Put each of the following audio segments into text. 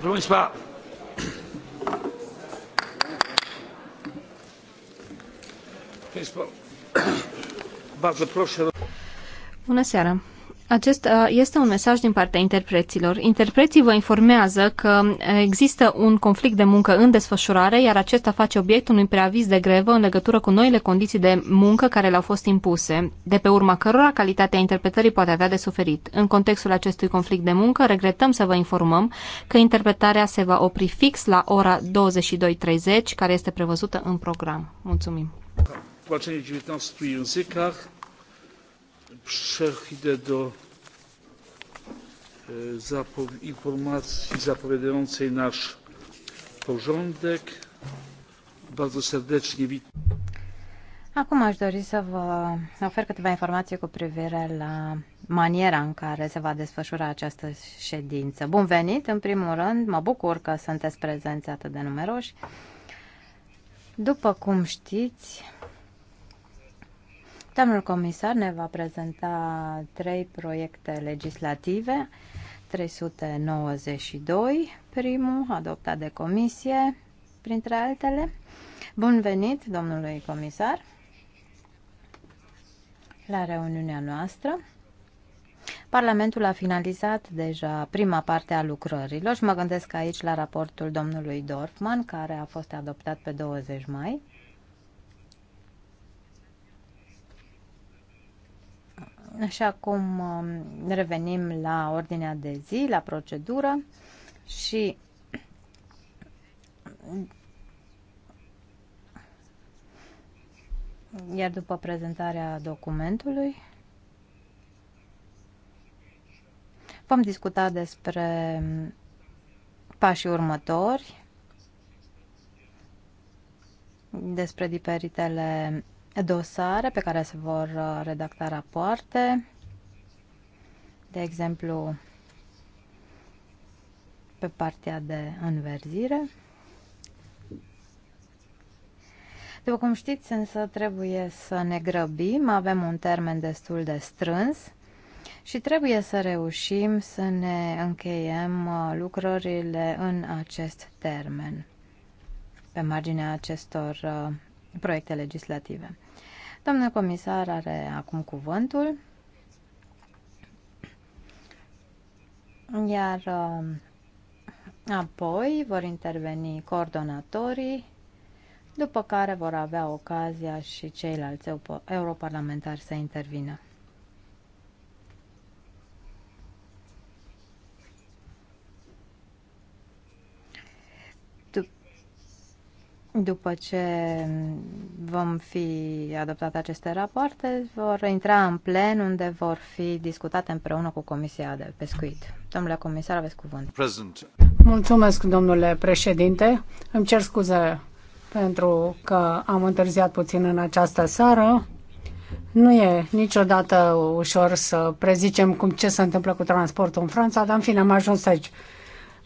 Proszę Państwa, Bună seara! Acesta uh, este un mesaj din partea interpreților. Interpreții vă informează că există un conflict de muncă în desfășurare, iar acesta face obiectul unui preaviz de grevă în legătură cu noile condiții de muncă care le-au fost impuse, de pe urma cărora calitatea interpretării poate avea de suferit. În contextul acestui conflict de muncă, regretăm să vă informăm că interpretarea se va opri fix la ora 22.30, care este prevăzută în program. Mulțumim! przejdę do informacji zapowiadającej nasz porządek. Bardzo serdecznie witam. Acum aș dori să vă ofer câteva informații cu privire la maniera în care se va desfășura această ședință. Bun venit! În primul rând, mă bucur că sunteți prezenți atât de numeroși. După cum știți, Domnul comisar ne va prezenta trei proiecte legislative, 392, primul adoptat de comisie, printre altele. Bun venit, domnului comisar, la reuniunea noastră. Parlamentul a finalizat deja prima parte a lucrărilor și mă gândesc aici la raportul domnului Dorfman, care a fost adoptat pe 20 mai. Așa cum um, revenim la ordinea de zi, la procedură și iar după prezentarea documentului vom discuta despre pașii următori, despre diferitele dosare pe care se vor uh, redacta rapoarte, de exemplu pe partea de înverzire. După cum știți, însă trebuie să ne grăbim, avem un termen destul de strâns și trebuie să reușim să ne încheiem uh, lucrările în acest termen. Pe marginea acestor uh, proiecte legislative. Doamna comisar are acum cuvântul, iar uh, apoi vor interveni coordonatorii, după care vor avea ocazia și ceilalți europarlamentari să intervină. după ce vom fi adoptate aceste rapoarte, vor intra în plen unde vor fi discutate împreună cu Comisia de Pescuit. Domnule comisar, aveți cuvânt. Present. Mulțumesc, domnule președinte. Îmi cer scuze pentru că am întârziat puțin în această seară. Nu e niciodată ușor să prezicem cum ce se întâmplă cu transportul în Franța, dar în fine am ajuns aici.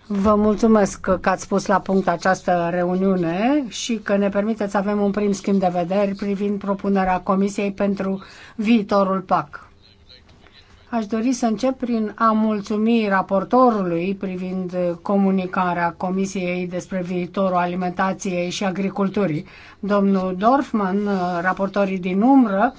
Vă mulțumesc că ați pus la punct această reuniune și că ne permiteți să avem un prim schimb de vederi privind propunerea Comisiei pentru viitorul PAC. Aș dori să încep prin a mulțumi raportorului privind comunicarea Comisiei despre viitorul alimentației și agriculturii. Domnul Dorfman, raportorii din umbră,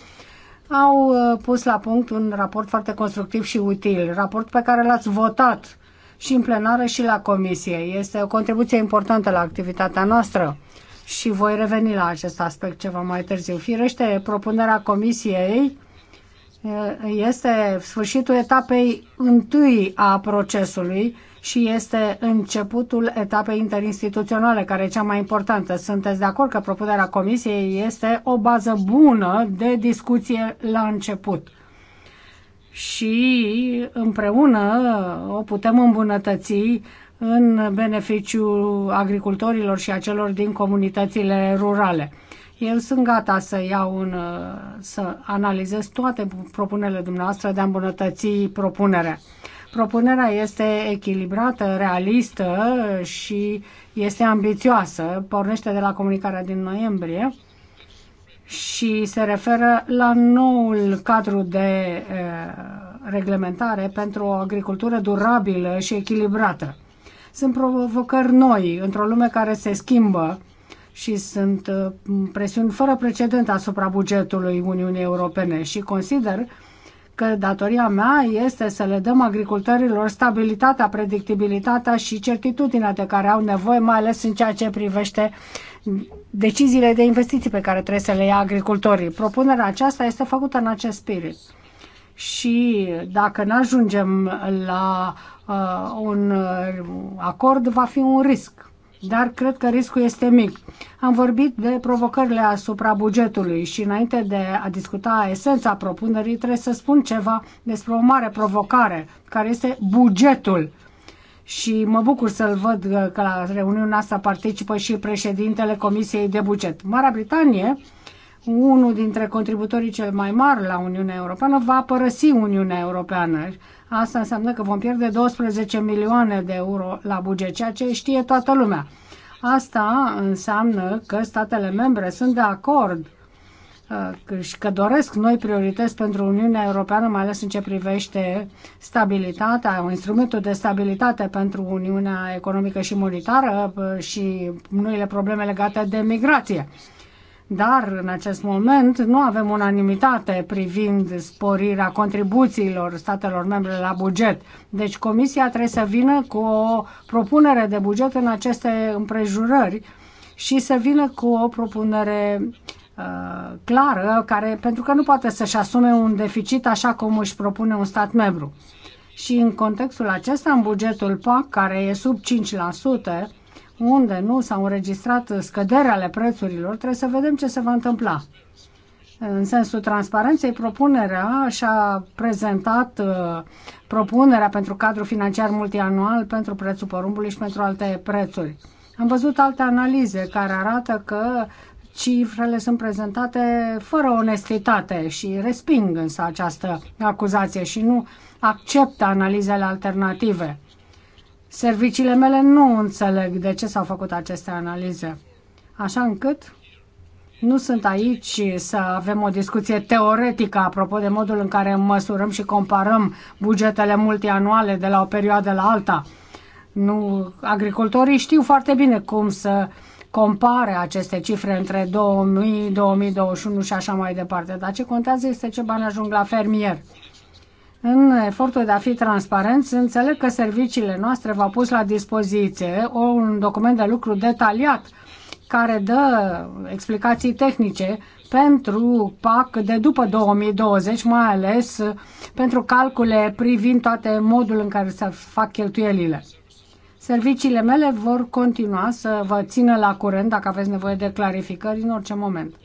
au uh, pus la punct un raport foarte constructiv și util, raport pe care l-ați votat și în plenară și la comisie. Este o contribuție importantă la activitatea noastră și voi reveni la acest aspect ceva mai târziu. Firește, propunerea comisiei eh, este sfârșitul etapei întâi a procesului și este începutul etapei interinstituționale, care e cea mai importantă. Sunteți de acord că propunerea comisiei este o bază bună de discuție la început? și împreună o putem îmbunătăți în beneficiul agricultorilor și a celor din comunitățile rurale. Eu sunt gata să iau un să analizez toate propunerile dumneavoastră de a îmbunătăți propunerea. Propunerea este echilibrată, realistă și este ambițioasă. Pornește de la comunicarea din noiembrie și se referă la noul cadru de eh, reglementare pentru o agricultură durabilă și echilibrată. Sunt provocări noi într-o lume care se schimbă și sunt eh, presiuni fără precedent asupra bugetului Uniunii Europene și consider că datoria mea este să le dăm agricultorilor stabilitatea, predictibilitatea și certitudinea de care au nevoie, mai ales în ceea ce privește deciziile de investiții pe care trebuie să le ia agricultorii. Propunerea aceasta este făcută în acest spirit. Și dacă nu ajungem la uh, un uh, acord, va fi un risc. Dar cred că riscul este mic. Am vorbit de provocările asupra bugetului și înainte de a discuta esența propunerii, trebuie să spun ceva despre o mare provocare, care este bugetul uh, și mă bucur să-l văd că la reuniunea asta participă și președintele Comisiei de Buget. Marea Britanie, unul dintre contributorii cel mai mari la Uniunea Europeană, va părăsi Uniunea Europeană. Asta înseamnă că vom pierde 12 milioane de euro la buget, ceea ce știe toată lumea. Asta înseamnă că statele membre sunt de acord Uh, și că doresc noi priorități pentru Uniunea Europeană, mai ales în ce privește stabilitatea, instrumentul de stabilitate pentru Uniunea Economică și Monetară uh, și noile probleme legate de migrație. Dar în acest moment nu avem unanimitate privind sporirea contribuțiilor statelor membre la buget. Deci Comisia trebuie să vină cu o propunere de buget în aceste împrejurări și să vină cu o propunere uh, Uh, clară, care, pentru că nu poate să-și asume un deficit așa cum își propune un stat membru. Și în contextul acesta, în bugetul PAC, care e sub 5%, unde nu s-au înregistrat scăderi ale prețurilor, trebuie să vedem ce se va întâmpla. În sensul transparenței, propunerea și-a prezentat uh, propunerea pentru cadru financiar multianual pentru prețul porumbului și pentru alte prețuri. Am văzut alte analize care arată că cifrele sunt prezentate fără onestitate și resping însă această acuzație și nu acceptă analizele alternative. Serviciile mele nu înțeleg de ce s-au făcut aceste analize. Așa încât nu sunt aici să avem o discuție teoretică apropo de modul în care măsurăm și comparăm bugetele multianuale de la o perioadă la alta. Nu, agricultorii știu foarte bine cum să uh, compare aceste cifre între 2000, 2021 și așa mai departe. Dar ce contează este ce bani ajung la fermier. În efortul de a fi transparent, înțeleg că serviciile noastre v-au pus la dispoziție un document de lucru detaliat care dă explicații tehnice pentru PAC de după 2020, mai ales pentru calcule privind toate modul în care se fac cheltuielile. Serviciile mele vor continua să vă țină la curent dacă aveți nevoie de clarificări în orice moment.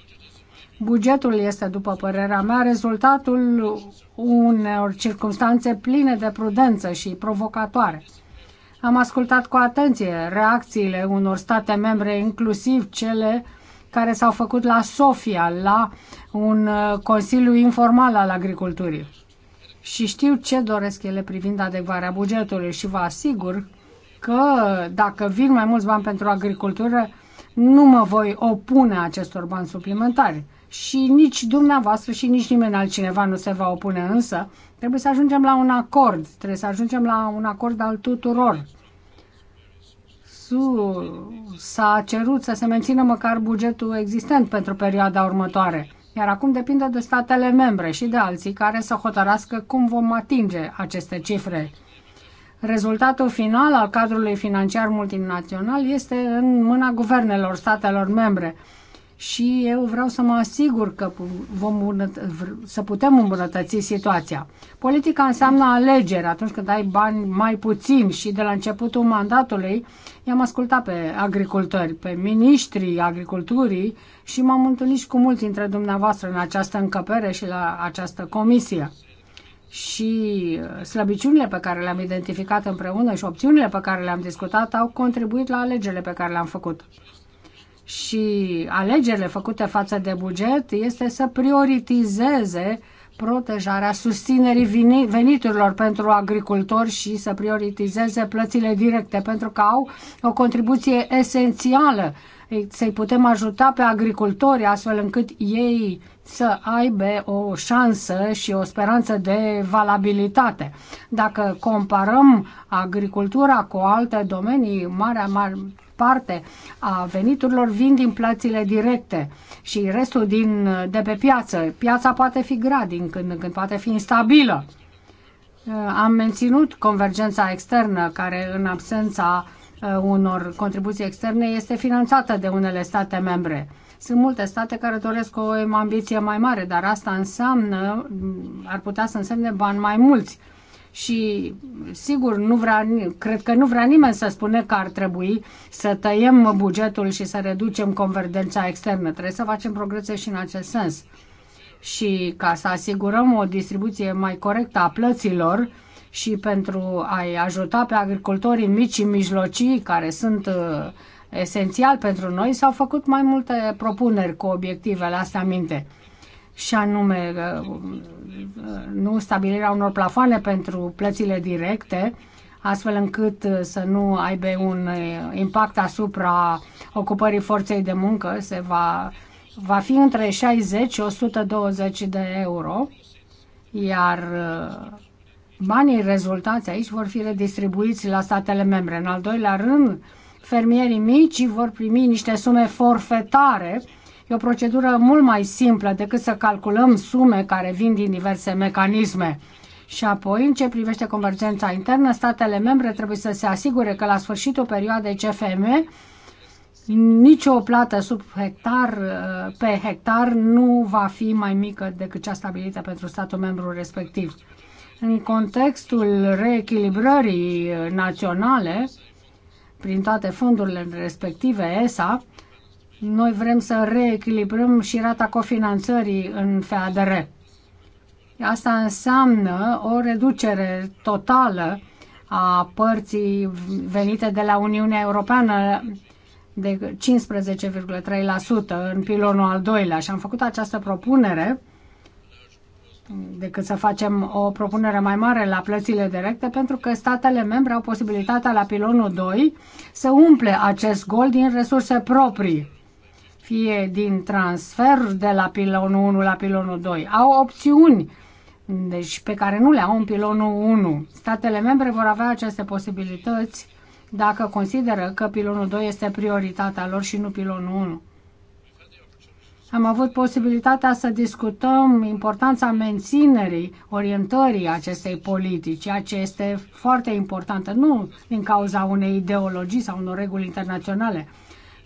Bugetul este, după părerea mea, rezultatul unor circunstanțe pline de prudență și provocatoare. Am ascultat cu atenție reacțiile unor state membre, inclusiv cele care s-au făcut la Sofia, la un uh, consiliu informal al agriculturii. Și știu ce doresc ele privind adecvarea bugetului și vă asigur că dacă vin mai mulți bani pentru agricultură, nu mă voi opune acestor bani suplimentari. Și nici dumneavoastră și nici nimeni altcineva nu se va opune, însă trebuie să ajungem la un acord, trebuie să ajungem la un acord al tuturor. S-a cerut să se mențină măcar bugetul existent pentru perioada următoare, iar acum depinde de statele membre și de alții care să hotărască cum vom atinge aceste cifre Rezultatul final al cadrului financiar multinațional este în mâna guvernelor statelor membre și eu vreau să mă asigur că vom să putem îmbunătăți situația. Politica înseamnă alegere. atunci când ai bani mai puțin și de la începutul mandatului i-am ascultat pe agricultori, pe ministrii agriculturii și m-am întâlnit și cu mulți dintre dumneavoastră în această încăpere și la această comisie și uh, slăbiciunile pe care le-am identificat împreună și opțiunile pe care le-am discutat au contribuit la alegerile pe care le-am făcut. Și alegerile făcute față de buget este să prioritizeze protejarea susținerii veniturilor pentru agricultori și să prioritizeze plățile directe pentru că au o contribuție esențială să-i putem ajuta pe agricultori astfel încât ei să aibă o șansă și o speranță de valabilitate. Dacă comparăm agricultura cu alte domenii, marea, mare parte a veniturilor vin din plățile directe și restul din, de pe piață. Piața poate fi grea din când în când, poate fi instabilă. Uh, am menținut convergența externă, care în absența uh, unor contribuții externe este finanțată de unele state membre sunt multe state care doresc o ambiție mai mare, dar asta înseamnă, ar putea să însemne bani mai mulți. Și sigur, nu vrea, cred că nu vrea nimeni să spune că ar trebui să tăiem bugetul și să reducem convergența externă. Trebuie să facem progrese și în acest sens. Și ca să asigurăm o distribuție mai corectă a plăților, și pentru a-i ajuta pe agricultorii mici și mijlocii care sunt uh, esențial pentru noi, s-au făcut mai multe propuneri cu obiectivele astea minte și anume uh, uh, nu stabilirea unor plafoane pentru plățile directe, astfel încât uh, să nu aibă un impact asupra ocupării forței de muncă, se va, va fi între 60 și 120 de euro, iar banii rezultați aici vor fi redistribuiți la statele membre. În al doilea rând, fermierii mici vor primi niște sume forfetare. E o procedură mult mai simplă decât să calculăm sume care vin din diverse mecanisme. Și apoi, în ce privește convergența internă, statele membre trebuie să se asigure că la sfârșitul perioadei CFM nicio plată sub hectar, pe hectar nu va fi mai mică decât cea stabilită pentru statul membru respectiv. În contextul reechilibrării naționale, prin toate fondurile respective, ESA, noi vrem să reechilibrăm și rata cofinanțării în FADR. Asta înseamnă o reducere totală a părții venite de la Uniunea Europeană de 15,3% în pilonul al doilea și am făcut această propunere decât să facem o propunere mai mare la plățile directe, pentru că statele membre au posibilitatea la pilonul 2 să umple acest gol din resurse proprii, fie din transfer de la pilonul 1 la pilonul 2. Au opțiuni deci pe care nu le au în pilonul 1. Statele membre vor avea aceste posibilități dacă consideră că pilonul 2 este prioritatea lor și nu pilonul 1. Am avut posibilitatea să discutăm importanța menținerii, orientării acestei politici, ceea ce este foarte importantă, nu din cauza unei ideologii sau unor reguli internaționale,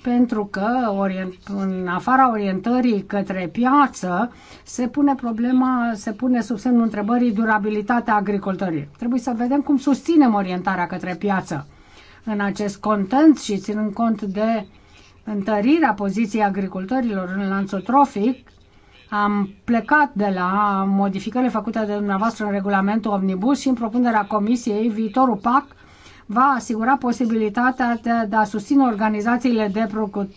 pentru că în afara orientării către piață se pune problema, se pune sub semnul întrebării durabilitatea agricultorii. Trebuie să vedem cum susținem orientarea către piață în acest content și ținând cont de uh, întărirea poziției agricultorilor în lanțul trofic, am plecat de la modificările făcute de dumneavoastră în regulamentul Omnibus și în propunerea Comisiei, viitorul PAC va asigura posibilitatea de, de a susține organizațiile de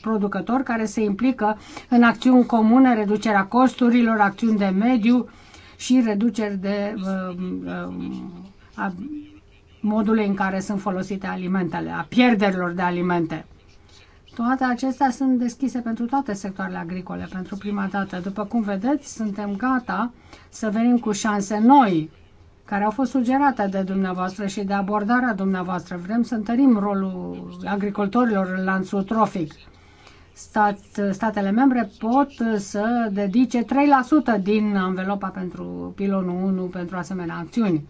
producători care se implică în acțiuni comune, reducerea costurilor, acțiuni de mediu și reduceri de uh, uh, modul în care sunt folosite alimentele, a pierderilor de alimente. Toate acestea sunt deschise pentru toate sectoarele agricole, pentru prima dată. După cum vedeți, suntem gata să venim cu șanse noi, care au fost sugerate de dumneavoastră și de abordarea dumneavoastră. Vrem să întărim rolul agricultorilor în lanțul trofic. Stat, statele membre pot să dedice 3% din anvelopa pentru pilonul 1 pentru asemenea acțiuni.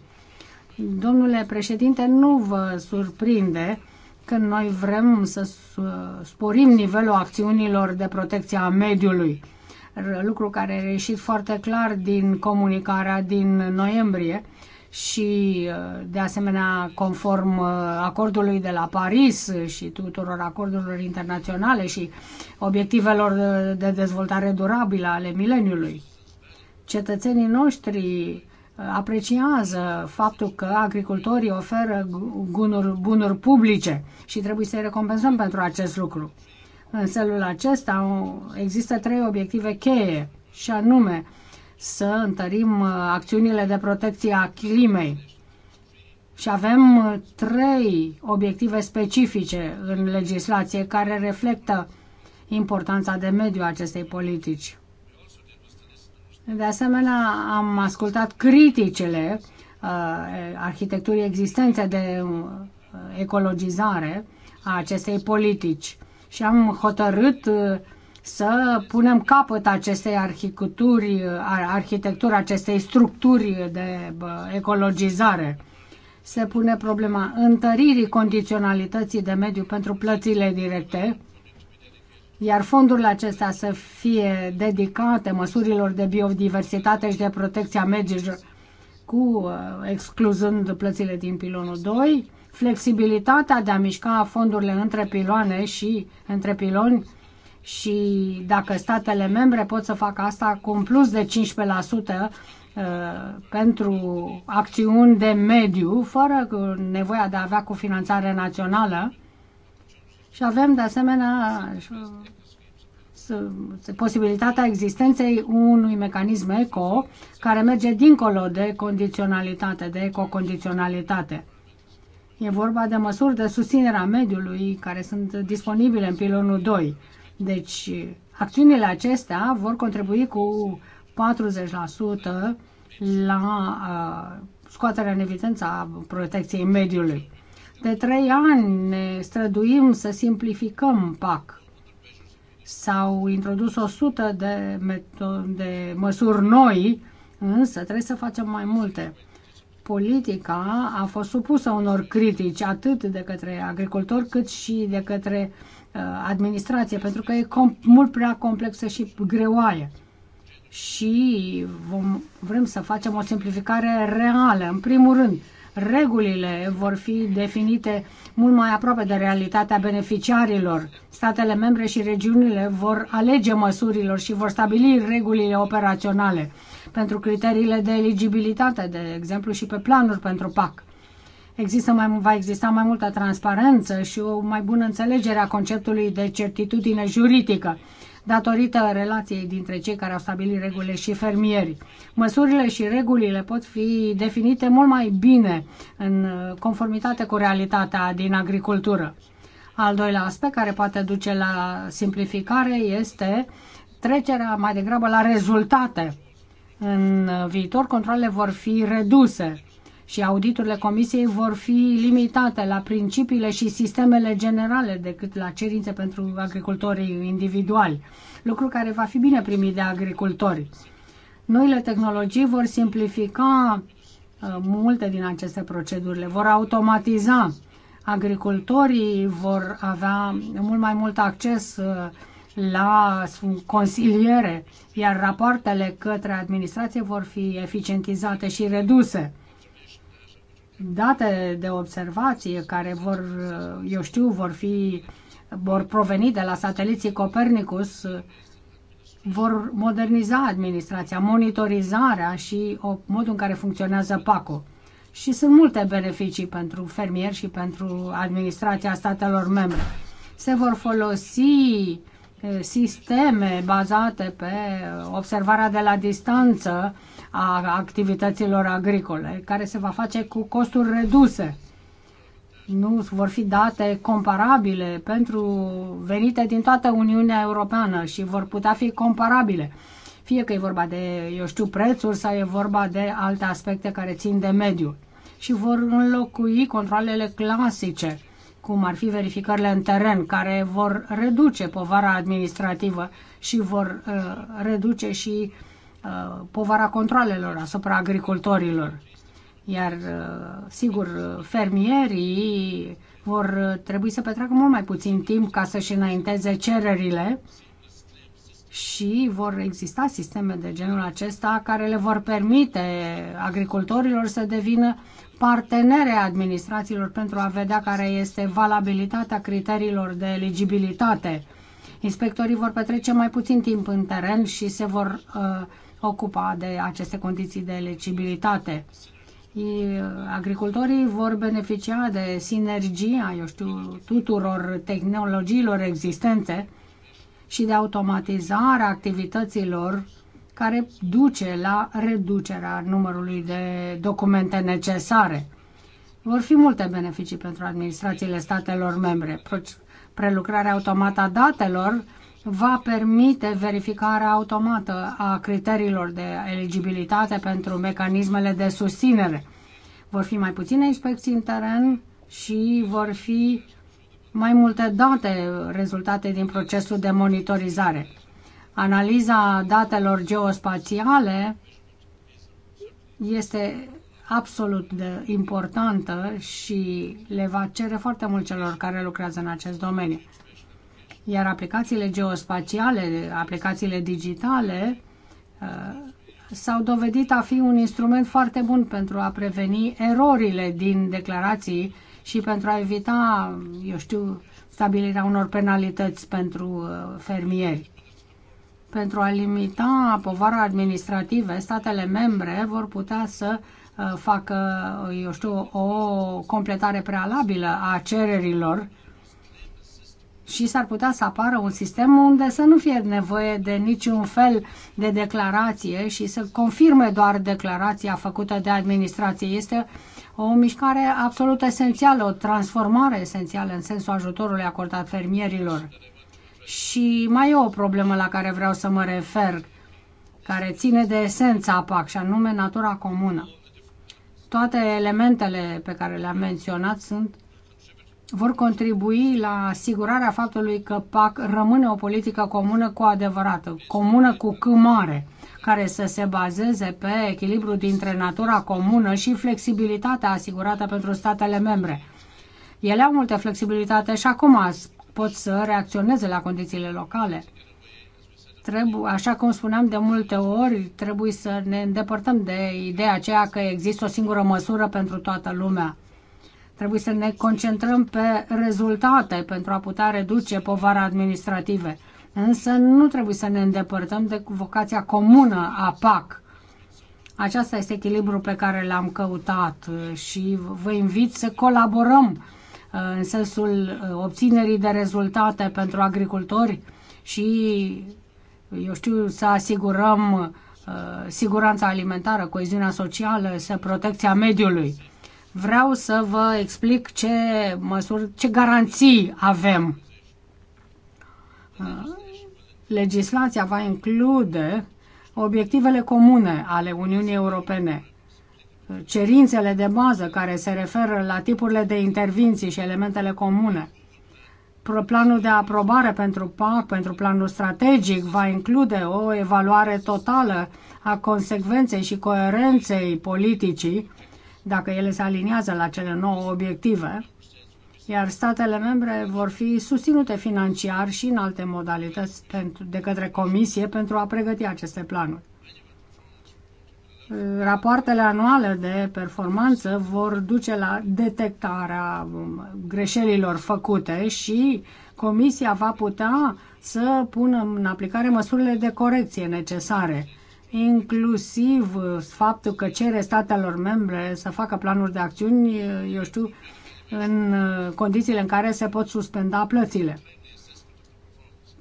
Domnule președinte, nu vă surprinde când noi vrem să sporim nivelul acțiunilor de protecție a mediului, lucru care a ieșit foarte clar din comunicarea din noiembrie și, uh, de asemenea, conform uh, acordului de la Paris și tuturor acordurilor internaționale și obiectivelor uh, de dezvoltare durabilă ale mileniului. Cetățenii noștri apreciază faptul că agricultorii oferă bunuri, bunuri publice și trebuie să-i recompensăm pentru acest lucru. În felul acesta există trei obiective cheie și anume să întărim uh, acțiunile de protecție a climei. Și avem uh, trei obiective specifice în legislație care reflectă importanța de mediu a acestei politici. De asemenea, am ascultat criticele uh, arhitecturii existente de uh, ecologizare a acestei politici și am hotărât uh, să punem capăt acestei arhitecturi, uh, arhitectura acestei structuri de uh, ecologizare. Se pune problema întăririi condiționalității de mediu pentru plățile directe iar fondurile acestea să fie dedicate măsurilor de biodiversitate și de protecția mediului cu uh, excluzând plățile din pilonul 2, flexibilitatea de a mișca fondurile între piloane și între piloni și dacă statele membre pot să facă asta cu un plus de 15% uh, pentru acțiuni de mediu, fără nevoia de a avea cu finanțare națională, și avem de asemenea posibilitatea existenței unui mecanism eco care merge dincolo de condiționalitate, de ecocondiționalitate. E vorba de măsuri de susținere a mediului care sunt disponibile în pilonul 2. Deci, acțiunile acestea vor contribui cu 40% la scoaterea în evidență a protecției mediului. De trei ani ne străduim să simplificăm PAC. S-au introdus 100 de, de măsuri noi, însă trebuie să facem mai multe. Politica a fost supusă unor critici atât de către agricultori cât și de către uh, administrație, pentru că e mult prea complexă și greoaie și vom, vrem să facem o simplificare reală. În primul rând, regulile vor fi definite mult mai aproape de realitatea beneficiarilor. Statele membre și regiunile vor alege măsurilor și vor stabili regulile operaționale pentru criteriile de eligibilitate, de exemplu, și pe planuri pentru PAC. Există mai, va exista mai multă transparență și o mai bună înțelegere a conceptului de certitudine juridică datorită relației dintre cei care au stabilit regulile și fermieri. Măsurile și regulile pot fi definite mult mai bine în conformitate cu realitatea din agricultură. Al doilea aspect care poate duce la simplificare este trecerea mai degrabă la rezultate. În viitor, controlele vor fi reduse și auditurile comisiei vor fi limitate la principiile și sistemele generale decât la cerințe pentru agricultorii individuali, lucru care va fi bine primit de agricultori. Noile tehnologii vor simplifica uh, multe din aceste proceduri, le vor automatiza. Agricultorii vor avea mult mai mult acces uh, la consiliere, iar rapoartele către administrație vor fi eficientizate și reduse date de observație care vor, eu știu, vor fi vor proveni de la sateliții Copernicus vor moderniza administrația, monitorizarea și o, modul în care funcționează PACO. Și sunt multe beneficii pentru fermieri și pentru administrația statelor membre. Se vor folosi eh, sisteme bazate pe observarea de la distanță a activităților agricole, care se va face cu costuri reduse. Nu vor fi date comparabile pentru venite din toată Uniunea Europeană și vor putea fi comparabile. Fie că e vorba de, eu știu, prețuri sau e vorba de alte aspecte care țin de mediu. Și vor înlocui controlele clasice cum ar fi verificările în teren, care vor reduce povara administrativă și vor uh, reduce și Uh, povara controlelor asupra agricultorilor. Iar, uh, sigur, fermierii vor uh, trebui să petreacă mult mai puțin timp ca să-și înainteze cererile și vor exista sisteme de genul acesta care le vor permite agricultorilor să devină partenere administrațiilor pentru a vedea care este valabilitatea criteriilor de eligibilitate. Inspectorii vor petrece mai puțin timp în teren și se vor uh, ocupa de aceste condiții de eligibilitate. Agricultorii vor beneficia de sinergia, eu știu, tuturor tehnologiilor existente și de automatizarea activităților care duce la reducerea numărului de documente necesare. Vor fi multe beneficii pentru administrațiile statelor membre. Prelucrarea automată a datelor va permite verificarea automată a criteriilor de eligibilitate pentru mecanismele de susținere. Vor fi mai puține inspecții în teren și vor fi mai multe date rezultate din procesul de monitorizare. Analiza datelor geospațiale este absolut de importantă și le va cere foarte mult celor care lucrează în acest domeniu. Iar aplicațiile geospațiale, aplicațiile digitale, uh, s-au dovedit a fi un instrument foarte bun pentru a preveni erorile din declarații și pentru a evita, eu știu, stabilirea unor penalități pentru uh, fermieri. Pentru a limita povara administrative, statele membre vor putea să uh, facă, eu știu, o completare prealabilă a cererilor și s-ar putea să apară un sistem unde să nu fie nevoie de niciun fel de declarație și să confirme doar declarația făcută de administrație. Este o mișcare absolut esențială, o transformare esențială în sensul ajutorului acordat fermierilor. Și mai e o problemă la care vreau să mă refer, care ține de esența PAC, și anume natura comună. Toate elementele pe care le-am menționat sunt vor contribui la asigurarea faptului că PAC rămâne o politică comună cu adevărată, comună cu mare, care să se bazeze pe echilibru dintre natura comună și flexibilitatea asigurată pentru statele membre. Ele au multă flexibilitate și acum pot să reacționeze la condițiile locale. Trebu așa cum spuneam de multe ori, trebuie să ne îndepărtăm de ideea aceea că există o singură măsură pentru toată lumea Trebuie să ne concentrăm pe rezultate pentru a putea reduce povara administrative. Însă nu trebuie să ne îndepărtăm de vocația comună a PAC. Aceasta este echilibrul pe care l-am căutat uh, și vă invit să colaborăm uh, în sensul uh, obținerii de rezultate pentru agricultori și, eu știu, să asigurăm siguranța alimentară, coeziunea socială, să protecția mediului vreau să vă explic ce măsuri, ce garanții avem. Uh, legislația va include obiectivele comune ale Uniunii Europene, cerințele de bază care se referă la tipurile de intervenții și elementele comune. Planul de aprobare pentru PAC, pentru planul strategic, va include o evaluare totală a consecvenței și coerenței politicii dacă ele se aliniază la cele nouă obiective, iar statele membre vor fi susținute financiar și în alte modalități pentru, de către Comisie pentru a pregăti aceste planuri. Rapoartele anuale de performanță vor duce la detectarea um, greșelilor făcute și Comisia va putea să pună în aplicare măsurile de corecție necesare inclusiv faptul că cere statelor membre să facă planuri de acțiuni, eu știu, în condițiile în care se pot suspenda plățile.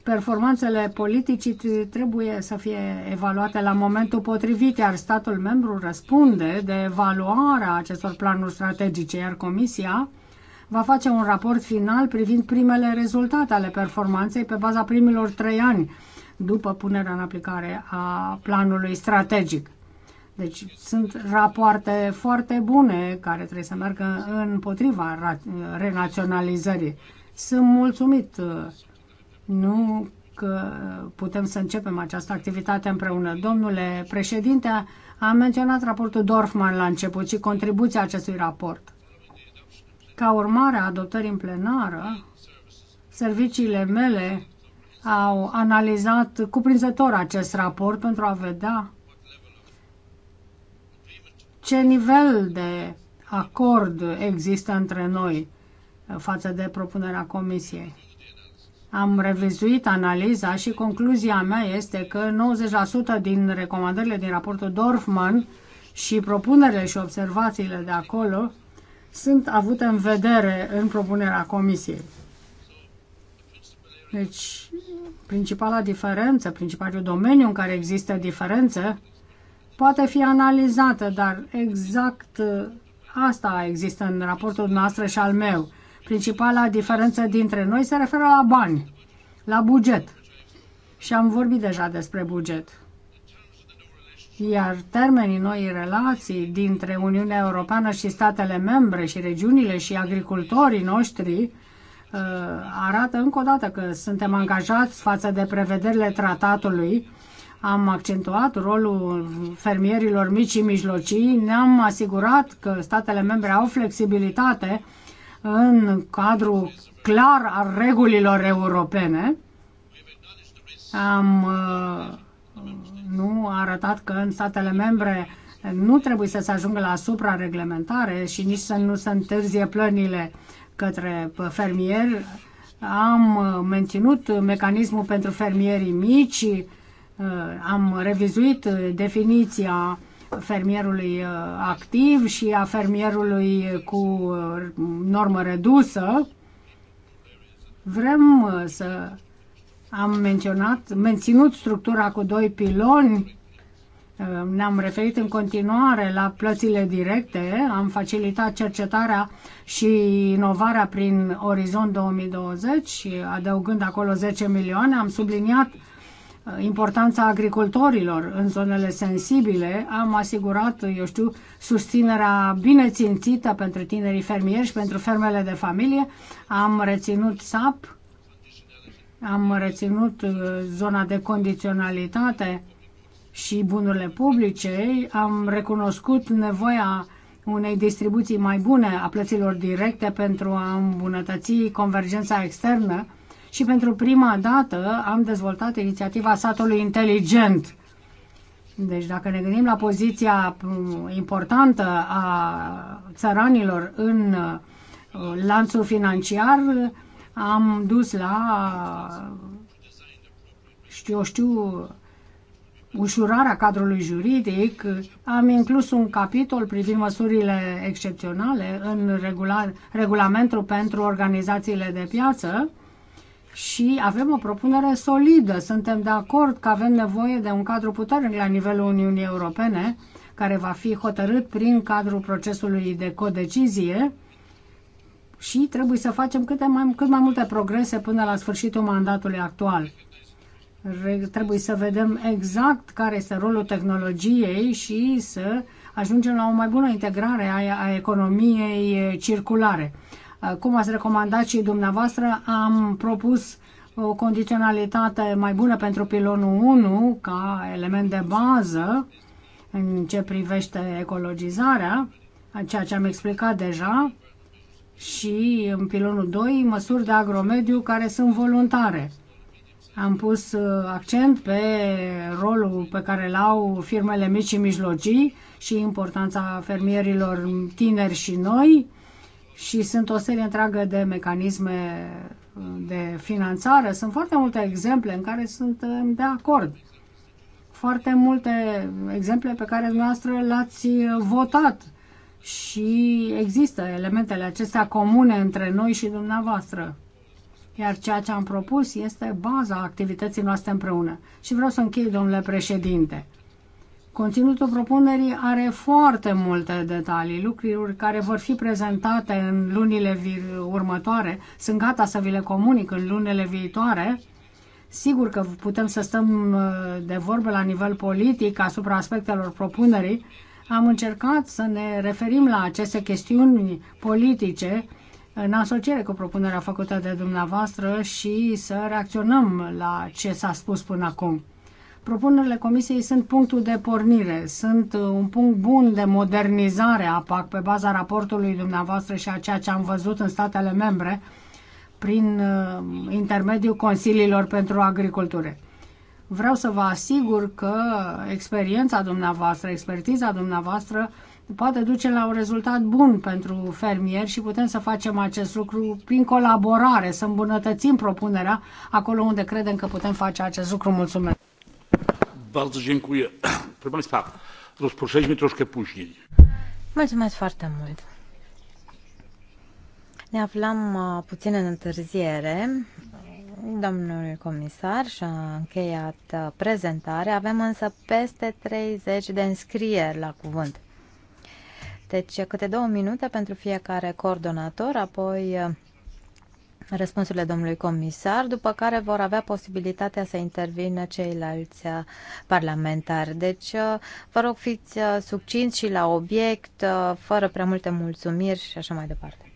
Performanțele politicii trebuie să fie evaluate la momentul potrivit, iar statul membru răspunde de evaluarea acestor planuri strategice, iar Comisia va face un raport final privind primele rezultate ale performanței pe baza primilor trei ani după punerea în aplicare a planului strategic. Deci sunt rapoarte foarte bune care trebuie să meargă împotriva renaționalizării. Sunt mulțumit nu că putem să începem această activitate împreună. Domnule președinte, am menționat raportul Dorfman la început și contribuția acestui raport. Ca urmare a adoptării în plenară, serviciile mele au analizat cuprinzător acest raport pentru a vedea ce nivel de acord există între noi față de propunerea Comisiei. Am revizuit analiza și concluzia mea este că 90% din recomandările din raportul Dorfman și propunerile și observațiile de acolo sunt avute în vedere în propunerea Comisiei. Deci, principala diferență, principalul domeniu în care există diferențe, poate fi analizată, dar exact uh, asta există în raportul noastră și al meu. Principala diferență dintre noi se referă la bani, la buget. Și am vorbit deja despre buget. Iar termenii noi relații dintre Uniunea Europeană și statele membre și regiunile și agricultorii noștri Uh, arată încă o dată că suntem angajați față de prevederile tratatului. Am accentuat rolul fermierilor mici și mijlocii, ne-am asigurat că statele membre au flexibilitate în cadrul clar al regulilor europene. Am uh, nu arătat că în statele membre nu trebuie să se ajungă la suprareglementare și nici să nu se întârzie plănile către fermier. Am menținut mecanismul pentru fermierii mici, uh, am revizuit definiția fermierului uh, activ și a fermierului cu uh, normă redusă. Vrem să am menționat, menținut structura cu doi piloni Ehm, ne-am referit în continuare la plățile directe, am facilitat cercetarea și inovarea prin Orizont 2020, adăugând acolo 10 milioane, am subliniat eh, importanța agricultorilor în zonele sensibile, am asigurat, eu știu, susținerea bine țințită pentru tinerii fermieri și pentru fermele de familie, am reținut SAP, am reținut eh, zona de condiționalitate, și bunurile publice, am recunoscut nevoia unei distribuții mai bune a plăților directe pentru a îmbunătăți convergența externă și pentru prima dată am dezvoltat inițiativa satului inteligent. Deci dacă ne gândim la poziția uh, importantă a țăranilor în uh, lanțul financiar, am dus la, uh, știu, știu, ușurarea cadrului juridic, am inclus un capitol privind măsurile excepționale în regula, regulamentul pentru organizațiile de piață și avem o propunere solidă. Suntem de acord că avem nevoie de un cadru puternic la nivelul Uniunii Europene, care va fi hotărât prin cadrul procesului de codecizie și trebuie să facem cât mai, cât mai multe progrese până la sfârșitul mandatului actual. Trebuie să vedem exact care este rolul tehnologiei și să ajungem la o mai bună integrare a, a economiei circulare. Cum ați recomandat și dumneavoastră, am propus o condiționalitate mai bună pentru pilonul 1 ca element de bază în ce privește ecologizarea, ceea ce am explicat deja, și în pilonul 2 măsuri de agromediu care sunt voluntare am pus uh, accent pe rolul pe care îl au firmele mici și mijlocii și importanța fermierilor tineri și noi și sunt o serie întreagă de mecanisme uh, de finanțare. Sunt foarte multe exemple în care sunt uh, de acord. Foarte multe exemple pe care dumneavoastră le-ați votat și există elementele acestea comune între noi și dumneavoastră. Iar ceea ce am propus este baza activității noastre împreună. Și vreau să închei, domnule președinte. Conținutul propunerii are foarte multe detalii, lucruri care vor fi prezentate în lunile următoare. Sunt gata să vi le comunic în lunile viitoare. Sigur că putem să stăm uh, de vorbă la nivel politic asupra aspectelor propunerii. Am încercat să ne referim la aceste chestiuni politice în asociere cu propunerea făcută de dumneavoastră și să reacționăm la ce s-a spus până acum. Propunerile Comisiei sunt punctul de pornire, sunt un punct bun de modernizare a PAC pe baza raportului dumneavoastră și a ceea ce am văzut în statele membre prin uh, intermediul Consiliilor pentru Agricultură. Vreau să vă asigur că experiența dumneavoastră, expertiza dumneavoastră poate duce la un rezultat bun pentru fermieri și putem să facem acest lucru prin colaborare, să îmbunătățim propunerea acolo unde credem că putem face acest lucru. Mulțumesc! Bardzo dziękuję. Proszę Państwa, rozpoczęliśmy troszkę później. Mulțumesc foarte mult! Ne aflam uh, puțin în întârziere. Domnul comisar și-a încheiat uh, prezentarea. Avem însă peste 30 de înscrieri la cuvânt. Deci câte două minute pentru fiecare coordonator, apoi uh, răspunsurile domnului comisar, după care vor avea posibilitatea să intervină ceilalți uh, parlamentari. Deci, uh, vă rog, fiți succinți și la obiect, fără prea multe mulțumiri și așa mai departe.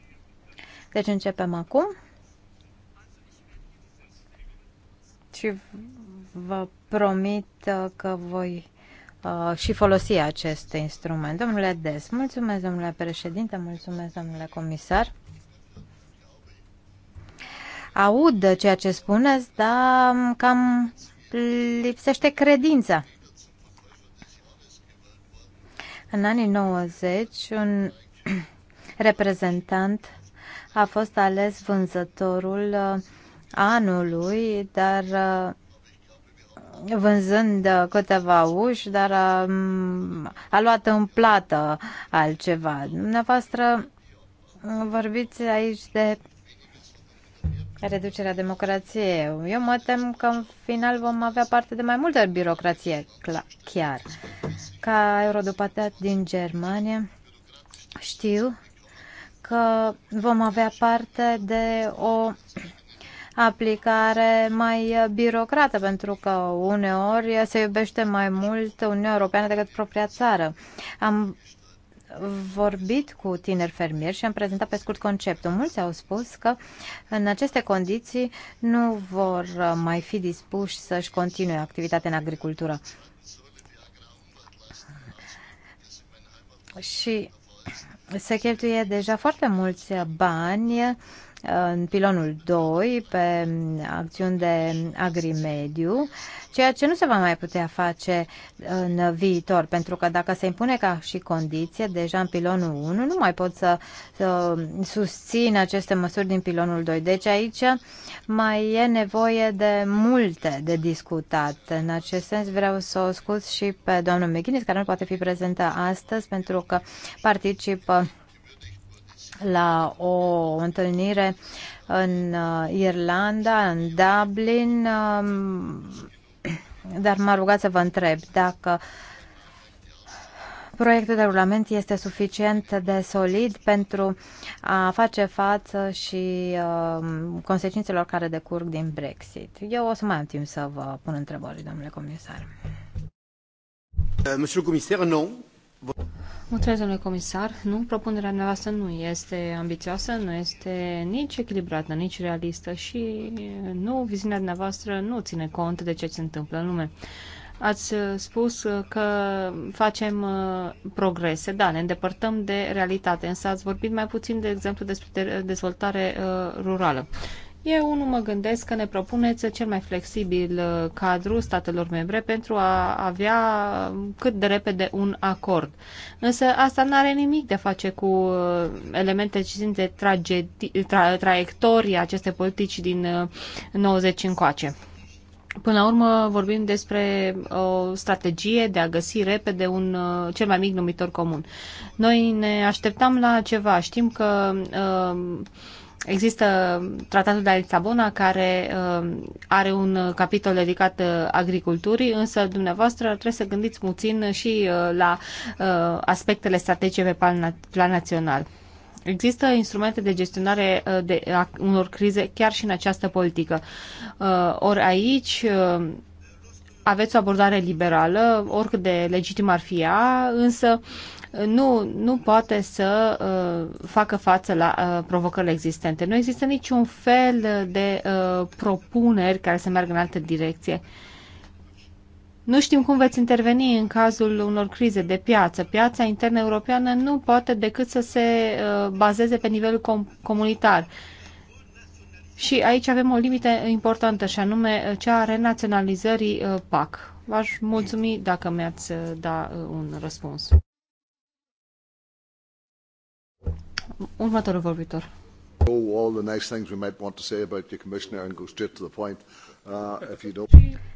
Deci începem acum. Și vă promit că voi Uh, și folosi acest instrument. Domnule Des, mulțumesc, domnule președinte, mulțumesc, domnule comisar. Aud ceea ce spuneți, dar cam lipsește credința. În anii 90, un reprezentant a fost ales vânzătorul uh, anului, dar uh, vânzând uh, câteva uși, dar a, um, a luat în plată altceva. Dumneavoastră mm, vorbiți aici de reducerea democrației. Eu mă tem că în final vom avea parte de mai multă birocrație, chiar. Ca eurodeputat din Germania știu că vom avea parte de o aplicare mai birocrată, pentru că uneori se iubește mai mult Uniunea Europeană decât propria țară. Am vorbit cu tineri fermieri și am prezentat pe scurt conceptul. Mulți au spus că în aceste condiții nu vor mai fi dispuși să-și continue activitatea în agricultură. Și se cheltuie deja foarte mulți bani în pilonul 2 pe acțiuni de agrimediu, ceea ce nu se va mai putea face în viitor, pentru că dacă se impune ca și condiție, deja în pilonul 1 nu mai pot să, să susțin aceste măsuri din pilonul 2. Deci aici mai e nevoie de multe de discutat. În acest sens vreau să o scuz și pe domnul McGuinness, care nu poate fi prezentă astăzi pentru că participă la o întâlnire în uh, Irlanda, în Dublin, um, dar m-a rugat să vă întreb dacă proiectul de regulament este suficient de solid pentru a face față și um, consecințelor care decurg din Brexit. Eu o să mai am timp să vă pun întrebări, domnule comisar. Euh, monsieur le commissaire, non, Mulțumesc, domnule comisar. Nu, propunerea noastră nu este ambițioasă, nu este nici echilibrată, nici realistă și nu, viziunea noastră nu ține cont de ce se întâmplă în lume. Ați uh, spus că facem uh, progrese, da, ne îndepărtăm de realitate, însă ați vorbit mai puțin, de exemplu, despre dezvoltare uh, rurală. Eu nu mă gândesc că ne propuneți cel mai flexibil uh, cadru statelor membre pentru a avea cât de repede un acord. Însă asta nu are nimic de face cu uh, elemente ce țin de tragedi- tra- traiectoria acestei politici din 90 uh, încoace. Până la urmă vorbim despre o strategie de a găsi repede un cel mai mic numitor comun. Noi ne așteptam la ceva. Știm că uh, Există tratatul de la Lisabona care um, are un capitol dedicat uh, agriculturii, însă dumneavoastră trebuie să gândiți puțin și uh, la uh, aspectele strategice pe plan, plan național. Există instrumente de gestionare de a unor crize chiar și în această politică. Ori aici aveți o abordare liberală, oricât de legitim ar fi ea, însă nu, nu poate să uh, facă față la uh, provocările existente. Nu există niciun fel de uh, propuneri care să meargă în altă direcție. Nu știm cum veți interveni în cazul unor crize de piață. Piața internă europeană nu poate decât să se bazeze pe nivelul com- comunitar. Și aici avem o limită importantă, și anume cea a renaționalizării PAC. V-aș mulțumi dacă mi-ați da un răspuns. Următorul vorbitor.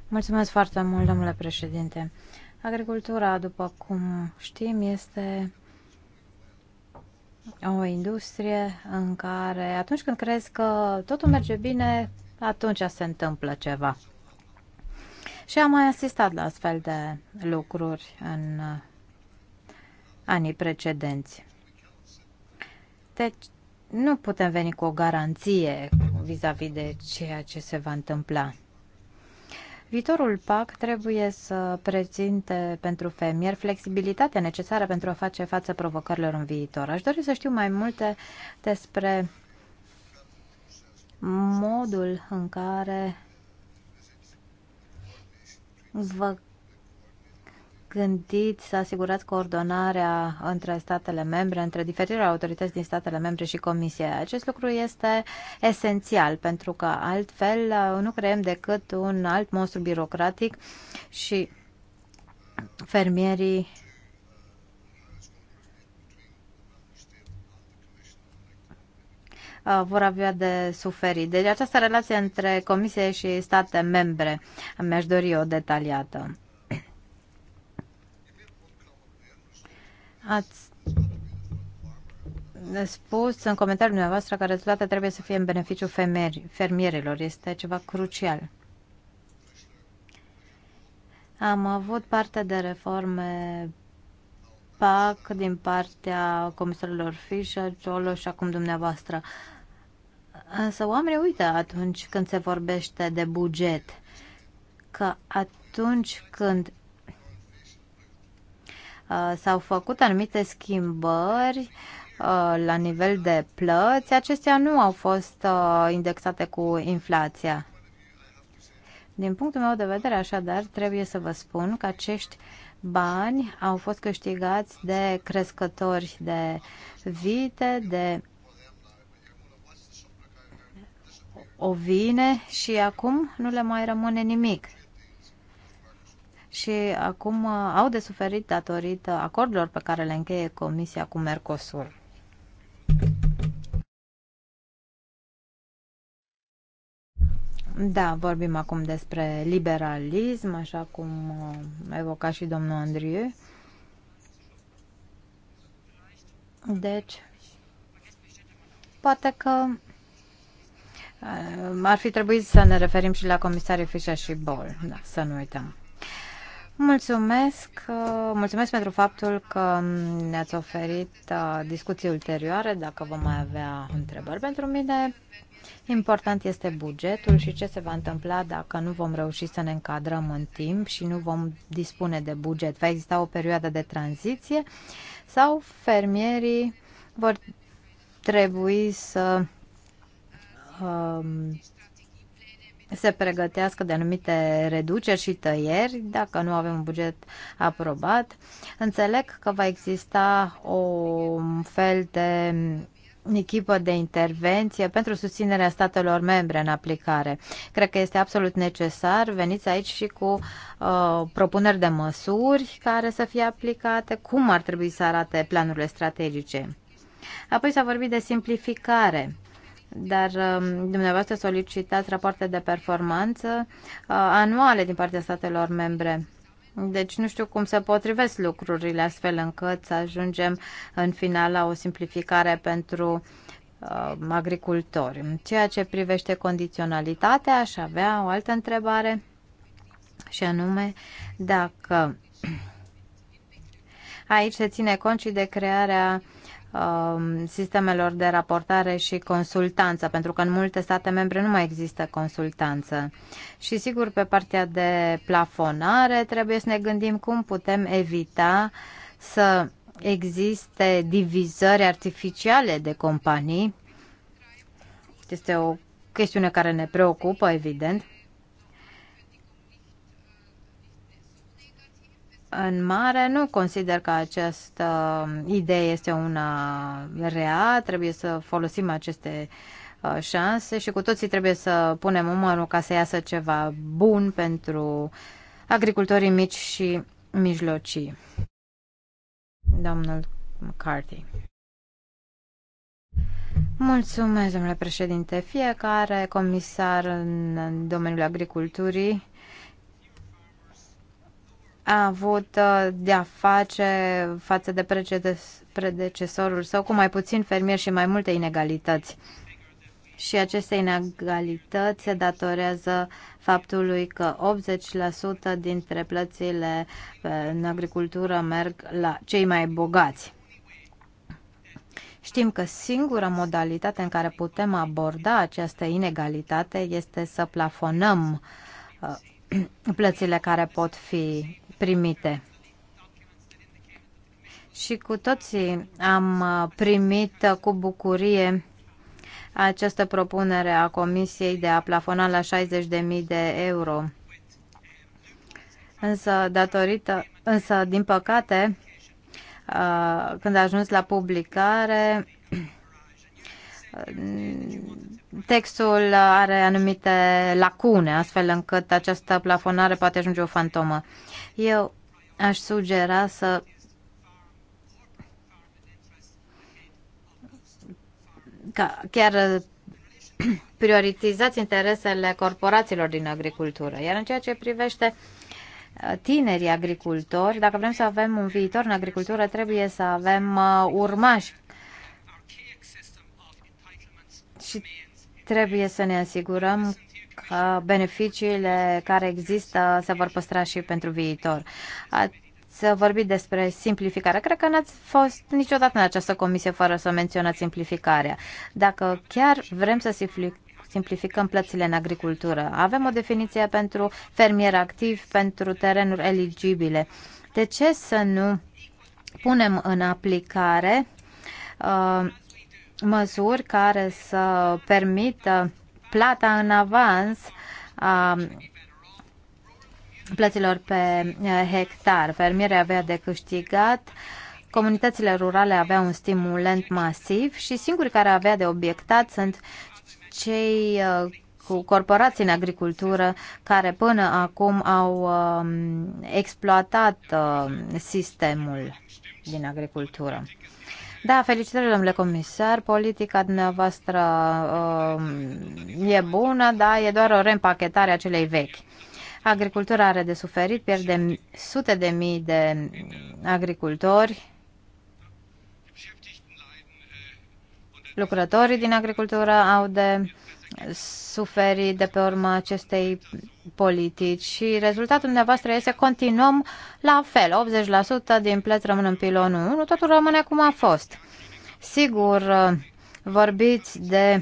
Mulțumesc foarte mult, domnule președinte. Agricultura, după cum știm, este o industrie în care atunci când crezi că totul merge bine, atunci se întâmplă ceva. Și am mai asistat la astfel de lucruri în uh, anii precedenți. Deci nu putem veni cu o garanție vis-a-vis -vis de ceea ce se va întâmpla. Viitorul PAC trebuie să prezinte pentru fermier flexibilitatea necesară pentru a face față provocărilor în viitor. Aș dori să știu mai multe despre modul în care vă Gândit să asigurați coordonarea între statele membre, între diferitele autorități din statele membre și Comisie. Acest lucru este esențial, pentru că altfel uh, nu creăm decât un alt monstru birocratic și fermierii uh, vor avea de suferit. Deci această relație între Comisie și state membre mi-aș dori o detaliată. Ați spus în comentariul dumneavoastră că rezultatul trebuie să fie în beneficiu fermierilor. Este ceva crucial. Am avut parte de reforme PAC din partea comisarilor Fischer, Ciolo și acum dumneavoastră. Însă oamenii uită atunci când se vorbește de buget că atunci când Uh, s-au făcut anumite schimbări uh, la nivel de plăți, acestea nu au fost uh, indexate cu inflația. Din punctul meu de vedere, așadar, trebuie să vă spun că acești bani au fost câștigați de crescători de vite, de ovine și acum nu le mai rămâne nimic și acum uh, au de suferit datorită acordurilor pe care le încheie Comisia cu Mercosur. Da, vorbim acum despre liberalism, așa cum uh, evoca și domnul Andrieu. Deci, poate că uh, ar fi trebuit să ne referim și la comisarii Fischer și Bol, da, să nu uităm. Mulțumesc, uh, mulțumesc pentru faptul că ne-ați oferit uh, discuții ulterioare. Dacă vom mai avea întrebări pentru mine, important este bugetul și ce se va întâmpla dacă nu vom reuși să ne încadrăm în timp și nu vom dispune de buget. Va exista o perioadă de tranziție sau fermierii vor trebui să um, se pregătească de anumite reduceri și tăieri, dacă nu avem un buget aprobat. Înțeleg că va exista o fel de echipă de intervenție pentru susținerea statelor membre în aplicare. Cred că este absolut necesar. Veniți aici și cu uh, propuneri de măsuri care să fie aplicate, cum ar trebui să arate planurile strategice. Apoi s-a vorbit de simplificare dar um, dumneavoastră solicitați rapoarte de performanță uh, anuale din partea statelor membre. Deci nu știu cum se potrivesc lucrurile astfel încât să ajungem în final la o simplificare pentru uh, agricultori. În ceea ce privește condiționalitatea, aș avea o altă întrebare și anume dacă aici se ține cont și de crearea Um, sistemelor de raportare și consultanță, pentru că în multe state membre nu mai există consultanță. Și sigur, pe partea de plafonare trebuie să ne gândim cum putem evita să existe divizări artificiale de companii. Este o chestiune care ne preocupă, evident. în mare nu consider că această idee este una rea, trebuie să folosim aceste uh, șanse și cu toții trebuie să punem umărul ca să iasă ceva bun pentru agricultorii mici și mijlocii. Domnul McCarthy. Mulțumesc, domnule președinte. Fiecare comisar în domeniul agriculturii a avut uh, de-a face față de predecesorul său cu mai puțin fermieri și mai multe inegalități. Și aceste inegalități se datorează faptului că 80% dintre plățile uh, în agricultură merg la cei mai bogați. Știm că singura modalitate în care putem aborda această inegalitate este să plafonăm uh, plățile care pot fi primite. Și cu toții am primit cu bucurie această propunere a Comisiei de a plafona la 60.000 de euro. Însă, datorită, însă din păcate, când a ajuns la publicare, textul are anumite lacune, astfel încât această plafonare poate ajunge o fantomă. Eu aș sugera să ca chiar uh, prioritizați interesele corporațiilor din agricultură. Iar în ceea ce privește uh, tinerii agricultori, dacă vrem să avem un viitor în agricultură, trebuie să avem uh, urmași și trebuie să ne asigurăm Uh, beneficiile care există se vor păstra și pentru viitor. Să vorbit despre simplificare. Cred că n-ați fost niciodată în această comisie fără să menționați simplificarea. Dacă chiar vrem să simplificăm, simplificăm plățile în agricultură. Avem o definiție pentru fermier activ, pentru terenuri eligibile. De ce să nu punem în aplicare uh, măsuri care să permită uh, plata în avans a plăților pe eh, hectar. Fermierii avea de câștigat, comunitățile rurale aveau un stimulent masiv și singurii care avea de obiectat sunt cei eh, cu corporații în agricultură care până acum au eh, exploatat sistemul din agricultură. Da, felicitări, domnule comisar. Politica dumneavoastră uh, e bună, dar e doar o reîmpachetare a celei vechi. Agricultura are de suferit, pierdem sute de mii de agricultori, lucrătorii din agricultură au de suferi de pe urma acestei politici și rezultatul dumneavoastră este să continuăm la fel. 80% din plăți rămân în pilonul 1, totul rămâne cum a fost. Sigur, vorbiți de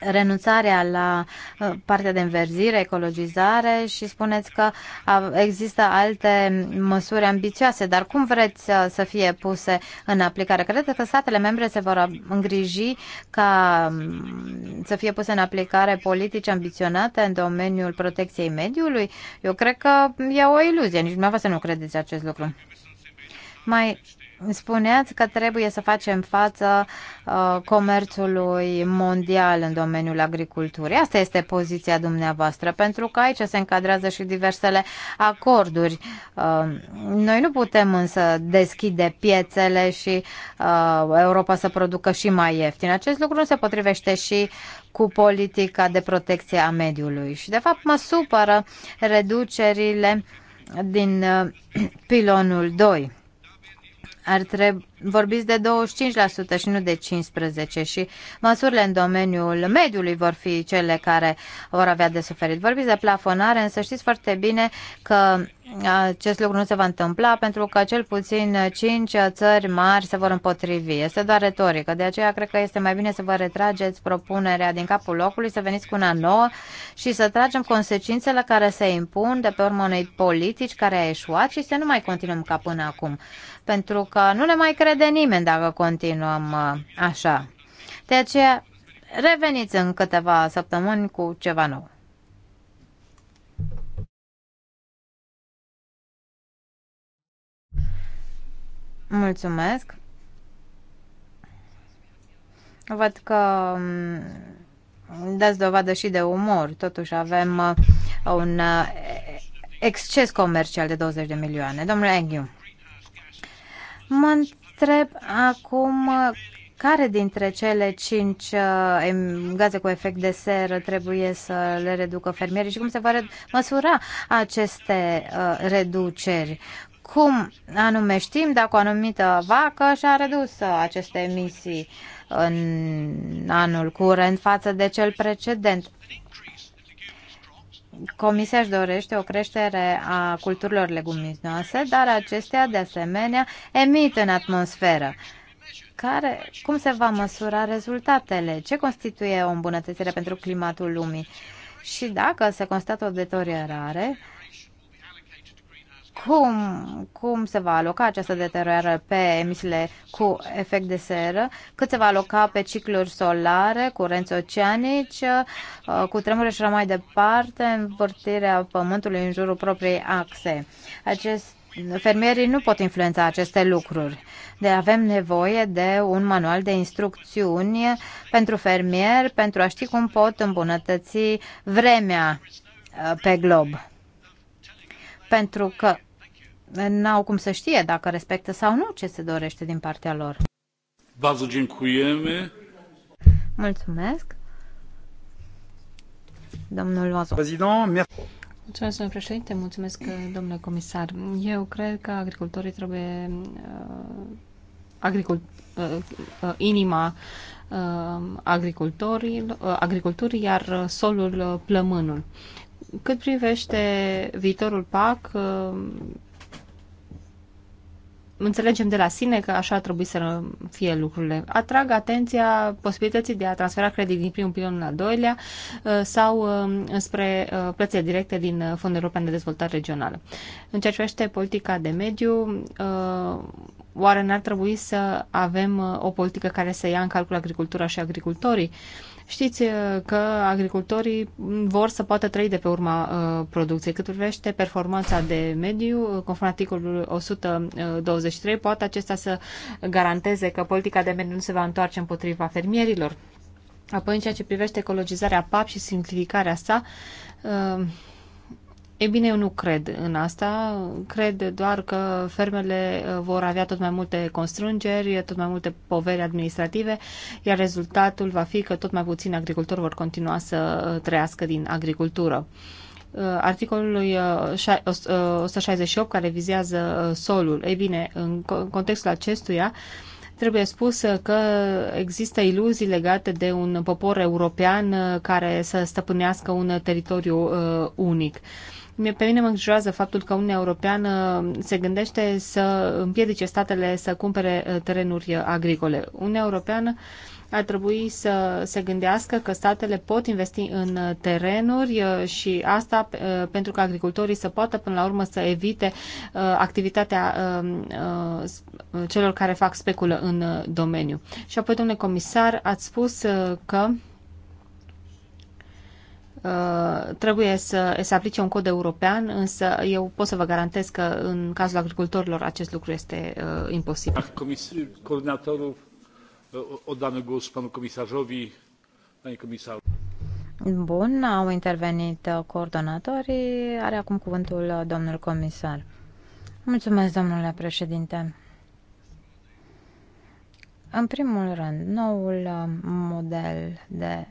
renunțarea la uh, partea de înverzire, ecologizare și spuneți că există alte măsuri ambițioase, dar cum vreți uh, să fie puse în aplicare? Credeți că statele membre se vor îngriji ca um, să fie puse în aplicare politici ambiționate în domeniul protecției mediului? Eu cred că e o iluzie, nici dumneavoastră nu credeți acest lucru. Mai Spuneați că trebuie să facem față uh, comerțului mondial în domeniul agriculturii. Asta este poziția dumneavoastră, pentru că aici se încadrează și diversele acorduri. Uh, noi nu putem însă deschide piețele și uh, Europa să producă și mai ieftin. Acest lucru nu se potrivește și cu politica de protecție a mediului. Și, de fapt, mă supără reducerile din uh, pilonul 2 ar trebui, vorbiți de 25% și nu de 15% și măsurile în domeniul mediului vor fi cele care vor avea de suferit. Vorbiți de plafonare, însă știți foarte bine că acest lucru nu se va întâmpla pentru că cel puțin 5 țări mari se vor împotrivi. Este doar retorică, de aceea cred că este mai bine să vă retrageți propunerea din capul locului, să veniți cu una nouă și să tragem consecințele care se impun de pe urma unei politici care a eșuat și să nu mai continuăm ca până acum pentru că nu ne mai crede nimeni dacă continuăm uh, așa. De aceea, reveniți în câteva săptămâni cu ceva nou. Mulțumesc. Văd că um, dați dovadă și de umor. Totuși avem uh, un uh, exces comercial de 20 de milioane. Domnule Enghiu. Mă întreb acum care dintre cele cinci eh, gaze cu efect de seră trebuie să le reducă fermierii și cum se va măsura aceste eh, reduceri? Cum anume știm dacă o anumită vacă și-a redus aceste emisii în anul curent față de cel precedent? Comisia își dorește o creștere a culturilor leguminoase, dar acestea, de asemenea, emit în atmosferă. Care, cum se va măsura rezultatele? Ce constituie o îmbunătățire pentru climatul lumii? Și dacă se constată o deteriorare, uh, cum, cum se va aloca această deteriorare pe emisiile cu efect de seră, cât se va aloca pe cicluri solare, curenți oceanici, uh, cu tremure și mai departe, învârtirea pământului în jurul propriei axe. Acest Fermierii nu pot influența aceste lucruri. De avem nevoie de un manual de instrucțiuni pentru fermieri pentru a ști cum pot îmbunătăți vremea uh, pe glob pentru că n-au cum să știe dacă respectă sau nu ce se dorește din partea lor. Bardzo dziękujemy. Mulțumesc. Domnul Mulțumesc, domnule președinte, mulțumesc, domnule comisar. Eu cred că agricultorii trebuie uh, agricul, uh, uh, inima uh, agricultorii, uh, iar solul uh, plămânul. Cât privește viitorul PAC, uh, înțelegem de la sine că așa ar trebui să fie lucrurile. Atrag atenția posibilității de a transfera credit din primul pilon în al doilea uh, sau uh, spre uh, plățile directe din Fondul European de Dezvoltare Regională. În ceea ce privește politica de mediu, oare n-ar trebui să avem o politică care să ia în calcul agricultura și agricultorii? Știți uh, că agricultorii vor să poată trăi de pe urma uh, producției. Cât privește performanța de mediu, uh, conform articolului 123, poate acesta să garanteze că politica de mediu nu se va întoarce împotriva fermierilor. Apoi, în ceea ce privește ecologizarea PAP și simplificarea sa, E bine, eu nu cred în asta. Cred doar că fermele uh, vor avea tot mai multe constrângeri, tot mai multe poveri administrative, iar rezultatul va fi că tot mai puțini agricultori vor continua să uh, trăiască din agricultură uh, Articolul 168 care vizează solul. Ei bine, în contextul acestuia, Trebuie spus că există iluzii legate de un popor european care să stăpânească un teritoriu unic. Pe mine mă îngrijorează faptul că Uniunea Europeană se gândește să împiedice statele să cumpere uh, terenuri agricole. Uniunea Europeană ar trebui să se gândească că statele pot investi în uh, terenuri uh, și asta pentru că agricultorii să poată până la urmă să evite activitatea um, celor care fac speculă în domeniu. Și apoi, domnule comisar, ați spus că Uh, trebuie să se aplice un cod european, însă eu pot să vă garantez că în cazul agricultorilor acest lucru este uh, imposibil. Coordonatorul uh, oddamy głos panu komisarzowi, panie comisar. Bun, au intervenit uh, coordonatorii. Are acum cuvântul domnul comisar. Mulțumesc, domnule președinte. În primul rând, noul model de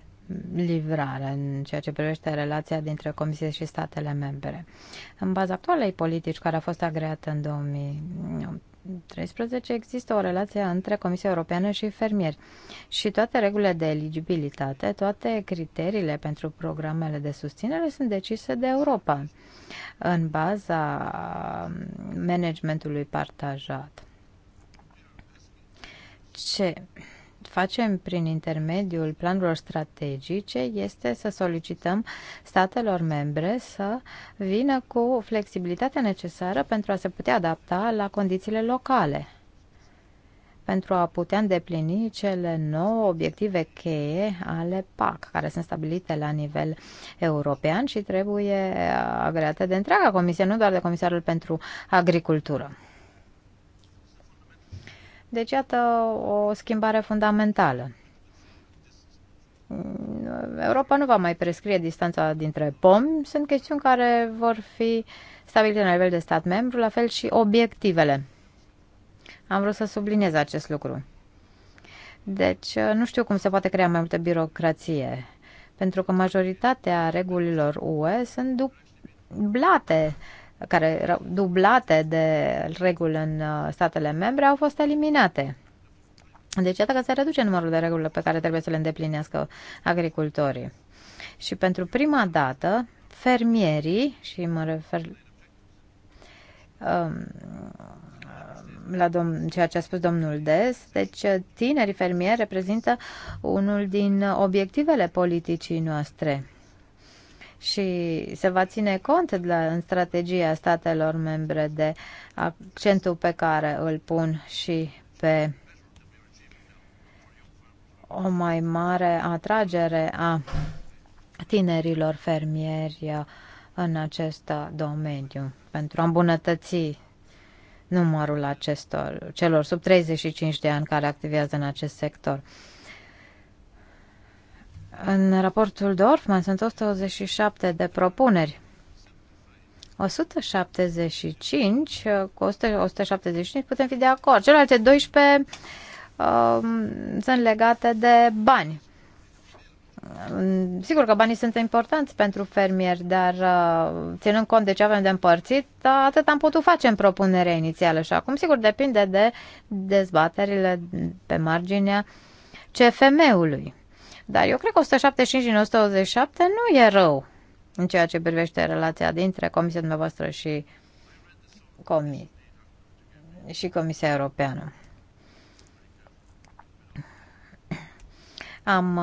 livrare în ceea ce privește relația dintre Comisie și statele membre. În baza actualei politici care a fost agreată în 2013 există o relație între Comisia Europeană și fermieri și toate regulile de eligibilitate, toate criteriile pentru programele de susținere sunt decise de Europa în baza managementului partajat. Ce facem prin intermediul planurilor strategice este să solicităm statelor membre să vină cu flexibilitatea necesară pentru a se putea adapta la condițiile locale pentru a putea îndeplini cele nouă obiective cheie ale PAC, care sunt stabilite la nivel european și trebuie agreate de întreaga comisie, nu doar de Comisarul pentru Agricultură. Deci, iată o schimbare fundamentală. Europa nu va mai prescrie distanța dintre pomi, sunt chestiuni care vor fi stabilite la nivel de stat membru, la fel și obiectivele. Am vrut să subliniez acest lucru. Deci, nu știu cum se poate crea mai multă birocrație, pentru că majoritatea regulilor UE sunt dublate care erau dublate de reguli în uh, statele membre, au fost eliminate. Deci, iată că se reduce numărul de reguli pe care trebuie să le îndeplinească agricultorii. Și pentru prima dată, fermierii, și mă refer um, la dom- ceea ce a spus domnul Des, deci tinerii fermieri reprezintă unul din obiectivele politicii noastre și se va ține cont de, în strategia statelor membre de accentul pe care îl pun și pe o mai mare atragere a tinerilor fermieri uh, în acest uh, domeniu pentru a îmbunătăți numărul acestor celor sub 35 de ani care activează în acest sector. În raportul Dorfman sunt 187 de propuneri. 175, uh, cu 175 putem fi de acord. Celelalte 12 uh, um, sunt legate de bani. Um, sigur că banii sunt importanți pentru fermieri, dar uh, ținând cont de ce avem de împărțit, atât am putut face în propunerea inițială și acum, sigur, depinde de dezbaterile pe marginea CFM-ului. Dar eu cred că 175 din 187 nu e rău în ceea ce privește relația dintre Comisia dumneavoastră și, Comi și Comisia Europeană. Am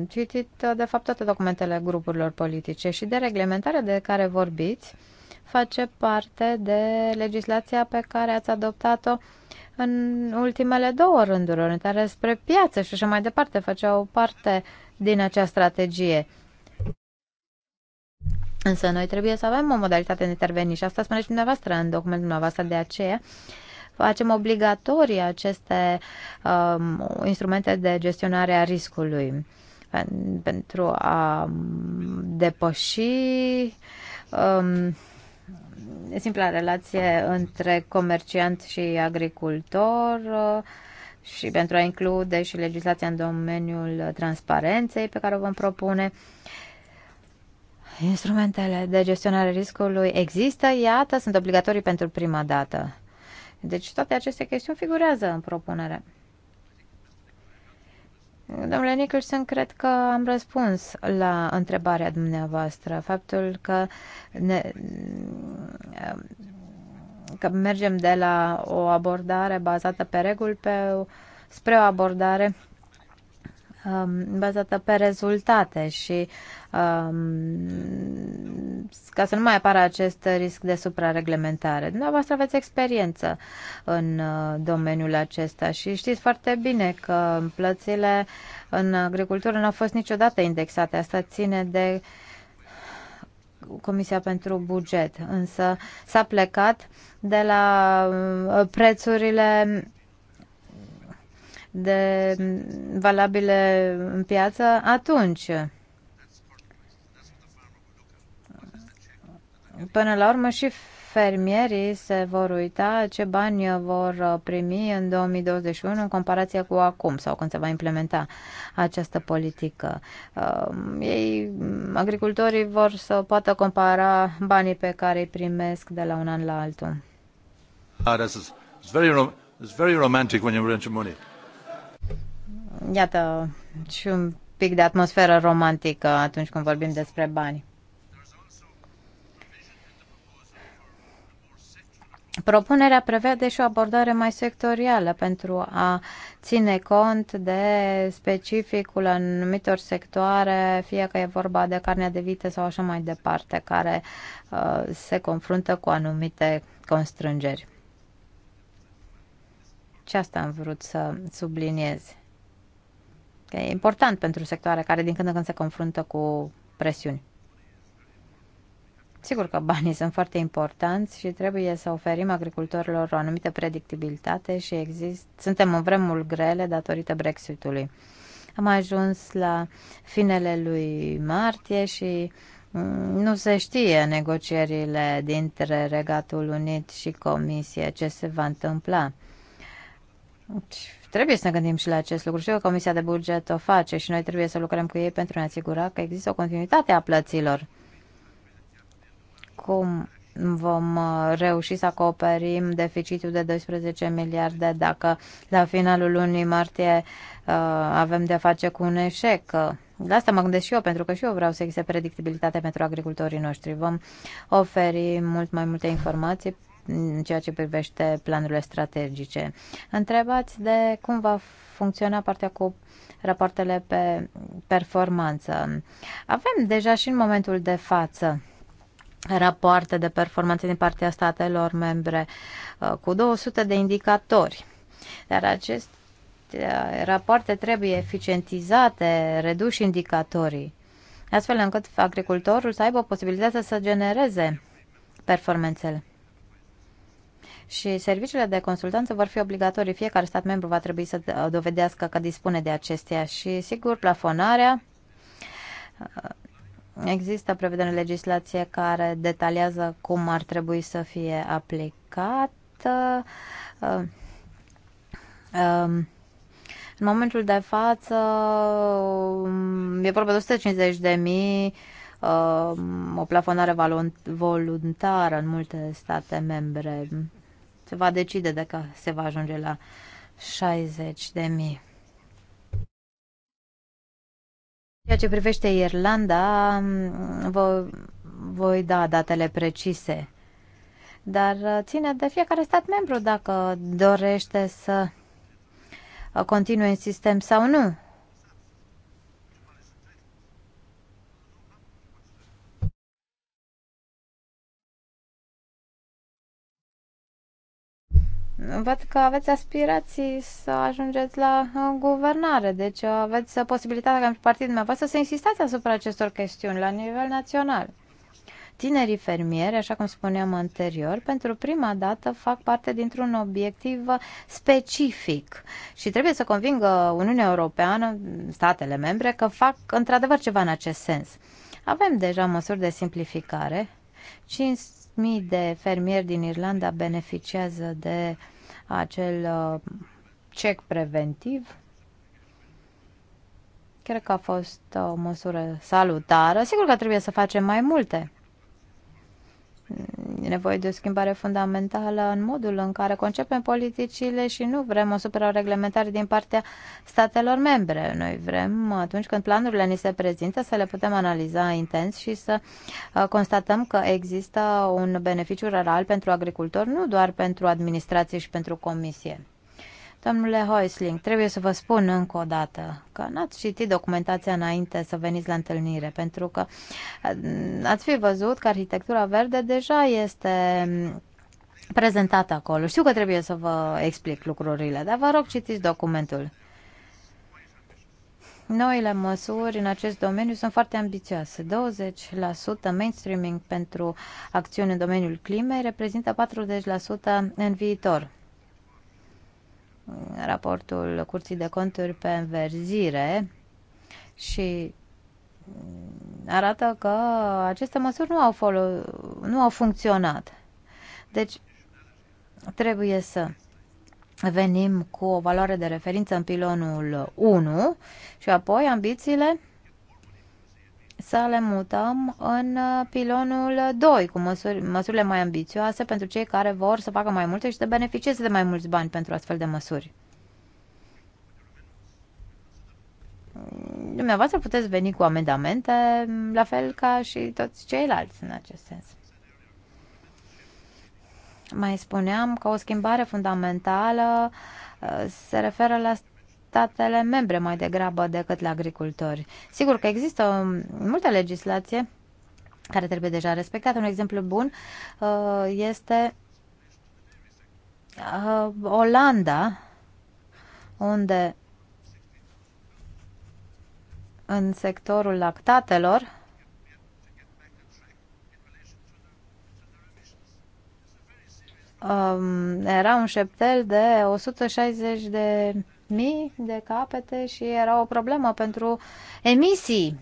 uh, citit, de fapt, toate documentele grupurilor politice și de reglementarea de care vorbiți face parte de legislația pe care ați adoptat-o în ultimele două rânduri, orientare spre piață și așa mai departe, făceau parte din acea strategie. Însă noi trebuie să avem o modalitate de interveni și asta spuneți dumneavoastră în documentul dumneavoastră de aceea. Facem obligatorii aceste um, instrumente de gestionare a riscului pentru a um, depăși um, simpla relație între comerciant și agricultor uh, și pentru a include și legislația în domeniul transparenței pe care o vom propune. Instrumentele de gestionare riscului există, iată, sunt obligatorii pentru prima dată. Deci toate aceste chestiuni figurează în propunere. Domnule Nicholson, cred că am răspuns la întrebarea dumneavoastră. Faptul că, ne, că mergem de la o abordare bazată pe reguli pe, spre o abordare um, bazată pe rezultate și um, ca să nu mai apară acest risc de suprareglementare. Dumneavoastră aveți experiență în uh, domeniul acesta și știți foarte bine că plățile în agricultură nu au fost niciodată indexate. Asta ține de Comisia pentru Buget, însă s-a plecat de la uh, prețurile de valabile în piață atunci. Până la urmă și fermierii se vor uita ce bani vor primi în 2021 în comparație cu acum sau când se va implementa această politică. Um, ei, agricultorii vor să poată compara banii pe care îi primesc de la un an la altul. Ah, it's very, it's very romantic when you mention money iată, și un pic de atmosferă romantică atunci când vorbim despre bani. Propunerea prevede și o abordare mai sectorială pentru a ține cont de specificul anumitor sectoare, fie că e vorba de carnea de vită sau așa mai departe, care uh, se confruntă cu anumite constrângeri. Ce asta am vrut să subliniez. Că e important pentru sectoare care din când în când se confruntă cu presiuni. Sigur că banii sunt foarte importanți și trebuie să oferim agricultorilor o anumită predictibilitate și exist, suntem în vremul grele datorită Brexitului. Am ajuns la finele lui martie și mm, nu se știe negocierile dintre Regatul Unit și Comisie ce se va întâmpla. Deci, trebuie să ne gândim și la acest lucru. Știu că Comisia de Buget o face și noi trebuie să lucrăm cu ei pentru a ne asigura că există o continuitate a plăților. Cum vom uh, reuși să acoperim deficitul de 12 miliarde dacă la finalul lunii martie uh, avem de face cu un eșec? La asta mă gândesc și eu, pentru că și eu vreau să existe predictibilitate pentru agricultorii noștri. Vom oferi mult mai multe informații în ceea ce privește planurile strategice. Întrebați de cum va funcționa partea cu rapoartele pe performanță. Avem deja și în momentul de față rapoarte de performanță din partea statelor membre uh, cu 200 de indicatori. Dar aceste uh, rapoarte trebuie eficientizate, reduși indicatorii, astfel încât agricultorul să aibă posibilitatea să genereze performanțele și serviciile de consultanță vor fi obligatorii. Fiecare stat membru va trebui să uh, dovedească că dispune de acestea și, sigur, plafonarea uh, Există prevedere în legislație care detaliază cum ar trebui să fie aplicat. Uh, um, în momentul de față um, e vorba de 150 de mii, um, o plafonare voluntară în multe state membre se va decide dacă se va ajunge la 60 de mii. Ceea ce privește Irlanda, vă voi da datele precise, dar uh, ține de fiecare stat membru dacă dorește să continue în sistem sau nu. văd că aveți aspirații să ajungeți la uh, guvernare, deci uh, aveți uh, posibilitatea ca partidul dumneavoastră să insistați asupra acestor chestiuni la nivel național. Tinerii fermieri, așa cum spuneam anterior, pentru prima dată fac parte dintr-un obiectiv specific și trebuie să convingă Uniunea Europeană, statele membre, că fac într-adevăr ceva în acest sens. Avem deja măsuri de simplificare. 5.000 de fermieri din Irlanda beneficiază de uh, acel uh, cec preventiv. Cred că a fost uh, o măsură salutară. Sigur că trebuie să facem mai multe. E nevoie de o schimbare fundamentală în modul în care concepem politicile și nu vrem o suprareglementare din partea statelor membre. Noi vrem, atunci când planurile ni se prezintă, să le putem analiza intens și să uh, constatăm că există un beneficiu real pentru agricultori, nu doar pentru administrație și pentru comisie. Domnule Heusling, trebuie să vă spun încă o dată că n-ați citit documentația înainte să veniți la întâlnire, pentru că mm, ați fi văzut că arhitectura verde deja este mm, prezentată acolo. Știu că trebuie să vă explic lucrurile, dar vă rog citiți documentul. Noile măsuri în acest domeniu sunt foarte ambițioase. 20% mainstreaming pentru acțiuni în domeniul climei reprezintă 40% în viitor raportul Curții de Conturi pe înverzire și mm, arată că aceste măsuri nu au, folo- nu au funcționat. Deci, trebuie să venim cu o valoare de referință în pilonul 1 și apoi ambițiile să le mutăm în uh, pilonul 2, cu măsuri, măsurile mai ambițioase pentru cei care vor să facă mai multe și să beneficieze de mai mulți bani pentru astfel de măsuri. Dumneavoastră puteți veni cu amendamente, la fel ca și toți ceilalți în acest sens. Mai spuneam că o schimbare fundamentală uh, se referă la statele membre mai degrabă decât la agricultori. Sigur că există um, multă legislație care trebuie deja respectată. Un exemplu bun uh, este uh, Olanda, unde în sectorul lactatelor um, era un șeptel de 160 de mii de capete și era o problemă pentru emisii.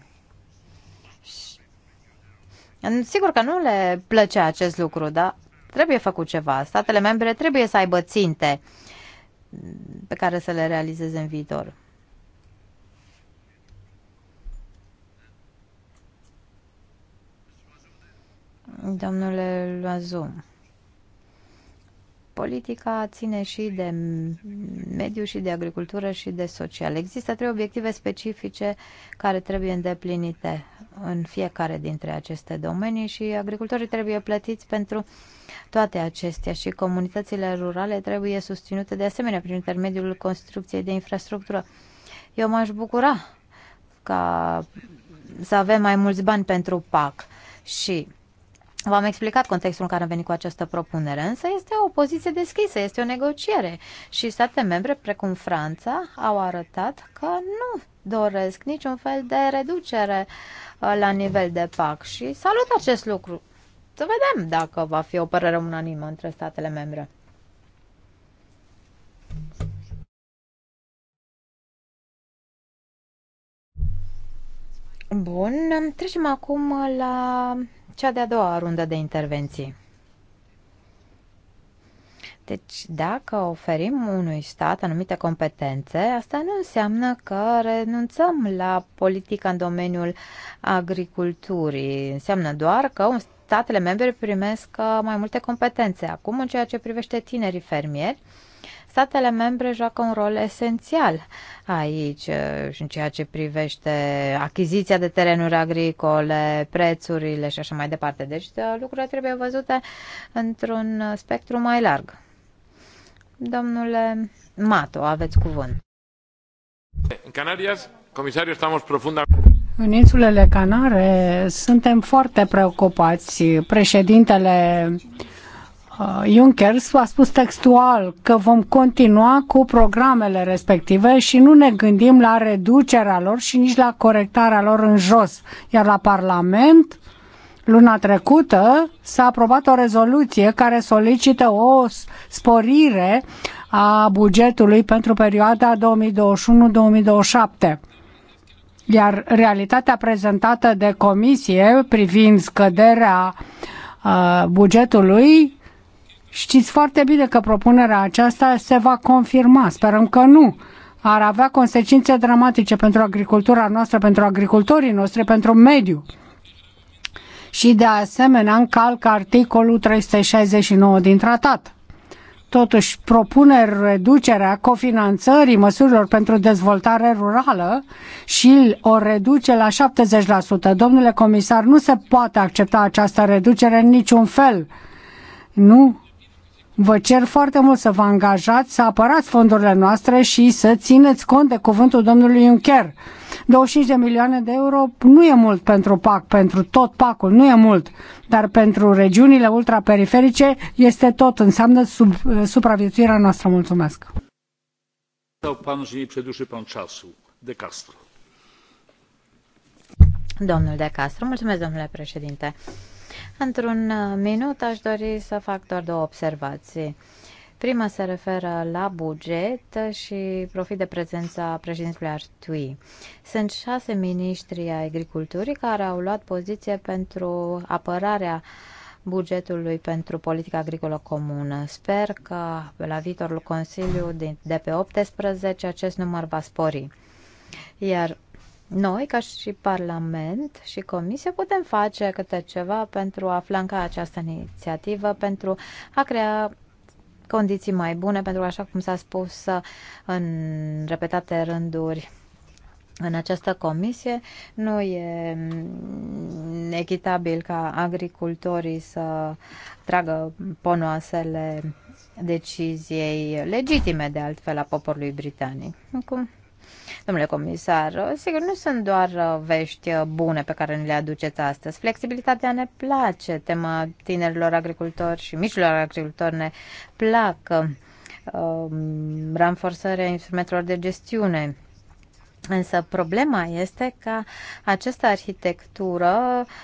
Sigur că nu le plăcea acest lucru, dar trebuie făcut ceva. Statele membre trebuie să aibă ținte pe care să le realizeze în viitor. Domnule Loazum. Politica ține și de mediu și de agricultură și de social. Există trei obiective specifice care trebuie îndeplinite în fiecare dintre aceste domenii și agricultorii trebuie plătiți pentru toate acestea și comunitățile rurale trebuie susținute de asemenea prin intermediul construcției de infrastructură. Eu m-aș bucura ca să avem mai mulți bani pentru PAC și V-am explicat contextul în care am venit cu această propunere, însă este o poziție deschisă, este o negociere și state membre, precum Franța, au arătat că nu doresc niciun fel de reducere uh, la nivel de PAC și salut acest lucru. Să vedem dacă va fi o părere unanimă între statele membre. Bun, trecem acum la cea de-a doua rundă de intervenții. Deci, dacă oferim unui stat anumite competențe, asta nu înseamnă că renunțăm la politica în domeniul agriculturii. Înseamnă doar că statele membre primesc uh, mai multe competențe. Acum, în ceea ce privește tinerii fermieri, Statele membre joacă un rol esențial aici uh, în ceea ce privește achiziția de terenuri agricole, prețurile și așa mai departe. Deci uh, lucrurile trebuie văzute într-un spectru mai larg. Domnule Mato, aveți cuvânt. În Canarias, comisariu, estamos profund În insulele Canare suntem foarte preocupați. Președintele uh, Uh, Juncker a spus textual că vom continua cu programele respective și nu ne gândim la reducerea lor și nici la corectarea lor în jos. Iar la Parlament, luna trecută, s-a aprobat o rezoluție care solicită o sporire a bugetului pentru perioada 2021-2027. Iar realitatea prezentată de comisie privind scăderea uh, bugetului Știți foarte bine că propunerea aceasta se va confirma, sperăm că nu. Ar avea consecințe dramatice pentru agricultura noastră, pentru agricultorii noștri, pentru mediu. Și de asemenea încalcă articolul 369 din tratat. Totuși, propune reducerea cofinanțării măsurilor pentru dezvoltare rurală și o reduce la 70%. Domnule comisar, nu se poate accepta această reducere în niciun fel. Nu Vă cer foarte mult să vă angajați, să apărați fondurile noastre și să țineți cont de cuvântul domnului Juncker. 25 de milioane de euro nu e mult pentru PAC, pentru tot PAC-ul nu e mult, dar pentru regiunile ultraperiferice este tot, înseamnă sub, supraviețuirea noastră. Mulțumesc! Domnul De Castro, mulțumesc, domnule președinte. Într-un uh, minut aș dori să fac doar două observații. Prima se referă la buget și profit de prezența președintelui Artui. Sunt șase miniștri ai agriculturii care au luat poziție pentru apărarea bugetului pentru politica agricolă comună. Sper că la viitorul Consiliu de pe 18 acest număr va spori. Iar noi, ca și Parlament și Comisie, putem face câte ceva pentru a flanca această inițiativă, pentru a crea condiții mai bune, pentru că, așa cum s-a spus în repetate rânduri, în această comisie nu e echitabil ca agricultorii să tragă ponoasele deciziei legitime de altfel a poporului britanic. Cum? Domnule comisar, sigur, nu sunt doar uh, vești uh, bune pe care ne le aduceți astăzi. Flexibilitatea ne place, tema tinerilor agricultori și micilor agricultori ne plac, um, ranforsarea instrumentelor de gestiune Însă problema este că această arhitectură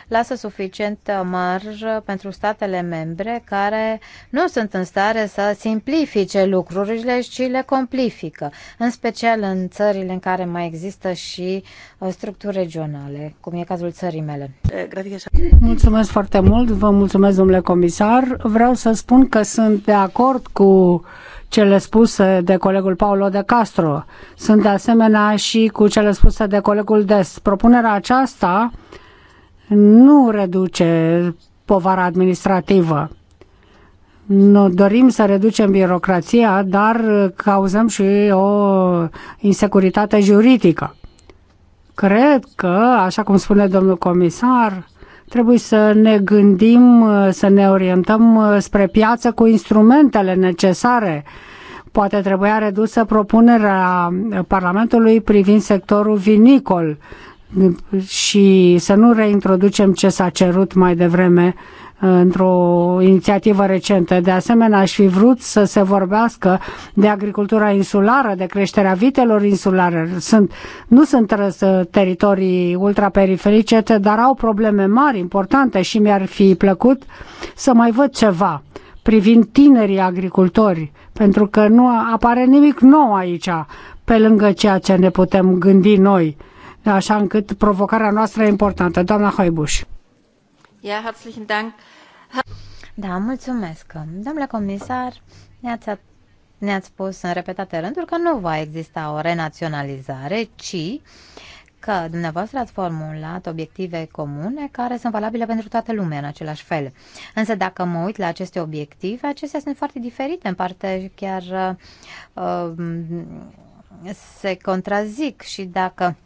lasă suficientă marjă pentru statele membre care nu sunt în stare să simplifice lucrurile, ci le complifică, în special în țările în care mai există și uh, structuri regionale, cum e cazul țării mele. Mulțumesc foarte mult, vă mulțumesc, domnule comisar. Vreau să spun că sunt de acord cu cele spuse de colegul Paulo de Castro. Sunt de asemenea și cu cele spuse de colegul Des. Propunerea aceasta nu reduce povara administrativă. Nu dorim să reducem birocrația, dar cauzăm și o insecuritate juridică. Cred că, așa cum spune domnul comisar, Trebuie să ne gândim, să ne orientăm uh, spre piață cu instrumentele necesare. Poate trebuia redusă propunerea uh, Parlamentului privind sectorul vinicol și să nu reintroducem ce s-a cerut mai devreme într-o inițiativă recentă. De asemenea, aș fi vrut să se vorbească de agricultura insulară, de creșterea vitelor insulare. Sunt, nu sunt uh, teritorii ultraperiferice, dar au probleme mari, importante și mi-ar fi plăcut să mai văd ceva privind tinerii agricultori, pentru că nu apare nimic nou aici, pe lângă ceea ce ne putem gândi noi, așa încât provocarea noastră e importantă. Doamna Hoibuș. Da, mulțumesc. Domnule comisar, ne-ați ne-ați spus în repetate rânduri că nu va exista o renaționalizare, ci că dumneavoastră ați formulat obiective comune care sunt valabile pentru toată lumea în același fel. Însă dacă mă uit la aceste obiective, acestea sunt foarte diferite, în parte chiar uh, um, se contrazic și dacă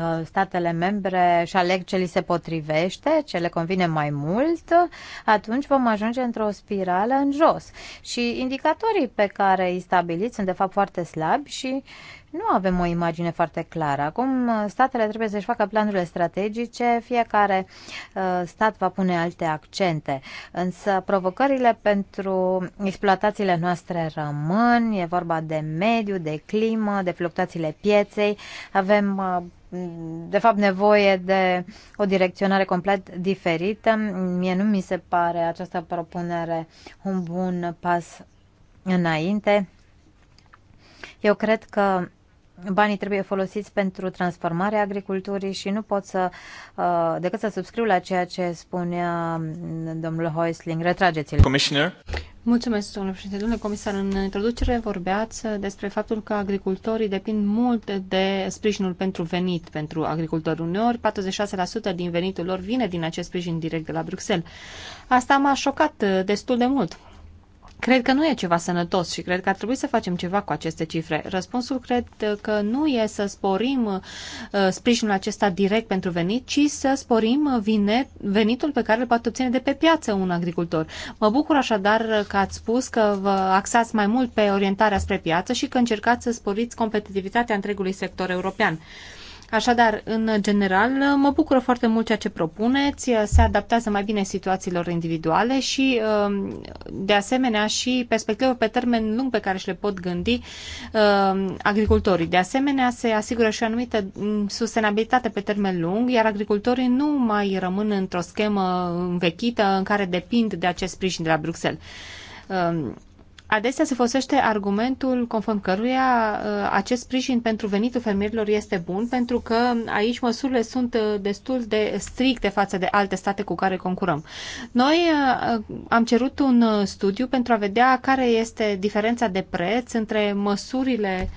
Uh, statele membre și aleg ce li se potrivește, ce le convine mai mult, atunci vom ajunge într-o spirală în jos. Și indicatorii pe care îi stabiliți sunt de fapt foarte slabi și nu avem o imagine foarte clară. Acum uh, statele trebuie să-și facă planurile strategice, fiecare uh, stat va pune alte accente, însă provocările pentru exploatațiile noastre rămân, e vorba de mediu, de climă, de fluctuațiile pieței, avem de fapt, nevoie de o direcționare complet diferită. Mie nu mi se pare această propunere un bun pas înainte. Eu cred că Banii trebuie folosiți pentru transformarea agriculturii și nu pot să, uh, decât să subscriu la ceea ce spunea mm, domnul Hoisling. Retrageți-l. Commissioner. Mulțumesc, domnule președinte. Domnule comisar, în introducere vorbeați despre faptul că agricultorii depind mult de sprijinul pentru venit pentru agricultori. Uneori, 46% din venitul lor vine din acest sprijin direct de la Bruxelles. Asta m-a șocat destul de mult. Cred că nu e ceva sănătos și cred că ar trebui să facem ceva cu aceste cifre. Răspunsul cred că nu e să sporim uh, sprijinul acesta direct pentru venit, ci să sporim venitul pe care îl poate obține de pe piață un agricultor. Mă bucur așadar că ați spus că vă axați mai mult pe orientarea spre piață și că încercați să sporiți competitivitatea întregului sector european. Așadar, în general, mă bucură foarte mult ceea ce propuneți, se adaptează mai bine situațiilor individuale și, um, de asemenea, și perspectivă pe termen lung pe care și le pot gândi um, agricultorii. De asemenea, se asigură și o anumită mm, sustenabilitate pe termen lung, iar agricultorii nu mai rămân într-o schemă învechită în care depind de acest sprijin de la Bruxelles um, Adesea se folosește argumentul conform căruia uh, acest sprijin pentru venitul fermierilor este bun, pentru că aici măsurile sunt uh, destul de stricte față de alte state cu care concurăm. Noi uh, am cerut un studiu pentru a vedea care este diferența de preț între măsurile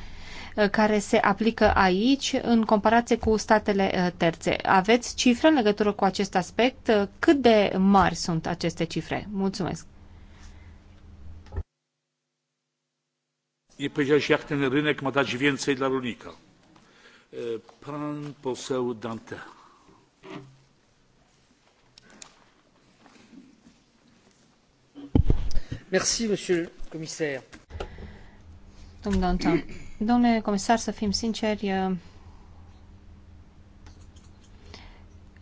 care se aplică aici în comparație cu statele terțe. Aveți cifre în legătură cu acest aspect? Cât de mari sunt aceste cifre? Mulțumesc! nie powiedziałeś jak ten rynek ma dać więcej dla rolnika. Pan poseł Dante. Merci, monsieur le commissaire. Domnule comisar, să fim sinceri,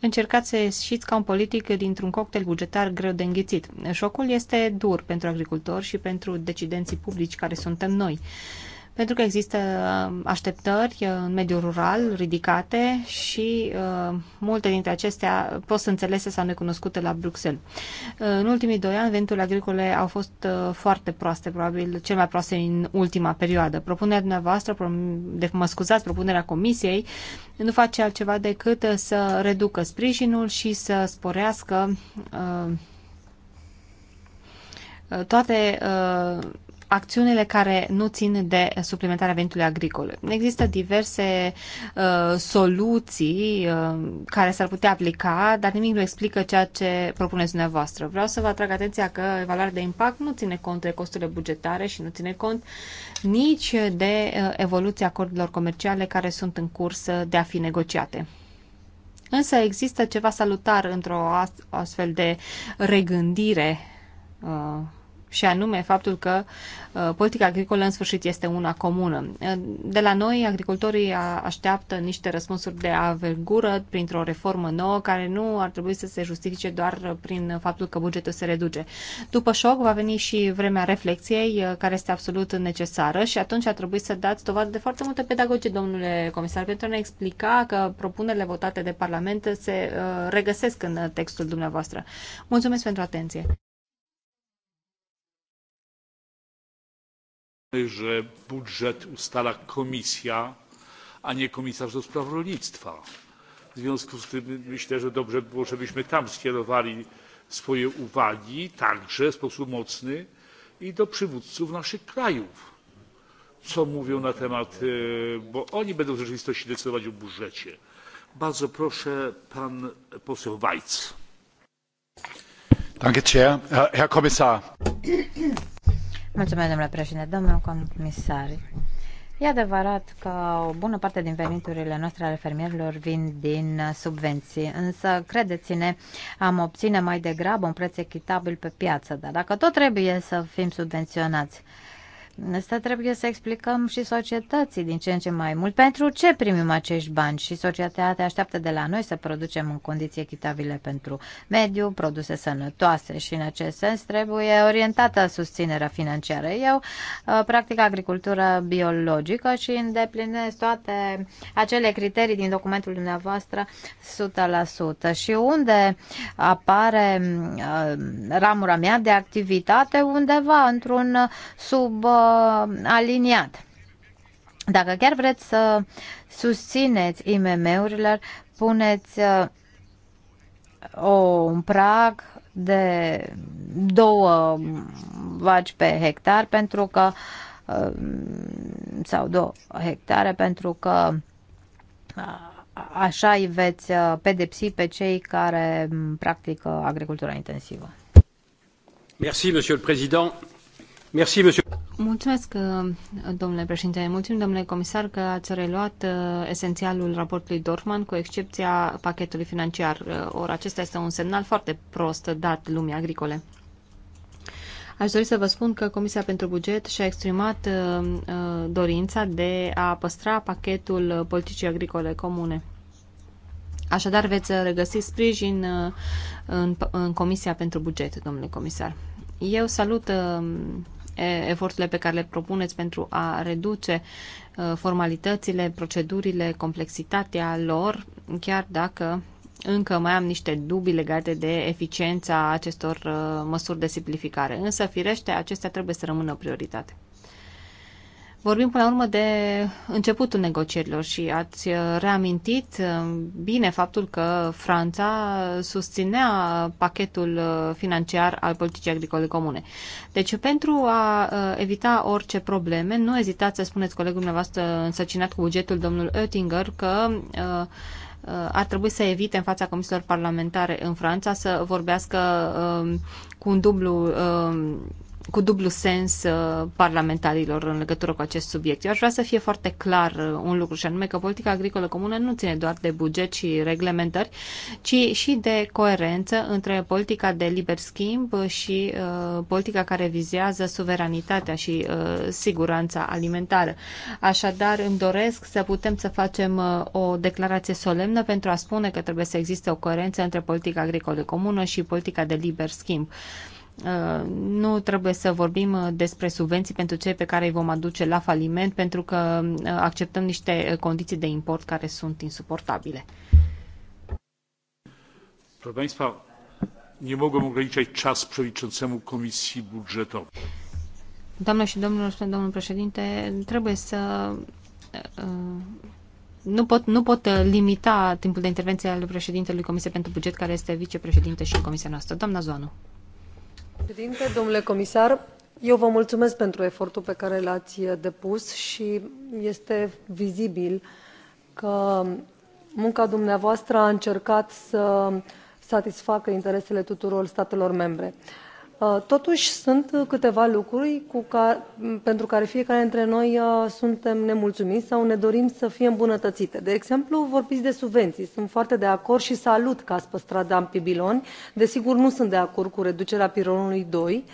Încercați să ieșiți ca un politic dintr-un cocktail bugetar greu de înghițit. Șocul este dur pentru agricultori și pentru decidenții publici care suntem noi pentru că există uh, așteptări uh, în mediul rural ridicate și uh, multe dintre acestea pot să înțelese sau necunoscute la Bruxelles. în ultimii doi ani, venturile agricole au fost foarte proaste, probabil cel mai proaste în ultima perioadă. Propunerea dumneavoastră, de, mă scuzați, propunerea Comisiei, nu face altceva decât să reducă sprijinul și să sporească toate acțiunile care nu țin de suplimentarea venitului agricol. Există diverse uh, soluții uh, care s-ar putea aplica, dar nimic nu explică ceea ce propuneți dumneavoastră. Vreau să vă atrag atenția că evaluarea de impact nu ține cont de costurile bugetare și nu ține cont nici de uh, evoluția acordurilor comerciale care sunt în curs de a fi negociate. Însă există ceva salutar într-o astfel de regândire uh, și anume faptul că uh, politica agricolă în sfârșit este una comună. Uh, de la noi, agricultorii așteaptă niște răspunsuri de avergură printr-o reformă nouă care nu ar trebui să se justifice doar prin faptul că bugetul se reduce. După șoc va veni și vremea reflexiei uh, care este absolut necesară și atunci ar trebui să dați dovadă de foarte multă pedagogie, domnule comisar, pentru a ne explica că propunerile votate de Parlament se regăsesc în textul dumneavoastră. Mulțumesc pentru atenție! że budżet ustala komisja a nie komisarz do spraw rolnictwa. w związku z tym myślę że dobrze by było żebyśmy tam skierowali swoje uwagi także w sposób mocny i do przywódców naszych krajów co mówią na temat bo oni będą w rzeczywistości decydować o budżecie. bardzo proszę pan poseł Weiz. Danke, Herr Kommissar, Mulțumesc, domnule președinte, domnul comisar. E adevărat că o bună parte din veniturile noastre ale fermierilor vin din subvenții, însă, credeți-ne, am obține mai degrabă un preț echitabil pe piață, dar dacă tot trebuie să fim subvenționați, Asta trebuie să explicăm și societății din ce în ce mai mult pentru ce primim acești bani și societatea așteaptă de la noi să producem în condiții echitabile pentru mediu, produse sănătoase și în acest sens trebuie orientată susținerea financiară. Eu uh, practic agricultură biologică și îndeplinesc toate acele criterii din documentul dumneavoastră 100% și unde apare uh, ramura mea de activitate undeva într-un uh, sub aliniat. Dacă chiar vreți să susțineți IMM-urilor, puneți uh, o, un prag de două vaci pe hectar pentru că uh, sau două hectare pentru că uh, așa îi veți pedepsi pe cei care practică agricultura intensivă. Merci, monsieur le président. Merci, monsieur. Mulțumesc, uh, domnule președinte. Mulțumim, domnule comisar, că ați reluat uh, esențialul raportului Dorfman, cu excepția pachetului financiar. Uh, Or, acesta este un semnal foarte prost dat lumii agricole. Aș dori să vă spun că Comisia pentru Buget și-a exprimat dorința de a păstra pachetul politicii agricole comune. Așadar, veți regăsi sprijin în, în Comisia pentru Buget, domnule comisar. Eu salut eforturile pe care le propuneți pentru a reduce formalitățile, procedurile, complexitatea lor, chiar dacă încă mai am niște dubii legate de eficiența acestor măsuri de simplificare. Însă, firește, acestea trebuie să rămână prioritate. Vorbim până la urmă de începutul negocierilor și ați reamintit uh, bine faptul că Franța susținea pachetul uh, financiar al politicii agricole comune. Deci pentru a uh, evita orice probleme, nu ezitați să spuneți colegul dumneavoastră însăcinat cu bugetul, domnul Oettinger, că ar trebui să evite în fața comisiilor parlamentare în Franța să vorbească cu un dublu cu dublu sens uh, parlamentarilor în legătură cu acest subiect. Eu aș vrea să fie foarte clar uh, un lucru și anume că politica agricolă comună nu ține doar de buget și reglementări, ci și de coerență între politica de liber schimb și uh, politica care vizează suveranitatea și uh, siguranța alimentară. Așadar, îmi doresc să putem să facem uh, o declarație solemnă pentru a spune că trebuie să existe o coerență între politica agricolă comună și politica de liber schimb. Uh, nu trebuie să vorbim uh, despre subvenții pentru cei pe care îi vom aduce la faliment, pentru că uh, acceptăm niște condiții de import care sunt insuportabile. Proszę nie mogłem ograniczać czas przewodniczącemu Komisji Budżetowej. Doamnă și domnilor, domnul președinte, trebuie să uh, nu pot, nu pot limita timpul de intervenție al președintelui Comisiei pentru Buget, care este vicepreședinte și în comisia noastră. Doamna Zoanu. Președinte, domnule comisar, eu vă mulțumesc pentru efortul pe care l ați depus și este vizibil că munca dumneavoastră a încercat să satisfacă interesele tuturor statelor membre. Uh, totuși sunt uh, câteva lucruri cu pentru care fiecare dintre noi uh, suntem nemulțumiți sau ne dorim să fie îmbunătățite. De exemplu, vorbiți de subvenții. Sunt foarte de acord și salut că ați păstrat de ampibiloni. Desigur, nu sunt de acord cu reducerea pironului 2.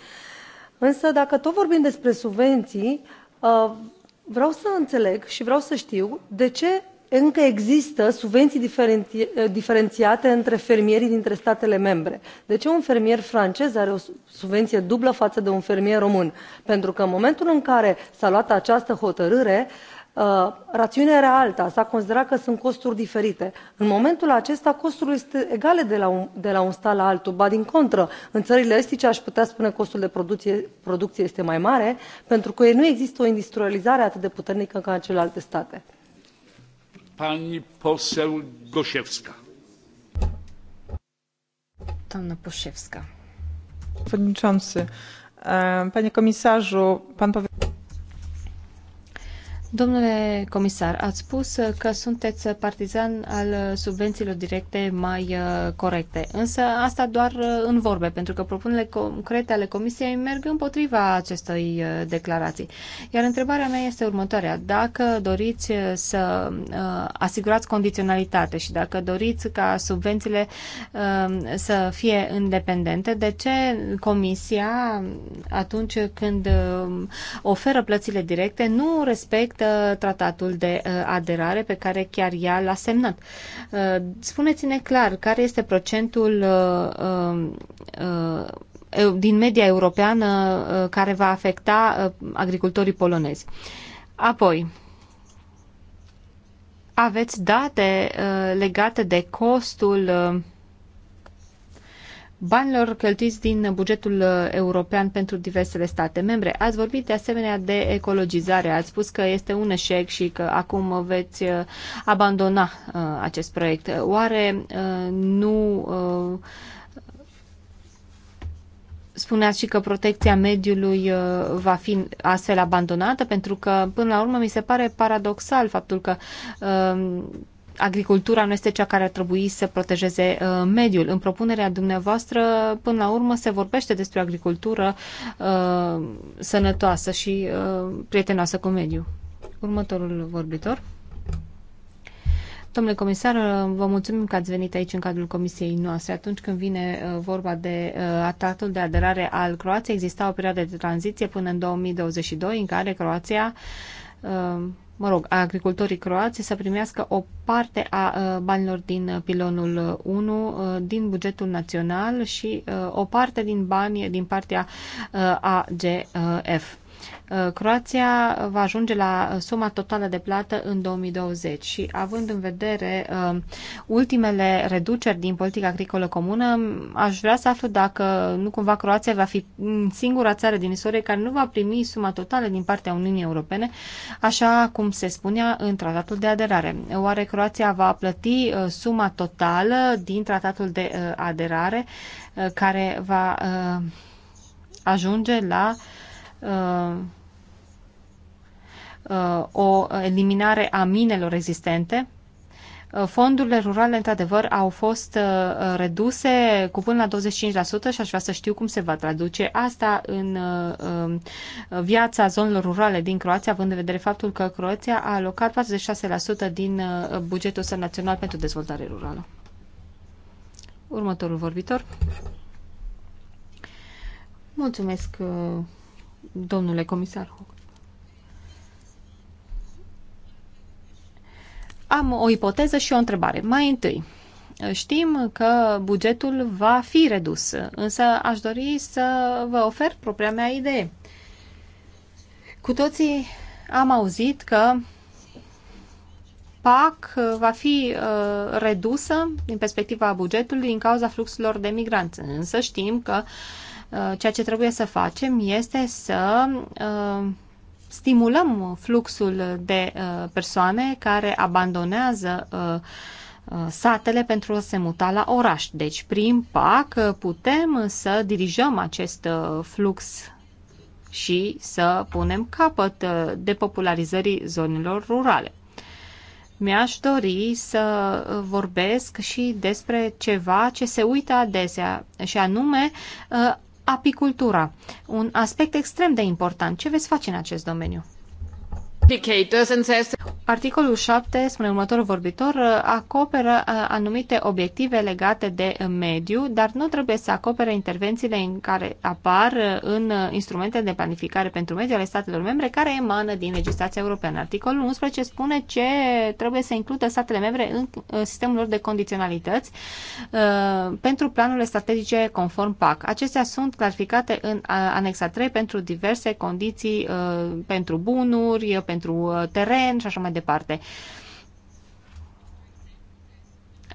Însă, dacă tot vorbim despre subvenții, vreau să înțeleg și vreau să știu de ce încă există subvenții eh, diferențiate între fermierii dintre statele membre. de ce un fermier francez are o subvenție dublă față de un fermier român? pentru că în momentul în care s a luat această hotărâre eh, rațiunea era alta s a considerat că sunt costuri diferite. în momentul acesta costurile sunt egale de la, un, de la un stat la altul ba contră, în țările estice aș putea spune costul de producție, producție este mai mare pentru că nu există o industrializare atât de puternică ca în celelalte state. Pani poseł Gosiewska. Doamna Poszewska. Przewodniczący, panie komisarzu, pan powiedział, Domnule comisar, ați spus că sunteți partizan al subvențiilor directe mai uh, corecte, însă asta doar uh, în vorbe, pentru că propunerile concrete ale Comisiei merg împotriva acestei uh, declarații. Iar întrebarea mea este următoarea. Dacă doriți să asigurați condiționalitate și dacă doriți ca subvențiile um, să fie independente, de ce Comisia, atunci când um, oferă plățile directe, nu respectă tratatul de uh, aderare pe care chiar ea l-a semnat. Uh, spuneți-ne clar care este procentul uh, um, din media europeană care va afecta agricultorii polonezi. Apoi, aveți date legate de costul banilor cheltuiți din bugetul uh, european pentru diversele state membre. Ați vorbit de asemenea de ecologizare, ați spus că este un eșec și că acum veți uh, abandona uh, acest proiect. Oare nu spuneați și că protecția mediului va fi astfel abandonată, pentru că, până la urmă, mi se pare paradoxal faptul că agricultura nu este cea care ar trebui să protejeze uh, mediul. În propunerea dumneavoastră, până la urmă, se vorbește despre agricultură uh, sănătoasă și uh, prietenoasă cu mediul. Următorul vorbitor. Domnule comisar, vă mulțumim că ați venit aici în cadrul comisiei noastre. Atunci când vine uh, vorba de uh, atatul de aderare al Croației, exista o perioadă de tranziție până în 2022 în care Croația uh, mă rog, a agricultorii croați să primească o parte a uh, banilor din uh, pilonul 1 uh, din bugetul național și o parte din bani din partea AGF. Uh, Croația va ajunge la suma totală de plată în 2020 și având în vedere uh, ultimele reduceri din politica agricolă comună, aș vrea să aflu dacă nu cumva Croația va fi singura țară din istorie care nu va primi suma totală din partea Uniunii Europene, așa cum se spunea în tratatul de aderare. Oare Croația va plăti uh, suma totală din tratatul de aderare care va ajunge la o eliminare a minelor existente, uh, fondurile rurale, într-adevăr, au fost uh, reduse cu până la 25% și aș vrea să știu cum se va traduce asta în uh, um, viața zonelor rurale din Croația, având în vedere faptul că Croația a alocat 46% din bugetul său național pentru dezvoltare rurală. Următorul vorbitor. Mulțumesc, domnule comisar Am o ipoteză și o întrebare. Mai întâi, Știm că bugetul va fi redus, însă aș dori să vă ofer propria mea idee. Cu toții am auzit că PAC va fi uh, redusă din perspectiva bugetului din cauza fluxurilor de migranți, însă știm că uh, ceea ce trebuie să facem este să uh, stimulăm fluxul de uh, persoane care abandonează uh, uh, satele pentru a se muta la oraș. Deci, prin PAC putem să dirijăm acest flux și să punem capăt depopularizării zonelor rurale. Mi-aș dori să vorbesc și despre ceva ce se uită adesea, și anume apicultura, un aspect extrem de important. Ce veți face în acest domeniu? Articolul 7, spune următorul vorbitor, acoperă anumite obiective legate de mediu, dar nu trebuie să acopere intervențiile în care apar în instrumente de planificare pentru mediu ale statelor membre care emană din legislația europeană. Articolul 11 spune ce trebuie să includă statele membre în sistemul lor de condiționalități pentru planurile strategice conform PAC. Acestea sunt clarificate în anexa 3 pentru diverse condiții pentru bunuri, pentru pentru uh, teren și așa mai departe.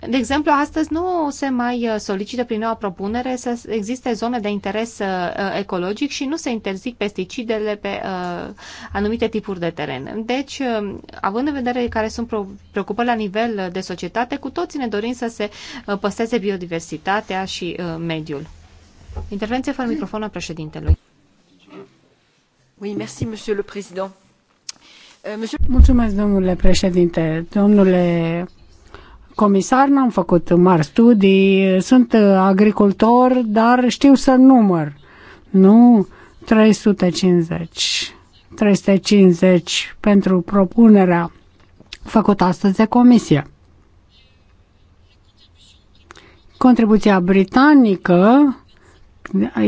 De exemplu, astăzi nu se mai uh, solicită prin noua propunere să existe zone de interes uh, ecologic și nu se interzic pesticidele pe anumite tipuri de teren. Deci, având în vedere care sunt preocupări la nivel de societate, cu toții ne dorim să se păsteze biodiversitatea și mediul. Intervenție fără microfonul președintelui. Oui, merci, monsieur le président. Euh, Mulțumesc, domnule președinte. Domnule comisar, n-am făcut mari studii, sunt agricultor, dar știu să număr. Nu 350. 350 pentru propunerea făcută astăzi de comisie. Contribuția britanică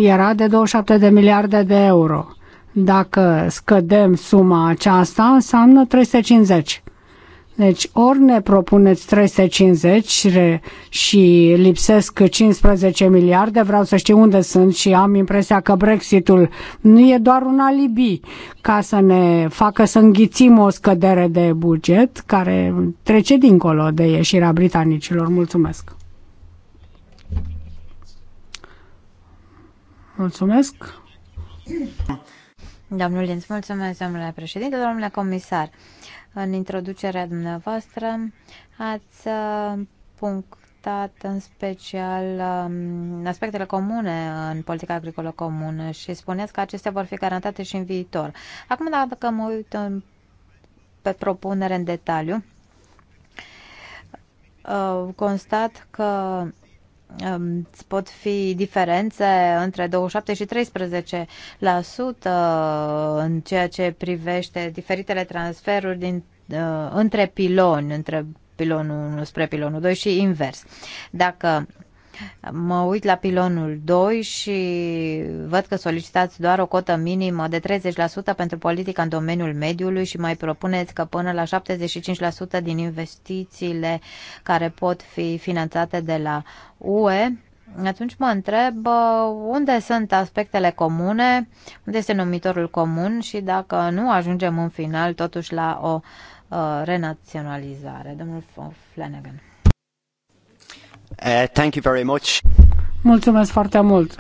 era de 27 de miliarde de euro. Dacă scădem suma aceasta, înseamnă 350. Deci ori ne propuneți 350 și lipsesc 15 miliarde, vreau să știu unde sunt și am impresia că Brexitul nu e doar un alibi ca să ne facă să înghițim o scădere de buget care trece dincolo de ieșirea britanicilor. Mulțumesc! Mulțumesc! Domnul Linț, mulțumesc, domnule președinte, domnule comisar. În introducerea dumneavoastră ați uh, punctat în special um, aspectele comune în politica agricolă comună și spuneți că acestea vor fi garantate și în viitor. Acum, dacă mă uit în, pe propunere în detaliu, uh, constat că pot fi diferențe între 27 și 13% uh, în ceea ce privește diferitele transferuri din, uh, între piloni, între pilonul 1 spre pilonul 2 și invers. Dacă Mă uit la pilonul 2 și văd că solicitați doar o cotă minimă de 30% pentru politica în domeniul mediului și mai propuneți că până la 75% din investițiile care pot fi finanțate de la UE atunci mă întreb unde sunt aspectele comune, unde este numitorul comun și dacă nu ajungem în final totuși la o uh, renaționalizare. Domnul Flanagan. Uh, thank you very much. Mulțumesc foarte mult.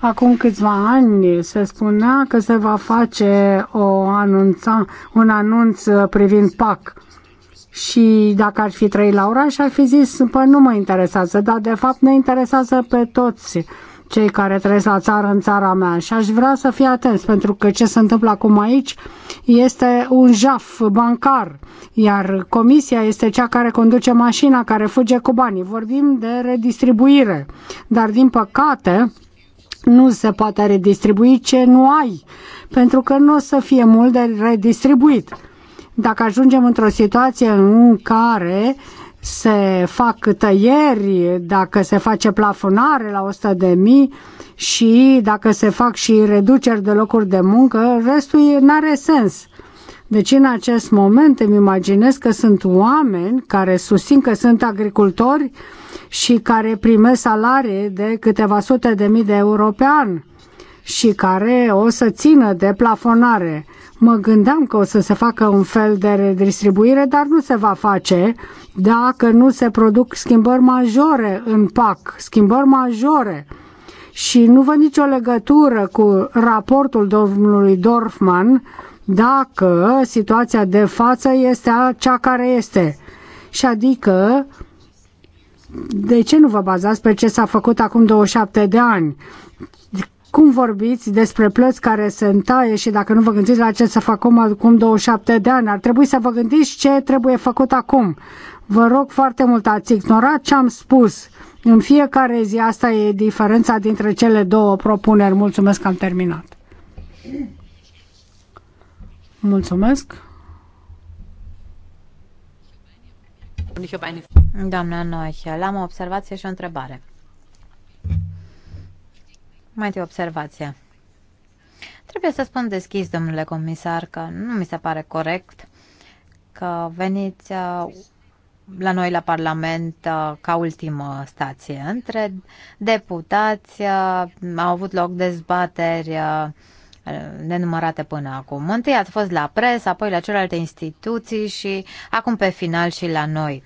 Acum câțiva ani se spunea că se va face o anunța, un anunț privind PAC. Și dacă ar fi trei la oraș, ar fi zis, păi nu mă interesează, dar de fapt ne interesează pe toți cei care trăiesc la țară în țara mea și aș vrea să fie atenți pentru că ce se întâmplă acum aici este un jaf bancar, iar comisia este cea care conduce mașina care fuge cu banii. Vorbim de redistribuire, dar din păcate nu se poate redistribui ce nu ai, pentru că nu o să fie mult de redistribuit. Dacă ajungem într-o situație în care se fac tăieri, dacă se face plafonare la 100 de mii și dacă se fac și reduceri de locuri de muncă, restul nu are sens. Deci în acest moment îmi imaginez că sunt oameni care susțin că sunt agricultori și care primesc salarii de câteva sute de mii de euro pe an și care o să țină de plafonare. Mă gândeam că o să se facă un fel de redistribuire, dar nu se va face dacă nu se produc schimbări majore în PAC, schimbări majore. Și nu văd nicio legătură cu raportul domnului Dorfman dacă situația de față este cea care este. Și adică de ce nu vă bazați pe ce s-a făcut acum 27 de ani? Cum vorbiți despre plăți care se întaie și dacă nu vă gândiți la ce să fac acum 27 de ani, ar trebui să vă gândiți ce trebuie făcut acum. Vă rog foarte mult, ați ignorat ce am spus. În fiecare zi asta e diferența dintre cele două propuneri. Mulțumesc că am terminat. Mulțumesc. Doamna Noichel, am o observație și o întrebare. Mai te observație. Trebuie să spun deschis, domnule comisar, că nu mi se pare corect că veniți uh, la noi la Parlament uh, ca ultimă stație. Între deputați uh, au avut loc dezbateri nenumărate până acum. Întâi ați fost la presă, apoi la celelalte instituții și acum pe final și la noi.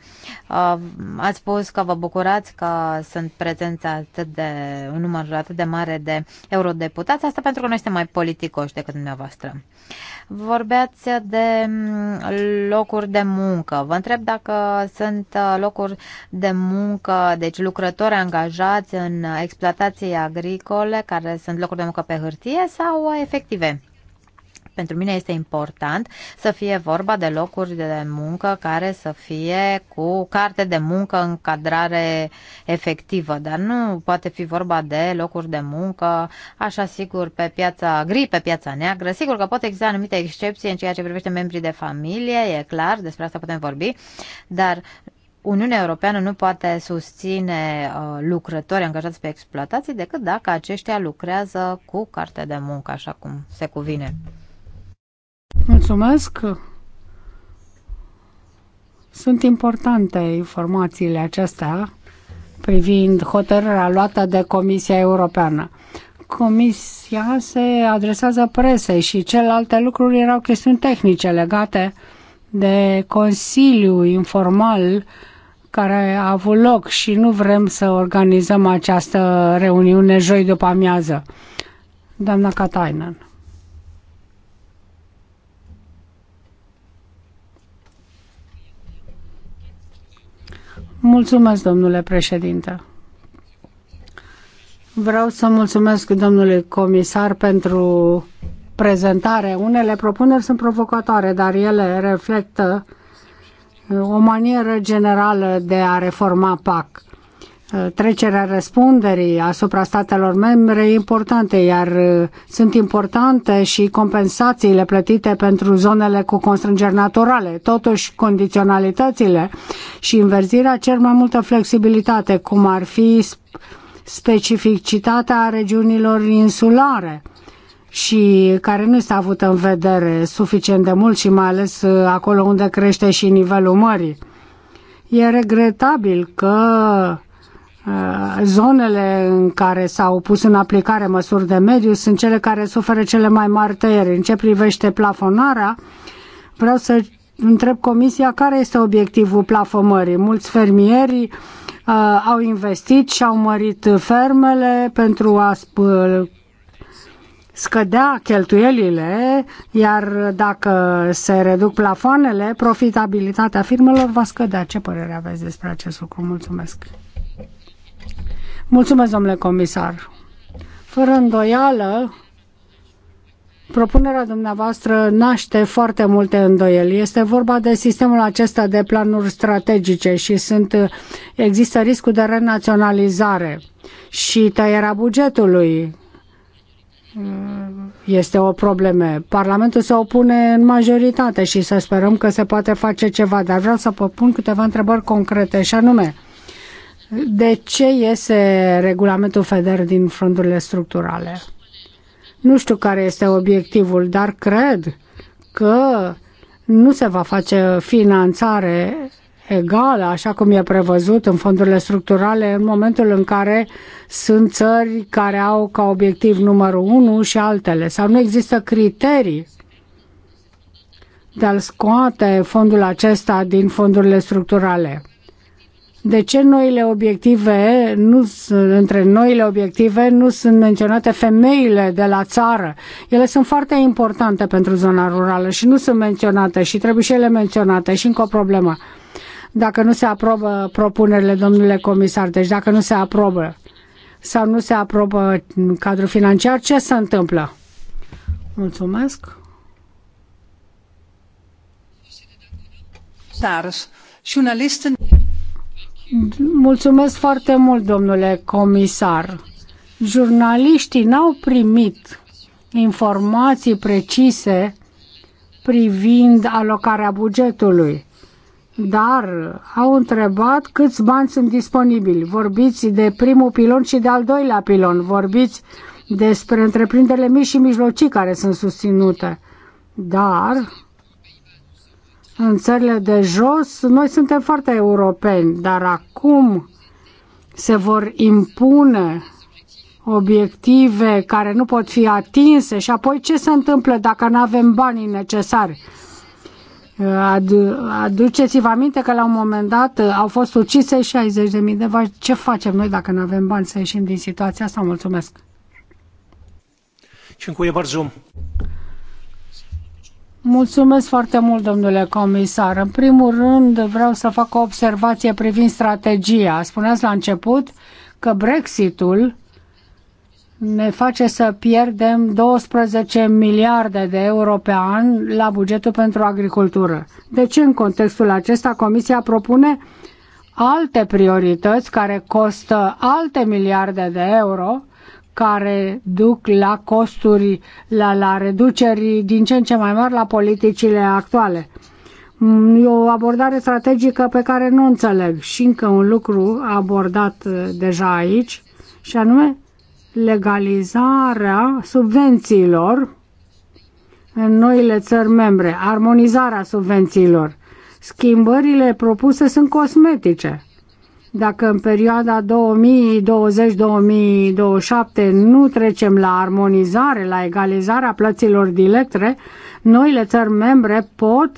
Uh, ați spus că vă bucurați că sunt prezenți atât de, un număr atât de mare de eurodeputați, asta pentru că noi suntem mai politicoși decât dumneavoastră. Vorbeați de mm, locuri de muncă. Vă întreb dacă sunt uh, locuri de muncă, deci lucrători angajați în exploatații agricole, care sunt locuri de muncă pe hârtie sau efective? pentru mine este important să fie vorba de locuri de muncă care să fie cu carte de muncă, în cadrare efectivă, dar nu poate fi vorba de locuri de muncă, așa sigur, pe piața gri, pe piața neagră. Sigur că pot exista anumite excepții în ceea ce privește membrii de familie, e clar, despre asta putem vorbi, dar Uniunea Europeană nu poate susține uh, lucrători angajați pe exploatații decât dacă aceștia lucrează cu carte de muncă, așa cum se cuvine. Mulțumesc! Sunt importante informațiile acestea privind hotărârea luată de Comisia Europeană. Comisia se adresează presei și celelalte lucruri erau chestiuni tehnice legate de Consiliu informal care a avut loc și nu vrem să organizăm această reuniune joi după amiază. Doamna Katainen. Mulțumesc, domnule președinte. Vreau să mulțumesc domnului comisar pentru prezentare. Unele propuneri sunt provocatoare, dar ele reflectă o manieră generală de a reforma PAC. Uh, trecerea răspunderii asupra statelor membre importante, iar uh, sunt importante și compensațiile plătite pentru zonele cu constrângeri naturale. Totuși, condiționalitățile și inverzirea cer mai multă flexibilitate, cum ar fi specificitatea regiunilor insulare și care nu este avută în vedere suficient de mult și mai ales uh, acolo unde crește și nivelul mării. E regretabil că Uh, zonele în care s-au pus în aplicare măsuri de mediu sunt cele care suferă cele mai mari tăieri. În ce privește plafonarea, vreau să întreb Comisia care este obiectivul plafonării. Mulți fermieri uh, au investit și au mărit fermele pentru a scădea cheltuielile, iar dacă se reduc plafoanele, profitabilitatea firmelor va scădea. Ce părere aveți despre acest lucru? Mulțumesc! Mulțumesc, domnule comisar. Fără îndoială, Propunerea dumneavoastră naște foarte multe îndoieli. Este vorba de sistemul acesta de planuri strategice și sunt, există riscul de renaționalizare și tăierea bugetului uh, este o problemă. Parlamentul se opune în majoritate și să sperăm că se poate face ceva, dar vreau să pun câteva întrebări concrete și anume, de ce iese regulamentul FEDER din fondurile structurale. Nu știu care este obiectivul, dar cred că nu se va face finanțare egală, așa cum e prevăzut în fondurile structurale, în momentul în care sunt țări care au ca obiectiv numărul 1 și altele, sau nu există criterii de a scoate fondul acesta din fondurile structurale de ce noile obiective nu, între noile obiective nu sunt menționate femeile de la țară. Ele sunt foarte importante pentru zona rurală și nu sunt menționate și trebuie și ele menționate și încă o problemă. Dacă nu se aprobă propunerile, domnule comisar, deci dacă nu se aprobă sau nu se aprobă cadrul financiar, ce se întâmplă? Mulțumesc. Tars. Jurnalisten Mulțumesc foarte mult, domnule comisar. Jurnaliștii n-au primit informații precise privind alocarea bugetului, dar au întrebat câți bani sunt disponibili. Vorbiți de primul pilon și de al doilea pilon, vorbiți despre întreprinderile mici și mijlocii care sunt susținute, dar în țările de jos, noi suntem foarte europeni, dar acum se vor impune obiective care nu pot fi atinse și apoi ce se întâmplă dacă nu avem banii necesari? Aduceți-vă aminte că la un moment dat au fost ucise 60.000 de vaci. Ce facem noi dacă nu avem bani să ieșim din situația asta? Mulțumesc! Dziękuję bardzo. Mulțumesc foarte mult, domnule comisar. În primul rând, vreau să fac o observație privind strategia. Spuneați la început că Brexitul ne face să pierdem 12 miliarde de euro pe an la bugetul pentru agricultură. De ce în contextul acesta Comisia propune alte priorități care costă alte miliarde de euro care duc la costuri, la, la reduceri din ce în ce mai mari la politicile actuale. Mm, e o abordare strategică pe care nu înțeleg și încă un lucru abordat uh, deja aici, și anume legalizarea subvențiilor în noile țări membre, armonizarea subvențiilor. Schimbările propuse sunt cosmetice dacă în perioada 2020-2027 nu trecem la armonizare, la egalizarea plăților directe, noile țări membre pot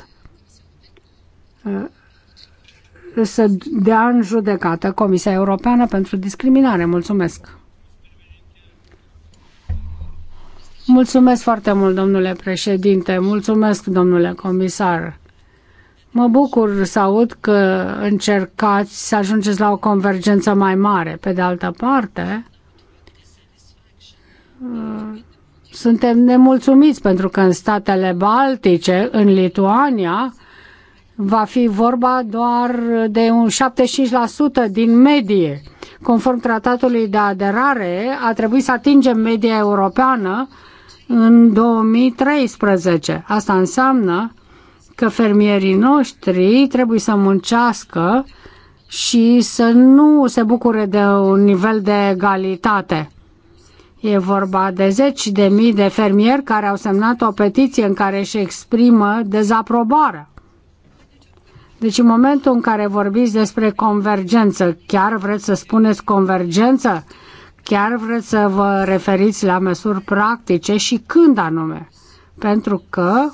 uh, să dea în judecată Comisia Europeană pentru Discriminare. Mulțumesc! Mulțumesc foarte mult, domnule președinte, mulțumesc, domnule comisar. Mă bucur să aud că încercați să ajungeți la o convergență mai mare. Pe de altă parte, suntem nemulțumiți pentru că în statele baltice, în Lituania, va fi vorba doar de un 75% din medie. Conform tratatului de aderare, a trebuit să atingem media europeană în 2013. Asta înseamnă că fermierii noștri trebuie să muncească și să nu se bucure de un nivel de egalitate. E vorba de zeci de mii de fermieri care au semnat o petiție în care își exprimă dezaprobarea. Deci în momentul în care vorbiți despre convergență, chiar vreți să spuneți convergență? Chiar vreți să vă referiți la măsuri practice și când anume? Pentru că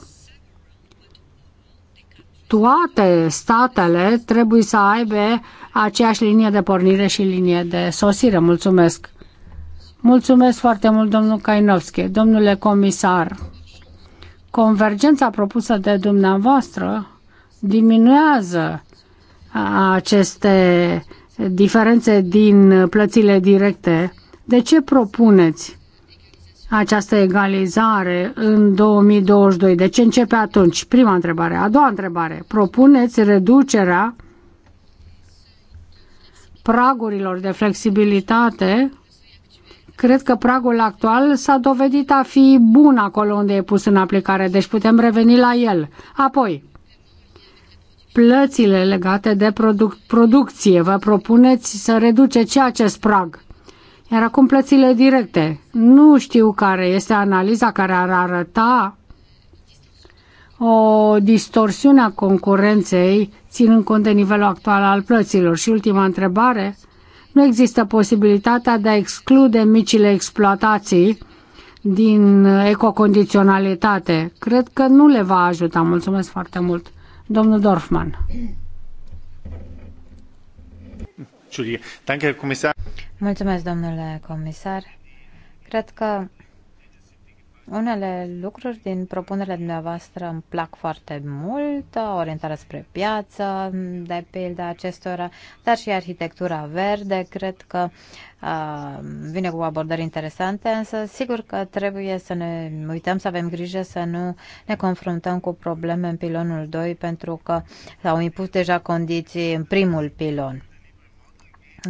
toate statele trebuie să aibă aceeași linie de pornire și linie de sosire. Mulțumesc! Mulțumesc foarte mult, domnul Kainovski. Domnule comisar, convergența propusă de dumneavoastră diminuează aceste diferențe din plățile directe. De ce propuneți această egalizare în 2022? De ce începe atunci? Prima întrebare. A doua întrebare. Propuneți reducerea pragurilor de flexibilitate cred că pragul actual s-a dovedit a fi bun acolo unde e pus în aplicare, deci putem reveni la el. Apoi, plățile legate de produc- producție. Vă propuneți să reduceți și acest prag. Iar acum plățile directe. Nu știu care este analiza care ar arăta o distorsiune a concurenței, ținând cont de nivelul actual al plăților. Și ultima întrebare, nu există posibilitatea de a exclude micile exploatații din ecocondiționalitate. Cred că nu le va ajuta. Mulțumesc foarte mult, domnul Dorfman. Julie. Danke, Herr Kommissar. Mulțumesc, domnule comisar. Cred că unele lucruri din propunerile dumneavoastră îmi plac foarte mult, orientarea spre piață, de pildă acestora, dar și arhitectura verde, cred că uh, vine cu abordări interesante, însă sigur că trebuie să ne uităm, să avem grijă să nu ne confruntăm cu probleme în pilonul 2, pentru că s-au impus deja condiții în primul pilon.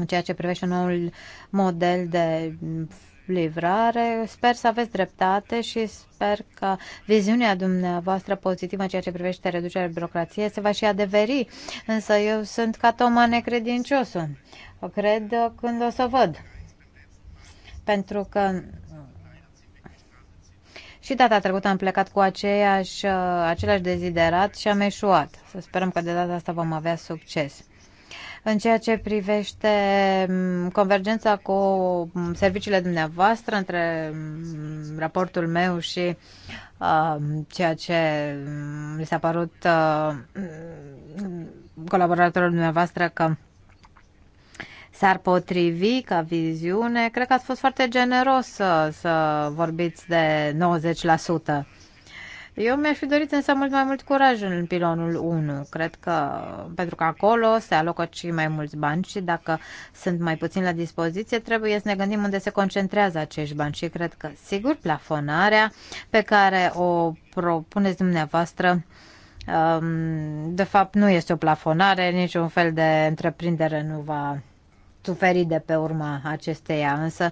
În ceea ce privește noul model de livrare, sper să aveți dreptate și sper că viziunea dumneavoastră pozitivă în ceea ce privește reducerea birocrației se va și adeveri. Însă eu sunt ca Toma necredinciosul. O cred când o să văd. Pentru că și data trecută am plecat cu aceeași, același deziderat și am eșuat. Să sperăm că de data asta vom avea succes. În ceea ce privește mm, convergența cu mm, serviciile dumneavoastră între mm, raportul meu și uh, ceea ce mi s-a părut uh, colaboratorul dumneavoastră că s-ar potrivi ca viziune. Cred că ați fost foarte generos să, uh, să vorbiți de 90%. Eu mi-aș fi dorit însă mult mai mult curaj în pilonul 1. Cred că pentru că acolo se alocă și mai mulți bani și dacă sunt mai puțin la dispoziție, trebuie să ne gândim unde se concentrează acești bani și cred că, sigur, plafonarea pe care o propuneți dumneavoastră um, de fapt nu este o plafonare, niciun fel de întreprindere nu va suferi de pe urma acesteia, însă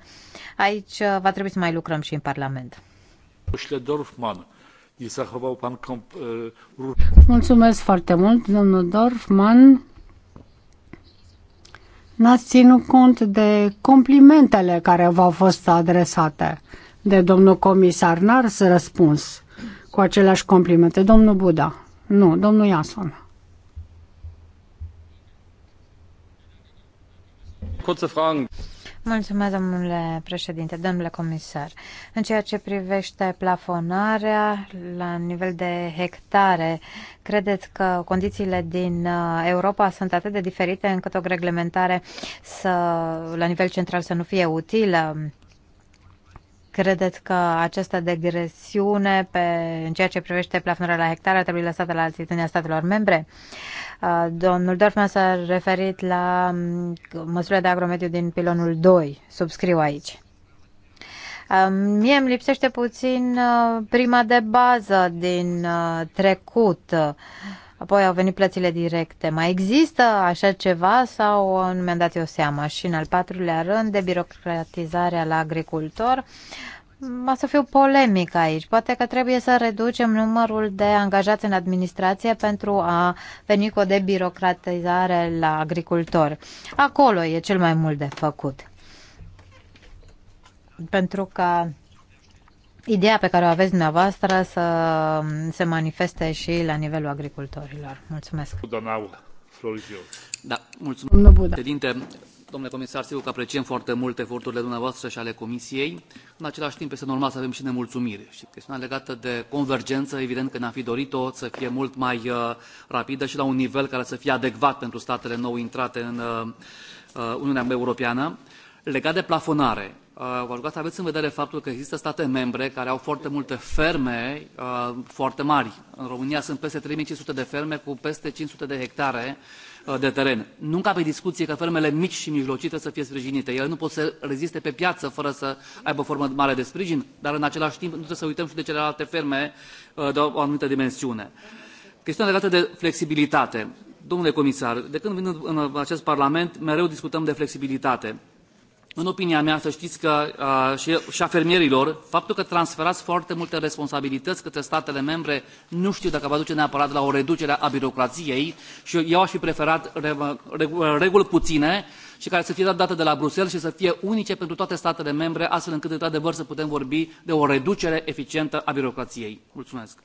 aici uh, va trebui să mai lucrăm și în Parlament. Dorfman. Euh, Mulțumesc foarte mult, domnul Dorfman. N-ați ținut cont de complimentele care v-au fost adresate de domnul comisar. N-ar să răspuns cu aceleași complimente. Domnul Buda. Nu, domnul Iason. Kurze Fragen. Mulțumesc, domnule președinte, domnule comisar. În ceea ce privește plafonarea la nivel de hectare, credeți că condițiile din uh, Europa sunt atât de diferite încât o reglementare să, la nivel central să nu fie utilă? Credeți că această degresiune pe, în ceea ce privește plafonarea la hectare trebuie lăsată la altitudinea statelor membre? Uh, domnul Dorfman s-a referit la mm, măsurile de agromediu din pilonul 2. Subscriu aici. Uh, mie îmi lipsește puțin uh, prima de bază din trecut Apoi au venit plățile directe. Mai există așa ceva sau nu mi-am dat eu seama? Și în al patrulea rând, de birocratizarea la agricultor. O să fiu polemic aici. Poate că trebuie să reducem numărul de angajați în administrație pentru a veni cu o debirocratizare la agricultor. Acolo e cel mai mult de făcut. Pentru că ideea pe care o aveți dumneavoastră să se manifeste și la nivelul agricultorilor. Mulțumesc. Da, mulțumesc. Domnul Buda. Președinte, domnule comisar, sigur că apreciem foarte mult eforturile dumneavoastră și ale Comisiei. În același timp, este normal să avem și nemulțumiri. Și chestiunea legată de convergență, evident că ne-am fi dorit-o să fie mult mai uh, rapidă și la un nivel care să fie adecvat pentru statele nou intrate în uh, uh, Uniunea Europeană. Legat de plafonare, Uh, Vă rog să aveți în vedere faptul că există state membre care au foarte multe ferme uh, foarte mari. În România sunt peste 3500 de ferme cu peste 500 de hectare uh, de teren. Nu ca pe discuție că fermele mici și mijlocite să fie sprijinite. Ele nu pot să reziste pe piață fără să aibă formă mare de sprijin, dar în același timp nu trebuie să uităm și de celelalte ferme de o anumită dimensiune. Chestiunea legată de flexibilitate. Domnule comisar, de când vin în acest Parlament, mereu discutăm de flexibilitate în opinia mea, să știți că a, și, și a fermierilor, faptul că transferați foarte multe responsabilități către statele membre, nu știu dacă va duce neapărat la o reducere a birocrației și eu aș fi preferat reguli puține și care să fie dată de la Bruxelles și să fie unice pentru toate statele membre, astfel încât, într-adevăr, să putem vorbi de o reducere eficientă a birocrației. Mulțumesc!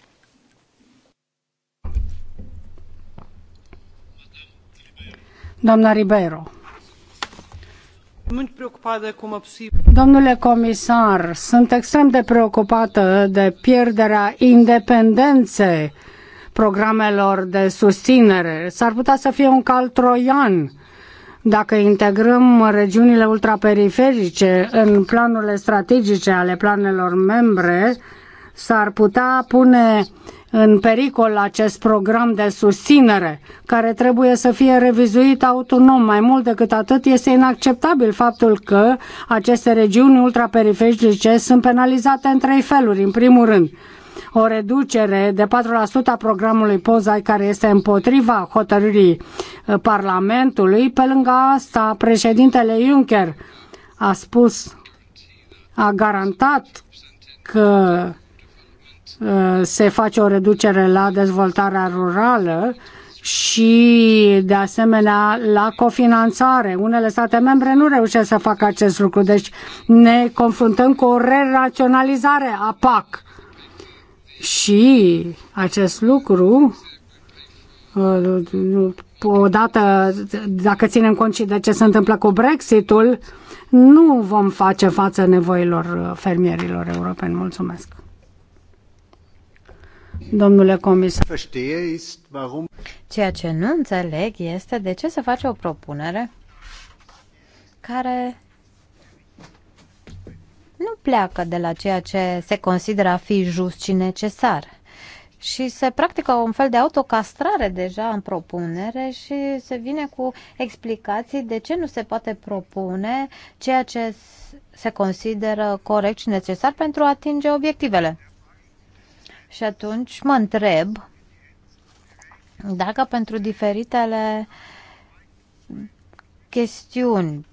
Doamna Ribeiro. Domnule comisar, sunt extrem de preocupată de pierderea independenței programelor de susținere. S-ar putea să fie un cal troian dacă integrăm regiunile ultraperiferice în planurile strategice ale planelor membre, s-ar putea pune uh, în pericol acest program de susținere, care trebuie să fie revizuit autonom. Mai mult decât atât, este inacceptabil faptul că aceste regiuni ultraperiferice sunt penalizate în trei feluri. În primul rând, o reducere de 4% a programului POZAI care este împotriva hotărârii uh, Parlamentului. Pe lângă asta, președintele Juncker a spus, a garantat că Uh, se face o reducere la dezvoltarea rurală și, de asemenea, la cofinanțare. Unele state membre nu reușesc să facă acest lucru, deci ne confruntăm cu o reraționalizare a PAC. Și acest lucru, uh, odată, dacă ținem cont și de ce se întâmplă cu Brexitul, nu vom face față nevoilor uh, fermierilor europeni. Mulțumesc! Domnule comisar, ceea ce nu înțeleg este de ce se face o propunere care nu pleacă de la ceea ce se consideră a fi just și necesar. Și se practică un fel de autocastrare deja în propunere și se vine cu explicații de ce nu se poate propune ceea ce se consideră corect și necesar pentru a atinge obiectivele. Și atunci mă întreb dacă pentru diferitele chestiuni,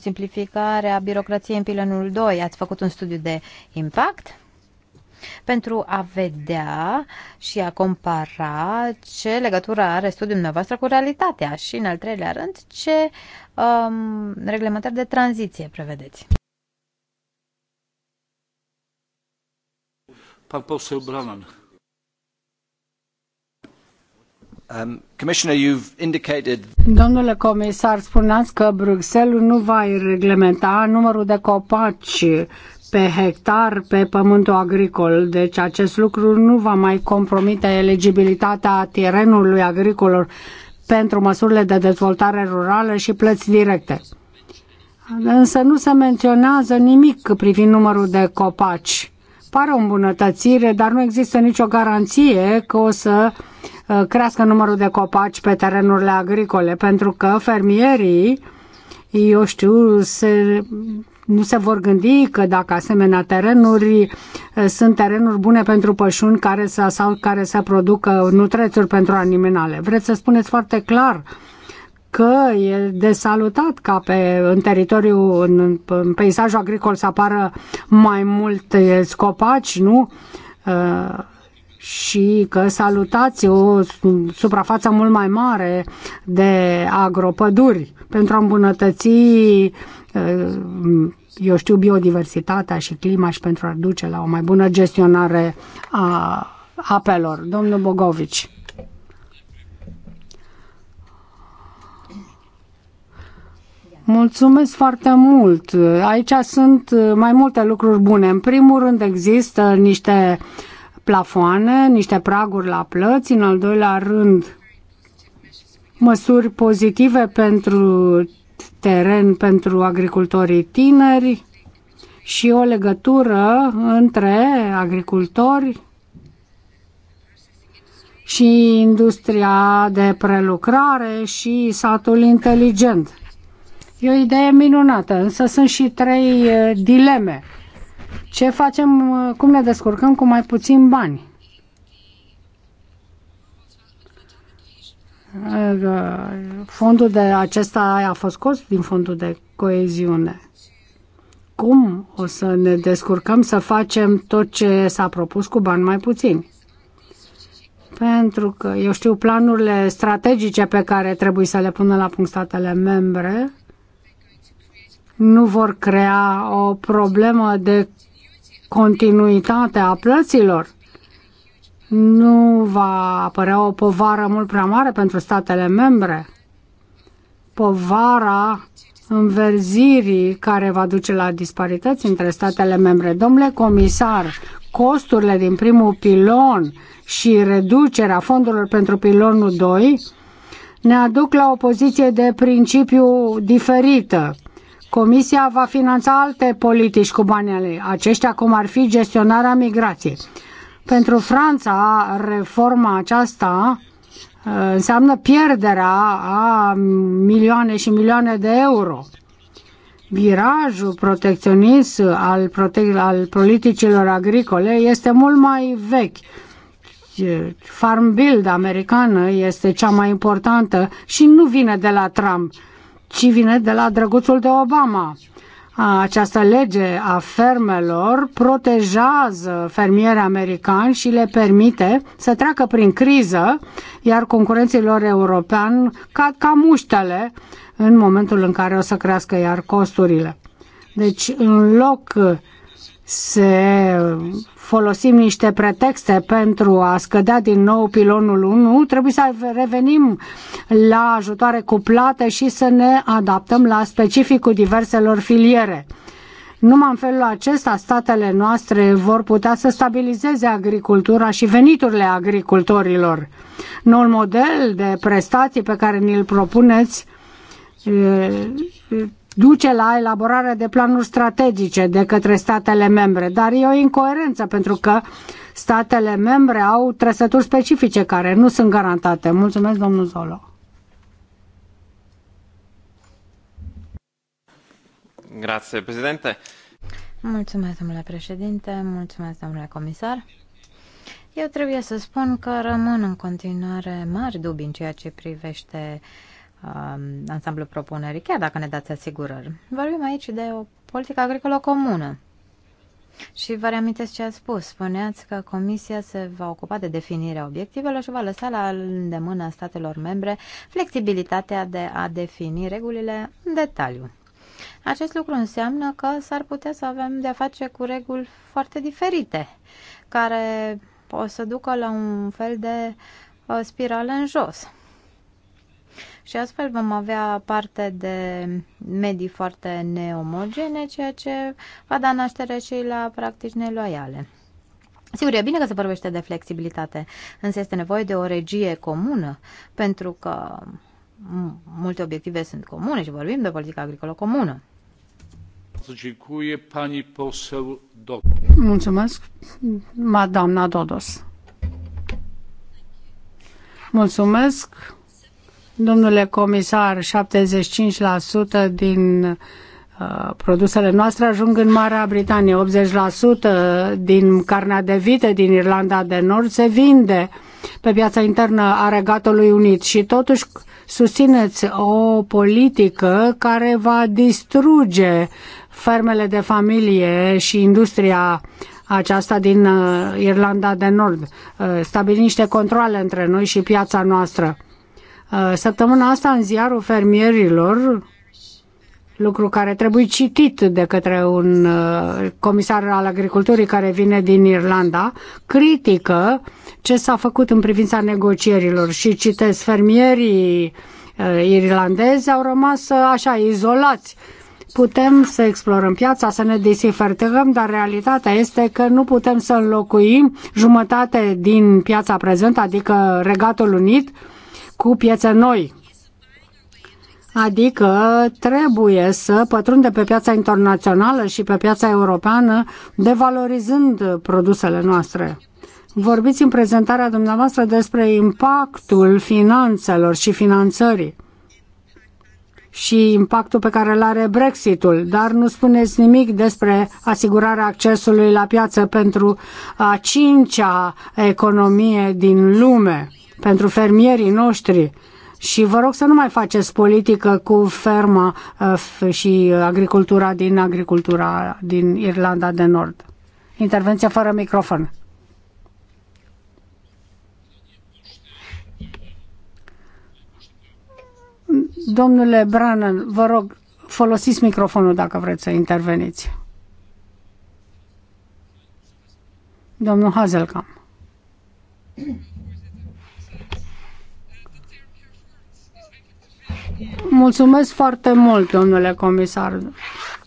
simplificarea birocrației în pilonul 2, ați făcut un studiu de impact pentru a vedea și a compara ce legătură are studiul dumneavoastră cu realitatea și, în al treilea rând, ce um, reglementări de tranziție prevedeți. Pan poseł Um, Commissioner, you've indicated... Domnule comisar, spuneați că Bruxelles nu va reglementa numărul de copaci pe hectar pe pământul agricol. Deci acest lucru nu va mai compromite eligibilitatea terenului agricolor pentru măsurile de dezvoltare rurală și plăți directe. Însă nu se menționează nimic privind numărul de copaci pare o îmbunătățire, dar nu există nicio garanție că o să uh, crească numărul de copaci pe terenurile agricole, pentru că fermierii, eu știu, se, nu se vor gândi că dacă asemenea terenuri uh, sunt terenuri bune pentru pășuni care să, sau care să producă nutrețuri pentru animale. Vreți să spuneți foarte clar uh, că e de salutat ca pe, în teritoriu, în, în peisajul agricol să apară mai multe scopaci, nu? Uh, și că salutați o suprafață mult mai mare de agropăduri pentru a îmbunătăți, uh, eu știu, biodiversitatea și clima și pentru a duce la o mai bună gestionare a apelor. Domnul Bogovici. Mulțumesc foarte mult. Aici sunt uh, mai multe lucruri bune. În primul rând există niște plafoane, niște praguri la plăți. În al doilea rând măsuri pozitive pentru teren pentru agricultorii tineri și o legătură între agricultori și industria de prelucrare și satul inteligent. E o idee minunată, însă sunt și trei uh, dileme. Ce facem, uh, cum ne descurcăm cu mai puțin bani? Uh, fondul de acesta a fost scos din fondul de coeziune. Cum o să ne descurcăm să facem tot ce s-a propus cu bani mai puțini? Pentru că eu știu planurile strategice pe care trebuie să le pună la punct statele membre, nu vor crea o problemă de continuitate a plăților? Nu va apărea o povară mult prea mare pentru statele membre? Povara înverzirii care va duce la disparități între statele membre. Domnule comisar, costurile din primul pilon și reducerea fondurilor pentru pilonul 2 ne aduc la o poziție de principiu diferită. Comisia va finanța alte politici cu banii aceștia, cum ar fi gestionarea migrației. Pentru Franța, reforma aceasta uh, înseamnă pierderea a milioane și milioane de euro. Virajul protecționist al, prote- al politicilor agricole este mult mai vechi. Farm Bill americană este cea mai importantă și nu vine de la Trump ci vine de la drăguțul de Obama. Această lege a fermelor protejează fermierii americani și le permite să treacă prin criză, iar concurenților europeni cad ca muștele în momentul în care o să crească iar costurile. Deci, în loc să folosim niște pretexte pentru a scădea din nou pilonul 1, trebuie să revenim la ajutoare cuplate și să ne adaptăm la specificul diverselor filiere. Numai în felul acesta statele noastre vor putea să stabilizeze agricultura și veniturile agricultorilor. Noul model de prestații pe care ni-l propuneți duce la elaborarea de planuri strategice de către statele membre, dar e o incoerență pentru că statele membre au trăsături specifice care nu sunt garantate. Mulțumesc, domnul Zolo. Grazie, președinte. Mulțumesc, domnule președinte, mulțumesc, domnule comisar. Eu trebuie să spun că rămân în continuare mari dubii în ceea ce privește uh, Um, ansamblul propunerii, chiar dacă ne dați asigurări. Vorbim aici de o politică agricolă comună. Și vă reamintesc ce ați spus. Spuneați că Comisia se va ocupa de definirea obiectivelor și va lăsa la îndemână statelor membre flexibilitatea de a defini regulile în detaliu. Acest lucru înseamnă că s-ar putea să avem de-a face cu reguli foarte diferite, care o să ducă la un fel de uh, spirală în jos și astfel vom avea parte de medii foarte neomogene, ceea ce va da naștere și la practici neloiale. Sigur, e bine că se vorbește de flexibilitate, însă este nevoie de o regie comună, pentru că multe obiective sunt comune și vorbim de politică agricolă comună. Mulțumesc, madamna Dodos. Mulțumesc. Domnule comisar, 75% din uh, produsele noastre ajung în Marea Britanie, 80% din carnea de vită din Irlanda de Nord se vinde pe piața internă a Regatului Unit și totuși susțineți o politică care va distruge fermele de familie și industria aceasta din uh, Irlanda de Nord. Uh, Stabili niște controle între noi și piața noastră Uh, săptămâna asta în ziarul fermierilor, lucru care trebuie citit de către un uh, comisar al agriculturii care vine din Irlanda, critică ce s-a făcut în privința negocierilor și citesc fermierii uh, irlandezi au rămas așa izolați putem să explorăm piața, să ne desifertăm, dar realitatea este că nu putem să înlocuim jumătate din piața prezentă, adică Regatul Unit, cu piețe noi. Adică trebuie să pătrunde pe piața internațională și pe piața europeană, devalorizând produsele noastre. Vorbiți în prezentarea dumneavoastră despre impactul finanțelor și finanțării și impactul pe care îl are Brexitul, dar nu spuneți nimic despre asigurarea accesului la piață pentru a cincea economie din lume pentru fermierii noștri și vă rog să nu mai faceți politică cu ferma uh, și agricultura din agricultura din Irlanda de Nord. Intervenție fără microfon. Domnule Brannan, vă rog, folosiți microfonul dacă vreți să interveniți. Domnul Hazelkamp. Mulțumesc foarte mult, domnule comisar.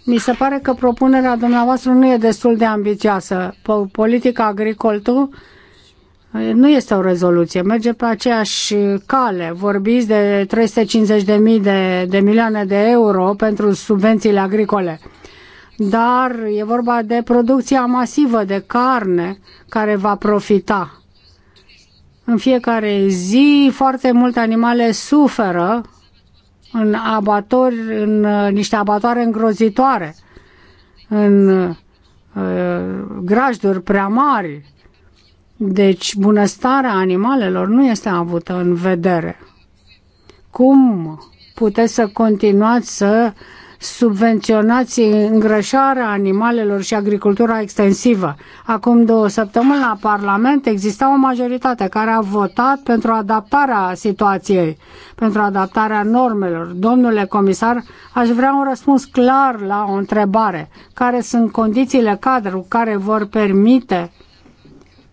Mi se pare că propunerea dumneavoastră nu e destul de ambițioasă. Politica agricolă eh, nu este o rezoluție, merge pe aceeași cale. Vorbiți de 350.000 de, de milioane de euro pentru subvențiile agricole. Dar e vorba de producția masivă de carne care va profita. În fiecare zi foarte multe animale suferă în abatori, în uh, niște abatoare îngrozitoare, în uh, grajduri prea mari. Deci bunăstarea animalelor nu este avută în vedere. Cum puteți să continuați să uh, subvenționați îngrășarea animalelor și agricultura extensivă. Acum două săptămâni la Parlament exista o majoritate care a votat pentru adaptarea situației, pentru adaptarea normelor. Domnule comisar, aș vrea un răspuns clar la o întrebare. Care sunt condițiile cadru care vor permite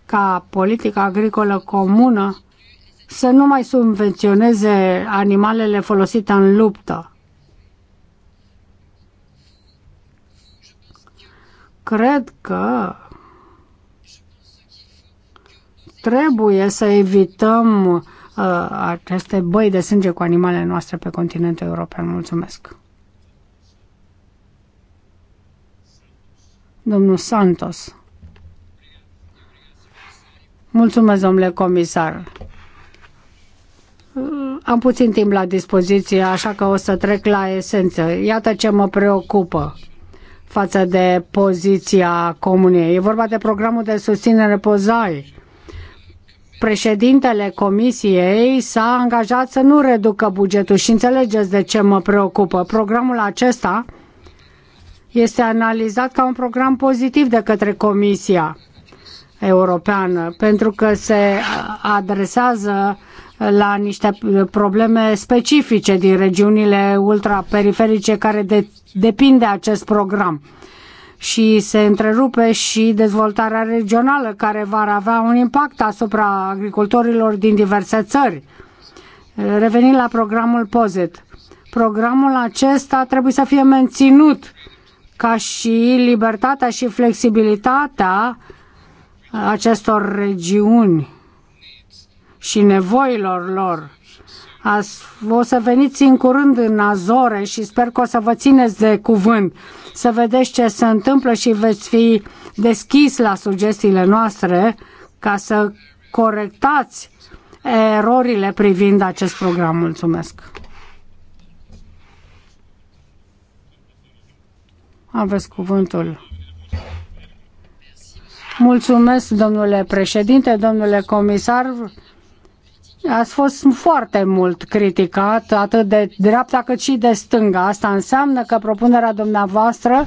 ca politica agricolă comună să nu mai subvenționeze animalele folosite în luptă? Cred că trebuie să evităm uh, aceste băi de sânge cu animalele noastre pe continentul european. Mulțumesc! Domnul Santos. Mulțumesc, domnule comisar. Uh, am puțin timp la dispoziție, așa că o să trec la esență. Iată ce mă preocupă față de poziția comuniei. E vorba de programul de susținere pozai. Președintele comisiei s-a angajat să nu reducă bugetul și înțelegeți de ce mă preocupă. Programul acesta este analizat ca un program pozitiv de către Comisia Europeană pentru că se adresează la niște probleme specifice din regiunile ultraperiferice care de, depind de acest program și se întrerupe și dezvoltarea regională care va avea un impact asupra agricultorilor din diverse țări. Revenind la programul POZET, programul acesta trebuie să fie menținut ca și libertatea și flexibilitatea acestor regiuni și nevoilor lor. Ați, o să veniți în curând în Azore și sper că o să vă țineți de cuvânt, să vedeți ce se întâmplă și veți fi deschis la sugestiile noastre ca să corectați erorile privind acest program. Mulțumesc! Aveți cuvântul. Mulțumesc, domnule președinte, domnule comisar. Ați fost foarte mult criticat, atât de dreapta cât și de stânga. Asta înseamnă că propunerea dumneavoastră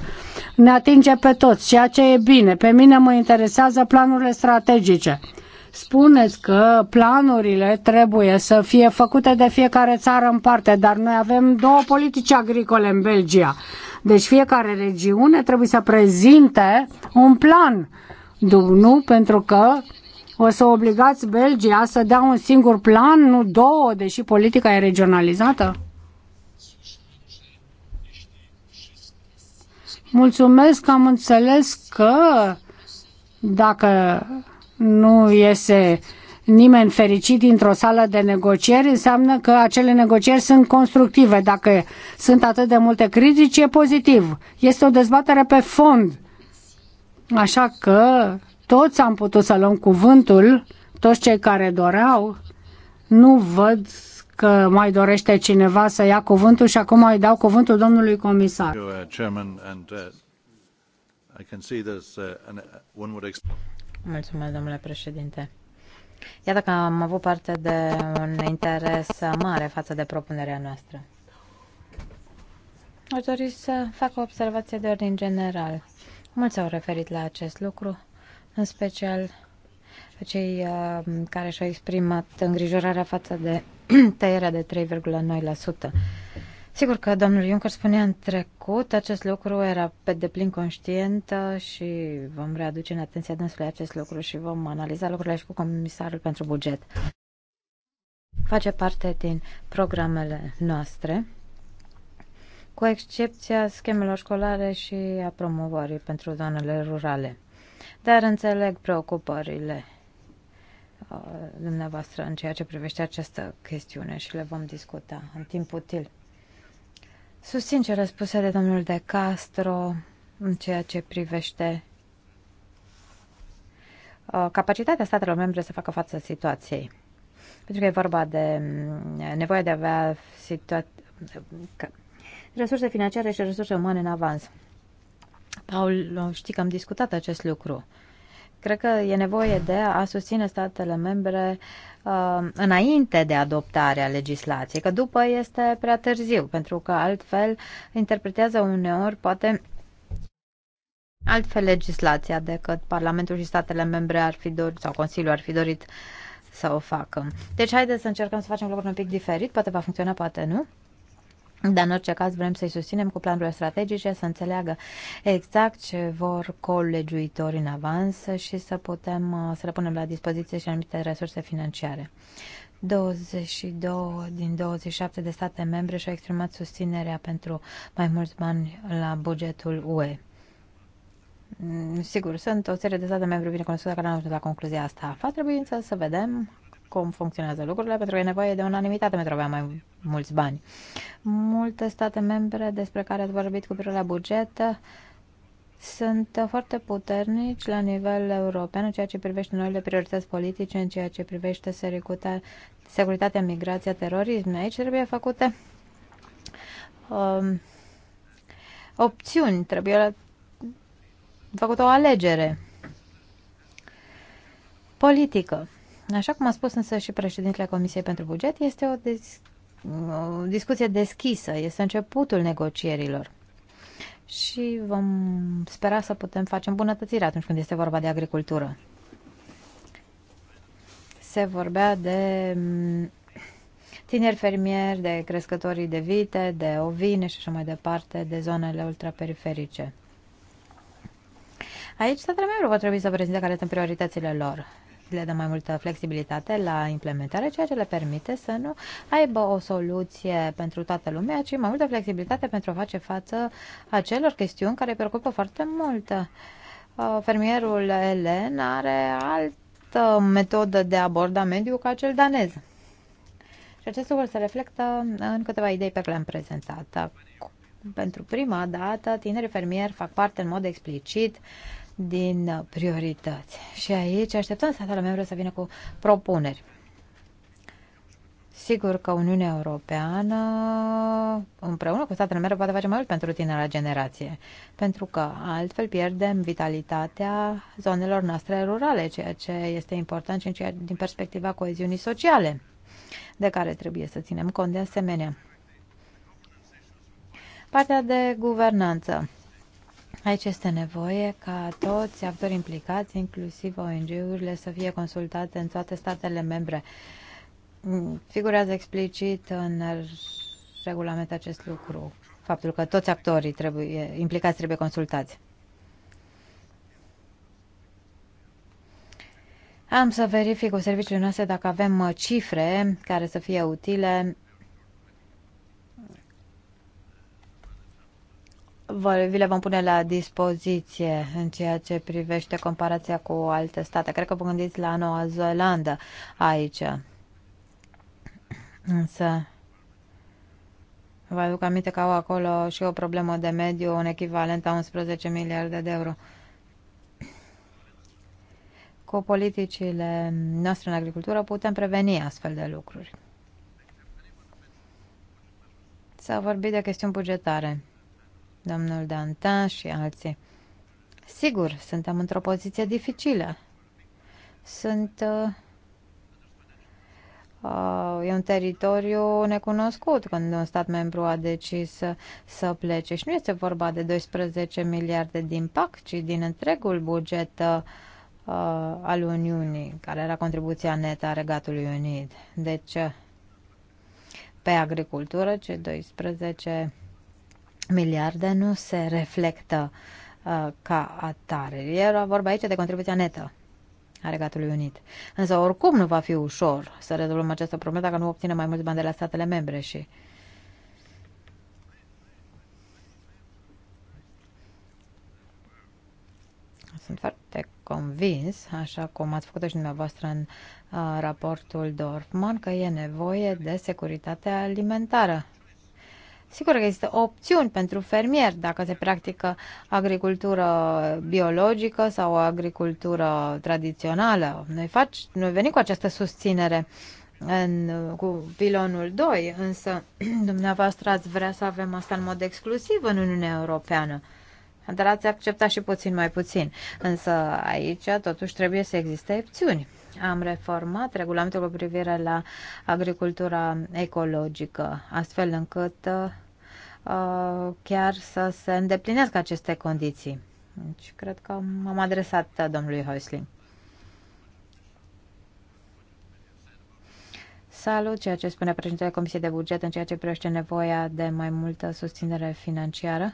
ne atinge pe toți, ceea ce e bine. Pe mine mă interesează planurile strategice. Spuneți că planurile trebuie să fie făcute de fiecare țară în parte, dar noi avem două politici agricole în Belgia. Deci fiecare regiune trebuie să prezinte un plan. Nu, pentru că o să obligați Belgia să dea un singur plan, nu două, deși politica e regionalizată? Mulțumesc că am înțeles că dacă nu iese nimeni fericit dintr-o sală de negocieri, înseamnă că acele negocieri sunt constructive. Dacă sunt atât de multe critici, e pozitiv. Este o dezbatere pe fond. Așa că toți am putut să luăm cuvântul, toți cei care doreau. Nu văd că mai dorește cineva să ia cuvântul și acum îi dau cuvântul domnului comisar. Uh, uh, uh, Mulțumesc, domnule președinte. Iată că am avut parte de un interes mare față de propunerea noastră. Aș dori să fac o observație de ordin general. Mulți au referit la acest lucru în special cei uh, care și-au exprimat îngrijorarea față de tăierea de 3,9%. Sigur că domnul Juncker spunea în trecut, acest lucru era pe deplin conștient și vom readuce în atenția dânsului acest lucru și vom analiza lucrurile și cu comisarul pentru buget. Face parte din programele noastre, cu excepția schemelor școlare și a promovării pentru zonele rurale dar înțeleg preocupările uh, dumneavoastră în ceea ce privește această chestiune și le vom discuta în timp util. Susțin ce răspuse de domnul De Castro în ceea ce privește uh, capacitatea statelor membre să facă față situației. Pentru că e vorba de mm, nevoia de a avea situa- resurse financiare și resurse umane în avans. Paul, știi că am discutat acest lucru. Cred că e nevoie de a susține statele membre uh, înainte de adoptarea legislației, că după este prea târziu, pentru că altfel interpretează uneori poate altfel legislația decât Parlamentul și statele membre ar fi dorit sau Consiliul ar fi dorit să o facă. Deci haideți să încercăm să facem lucruri un pic diferit, poate va funcționa, poate nu. Dar, în orice caz, vrem să-i susținem cu planurile strategice, să înțeleagă exact ce vor colegiuitori în avans și să putem uh, să le punem la dispoziție și anumite resurse financiare. 22 din 27 de state membre și-au exprimat susținerea pentru mai mulți bani la bugetul UE. Mm, sigur, sunt o serie de state membre binecunoscute care nu au ajuns la concluzia asta. Va trebui însă să vedem cum funcționează lucrurile, pentru că e nevoie de unanimitate pentru a avea mai mulți bani. Multe state membre despre care ați vorbit cu privire la buget sunt foarte puternici la nivel european în ceea ce privește noile priorități politice, în ceea ce privește securitatea, migrația, terorism. Aici trebuie făcute um, opțiuni, trebuie făcută o alegere politică. Așa cum a spus însă și președintele Comisiei pentru Buget, este o, dis- o discuție deschisă, este începutul negocierilor și vom spera să putem face îmbunătățire atunci când este vorba de agricultură. Se vorbea de mm, tineri fermieri, de crescătorii de vite, de ovine și așa mai departe, de zonele ultraperiferice. Aici statele membre vor trebui să prezinte care sunt prioritățile lor le dă mai multă flexibilitate la implementare, ceea ce le permite să nu aibă o soluție pentru toată lumea, ci mai multă flexibilitate pentru a face față acelor chestiuni care preocupă foarte mult. Uh, fermierul elen are altă metodă de aborda mediu ca cel danez. Și acest lucru se reflectă în câteva idei pe care le-am prezentat. Pentru prima dată, tinerii fermieri fac parte în mod explicit din priorități. Și aici așteptăm statele membre să vină cu propuneri. Sigur că Uniunea Europeană, împreună cu statele membre, poate face mai mult pentru tinerea generație, pentru că altfel pierdem vitalitatea zonelor noastre rurale, ceea ce este important și din perspectiva coeziunii sociale, de care trebuie să ținem cont de asemenea. Partea de guvernanță. Aici este nevoie ca toți actorii implicați, inclusiv ONG-urile, să fie consultate în toate statele membre. Mm, figurează explicit în regulament acest lucru, faptul că toți actorii trebuie, implicați trebuie consultați. Am să verific cu serviciul nostru dacă avem uh, cifre care să fie utile vă, vi le vom pune la dispoziție în ceea ce privește comparația cu alte state. Cred că vă gândiți la Noua Zeelandă aici. Însă vă aduc aminte că au acolo și o problemă de mediu, un echivalent a 11 miliarde de euro. Cu politicile noastre în agricultură putem preveni astfel de lucruri. S-a vorbit de chestiuni bugetare domnul Dantan și alții. Sigur, suntem într-o poziție dificilă. Sunt... Uh, uh, e un teritoriu necunoscut când un stat membru a decis să, să plece. Și nu este vorba de 12 miliarde din PAC, ci din întregul buget uh, uh, al Uniunii, care era contribuția netă a Regatului Unit. Deci, uh, pe agricultură, ce 12 miliarde nu se reflectă uh, ca atare. Era vorba aici de contribuția netă a Regatului Unit. Însă oricum nu va fi ușor să rezolvăm această problemă dacă nu obținem mai mulți bani de la statele membre și Sunt foarte convins, așa cum ați făcut și dumneavoastră în uh, raportul Dorfman, că e nevoie de securitate alimentară. Sigur că există opțiuni pentru fermieri dacă se practică agricultură biologică sau agricultură tradițională. Noi, faci, noi venim cu această susținere în, cu pilonul 2, însă dumneavoastră ați vrea să avem asta în mod exclusiv în Uniunea Europeană. Dar ați accepta și puțin mai puțin. Însă aici totuși trebuie să existe opțiuni am reformat regulamentul cu privire la agricultura ecologică, astfel încât uh, chiar să se îndeplinească aceste condiții. Deci, cred că m-am adresat domnului Hoisling. Salut ceea ce spune președintele Comisiei de Buget în ceea ce privește nevoia de mai multă susținere financiară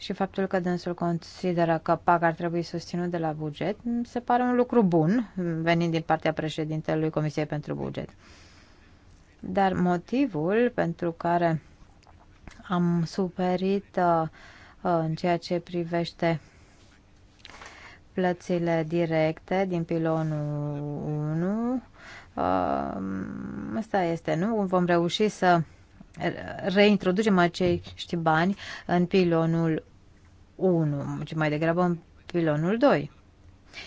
și faptul că dânsul consideră că PAC ar trebui susținut de la buget se pare un lucru bun venind din partea președintelui Comisiei pentru Buget. Dar motivul pentru care am superit uh, uh, în ceea ce privește plățile directe din pilonul 1, uh, asta este, nu? Vom reuși să reintroducem acești bani în pilonul 1, ci mai degrabă în pilonul 2.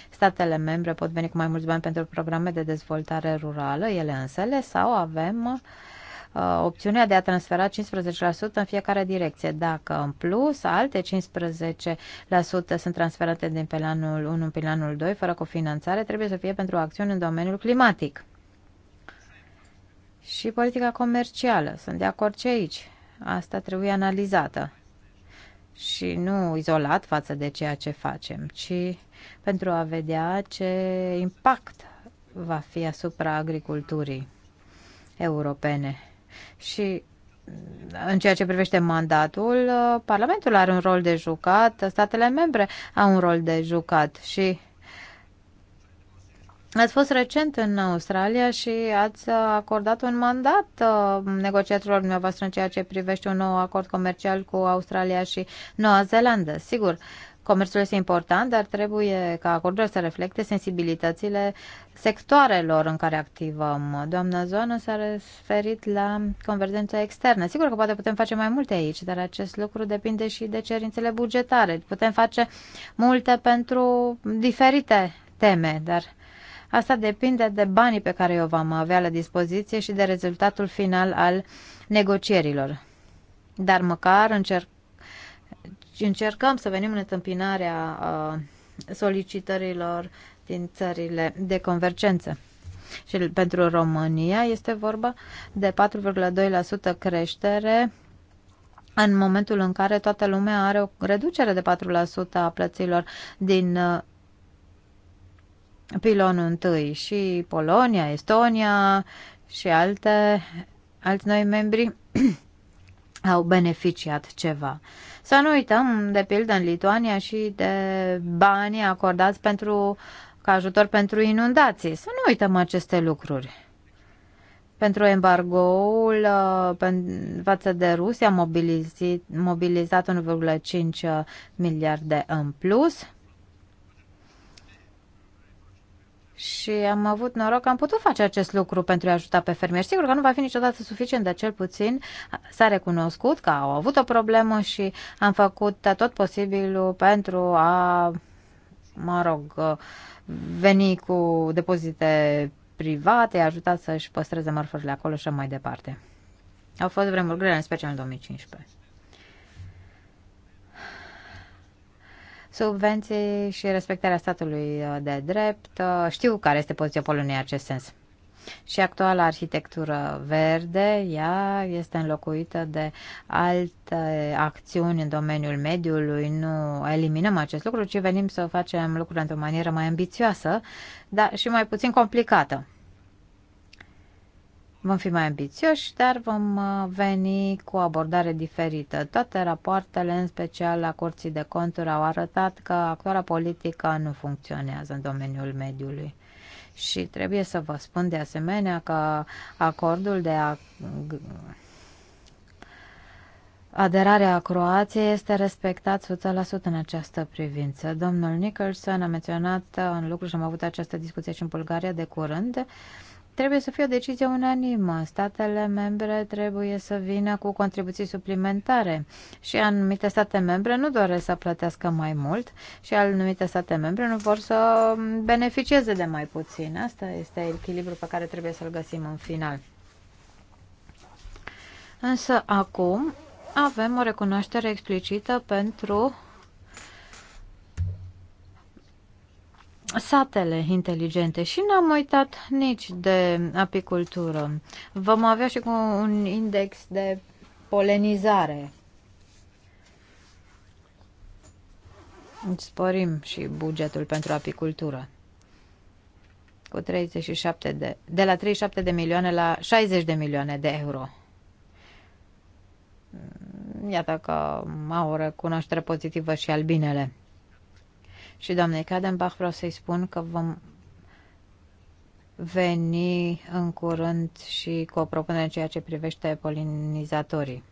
Statele membre pot veni cu mai mulți bani pentru programe de dezvoltare rurală, ele însele, sau avem uh, opțiunea de a transfera 15% în fiecare direcție. Dacă în plus alte 15% sunt transferate din pilonul 1 în pilonul 2, fără cofinanțare, trebuie să fie pentru acțiuni în domeniul climatic. Și politica comercială. Sunt de acord ce aici. Asta trebuie analizată și nu izolat față de ceea ce facem, ci pentru a vedea ce impact va fi asupra agriculturii europene. Și mm, în ceea ce privește mandatul, uh, Parlamentul are un rol de jucat, statele membre au un rol de jucat și Ați fost recent în Australia și ați acordat un mandat uh, negociatorilor dumneavoastră în ceea ce privește un nou acord comercial cu Australia și Noua Zeelandă. Sigur, comerțul este important, dar trebuie ca acordul să reflecte sensibilitățile sectoarelor în care activăm. Doamna Zoană s-a referit la convergența externă. Sigur că poate putem face mai multe aici, dar acest lucru depinde și de cerințele bugetare. Putem face multe pentru diferite teme, dar Asta depinde de banii pe care eu vom avea la dispoziție și de rezultatul final al negocierilor. Dar măcar încerc, încercăm să venim în întâmpinarea solicitărilor din țările de convergență. Și pentru România este vorba de 4,2% creștere în momentul în care toată lumea are o reducere de 4% a plăților din pilonul întâi și Polonia, Estonia și alte, alți noi membri au beneficiat ceva. Să nu uităm, de pildă, în Lituania și de banii acordați pentru, ca ajutor pentru inundații. Să nu uităm aceste lucruri. Pentru embargoul uh, față de Rusia, mobilizat 1,5 uh, miliarde în plus și am avut noroc că am putut face acest lucru pentru a ajuta pe fermieri. Sigur că nu va fi niciodată suficient, dar cel puțin s-a recunoscut că au avut o problemă și am făcut tot posibilul pentru a, mă rog, veni cu depozite private, ajuta să-și păstreze mărfurile acolo și mai departe. Au fost vremuri grele, în special în 2015. subvenții și respectarea statului uh, de drept. Uh, știu care este poziția Poloniei în acest sens. Și actuala arhitectură verde, ea este înlocuită de alte acțiuni în domeniul mediului. Nu eliminăm acest lucru, ci venim să facem lucrurile într-o manieră mai ambițioasă, dar și mai puțin complicată. Vom fi mai ambițioși, dar vom uh, veni cu o abordare diferită. Toate rapoartele, în special la Curții de Conturi, au arătat că actuala politică nu funcționează în domeniul mediului. Și trebuie să vă spun de asemenea că acordul de a Aderarea Croației este respectat 100% în această privință. Domnul Nicholson a menționat un lucru și am avut această discuție și în Bulgaria de curând. Uh, Trebuie să fie o decizie unanimă. Statele membre trebuie să vină cu contribuții suplimentare și anumite state membre nu doresc să plătească mai mult și anumite state membre nu vor să beneficieze de mai puțin. Asta este echilibrul pe care trebuie să-l găsim în final. Însă acum avem o recunoaștere explicită pentru satele inteligente și n-am uitat nici de apicultură. Vom avea și cu un index de polenizare. Îți sporim și bugetul pentru apicultură. Cu 37 de, de la 37 de milioane la 60 de milioane de euro. Iată că au o recunoaștere pozitivă și albinele. Și doamnei Cadenbach vreau să-i spun că vom veni în curând și cu o propunere în ceea ce privește polinizatorii.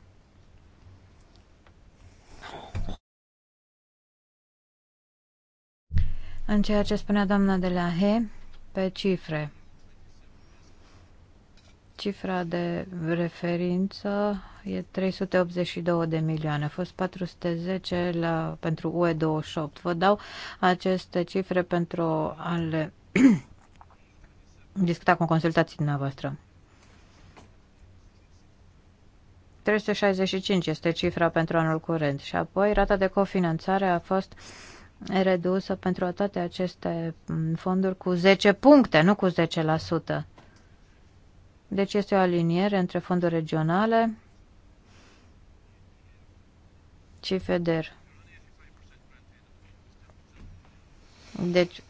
În ceea ce spunea doamna de la He, pe cifre. Cifra de referință e 382 de milioane. A fost 410 la, pentru UE28. Vă dau aceste cifre pentru a le discuta cu consultații dumneavoastră. 365 este cifra pentru anul curent și apoi rata de cofinanțare a fost redusă pentru toate aceste mm, fonduri cu 10 puncte, nu cu 10%. Deci este o aliniere între fonduri regionale și FEDER. Deci,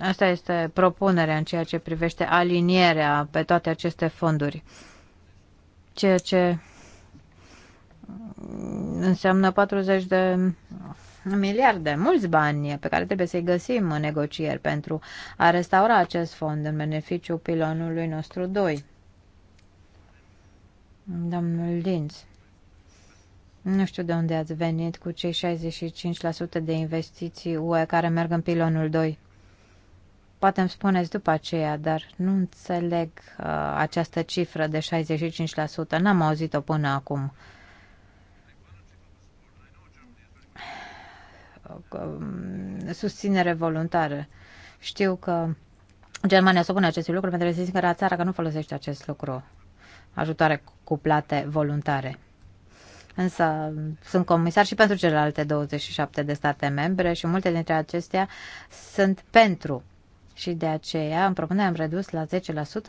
asta este propunerea în ceea ce privește alinierea pe toate aceste fonduri. Ceea ce înseamnă 40 de miliarde, mulți bani pe care trebuie să-i găsim în negocieri pentru a restaura acest fond în beneficiu pilonului nostru 2. Domnul Linz, nu știu de unde ați venit cu cei 65% de investiții UE care merg în pilonul 2. Poate îmi spuneți după aceea, dar nu înțeleg uh, această cifră de 65%. N-am auzit-o până acum. Uh, Um, susținere voluntară. Știu că Germania supune opune acestui lucru pentru că este singura țară că nu folosește acest lucru, ajutoare cuplate voluntare. Însă sunt comisar și pentru celelalte 27 de state membre și multe dintre acestea sunt pentru. Și de aceea în propunere, am redus la 10%,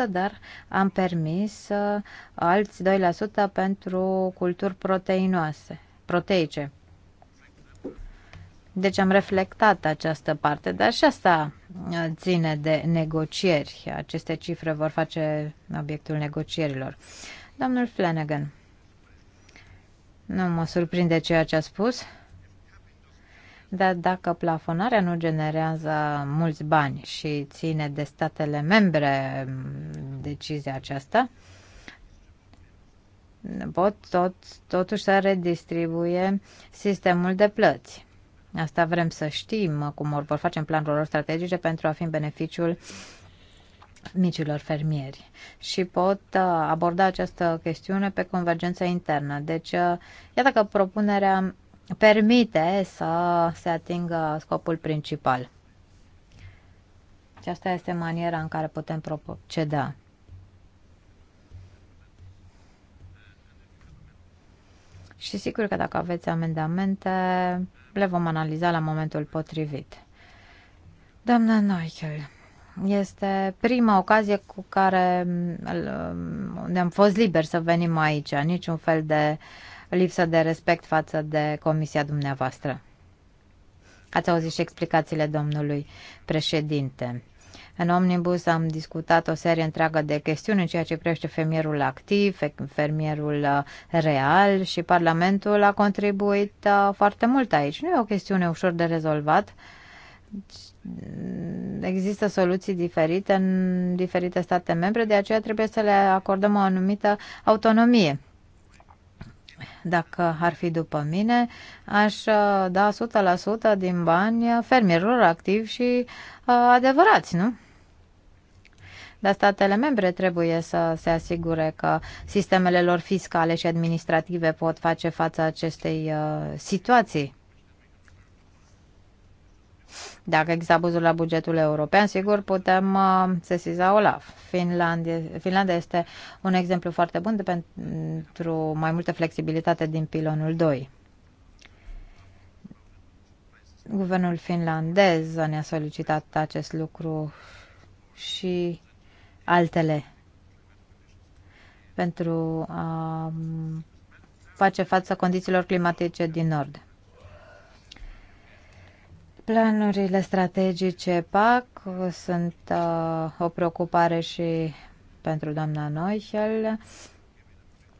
dar am permis uh, alți 2% pentru culturi proteinoase, proteice. Deci am reflectat această parte, dar și asta ține de negocieri. Aceste cifre vor face obiectul negocierilor. Domnul Flanagan, nu mă surprinde ceea ce a spus, dar dacă plafonarea nu generează mulți bani și ține de statele membre decizia aceasta, pot tot, totuși să redistribuie sistemul de plăți. Asta vrem să știm cum vor face în planul lor strategice pentru a fi în beneficiul micilor fermieri și pot uh, aborda această chestiune pe convergența internă. Deci, uh, iată că propunerea permite să se atingă scopul principal. Și asta este maniera în care putem proceda. Și sigur că dacă aveți amendamente, le vom analiza la momentul potrivit. Doamna Noichel, este prima ocazie cu care ne-am fost liberi să venim aici, niciun fel de lipsă de respect față de comisia dumneavoastră. Ați auzit și explicațiile domnului președinte. În Omnibus am discutat o serie întreagă de chestiuni în ceea ce privește fermierul activ, fermierul uh, real și Parlamentul a contribuit uh, foarte mult aici. Nu e o chestiune ușor de rezolvat. Există soluții diferite în diferite state membre, de aceea trebuie să le acordăm o anumită autonomie. Dacă ar fi după mine, aș uh, da 100% din bani fermierilor activi și uh, adevărați, nu? dar statele membre trebuie să se asigure că sistemele lor fiscale și administrative pot face față acestei uh, situații. Dacă există abuzul la bugetul european, sigur putem uh, sesiza OLAF. Finlandia, Finlandia este un exemplu foarte bun de pentru mai multă flexibilitate din pilonul 2. Guvernul finlandez ne-a solicitat acest lucru și altele pentru a um, face față condițiilor climatice din nord. Planurile strategice PAC sunt uh, o preocupare și pentru doamna Noichel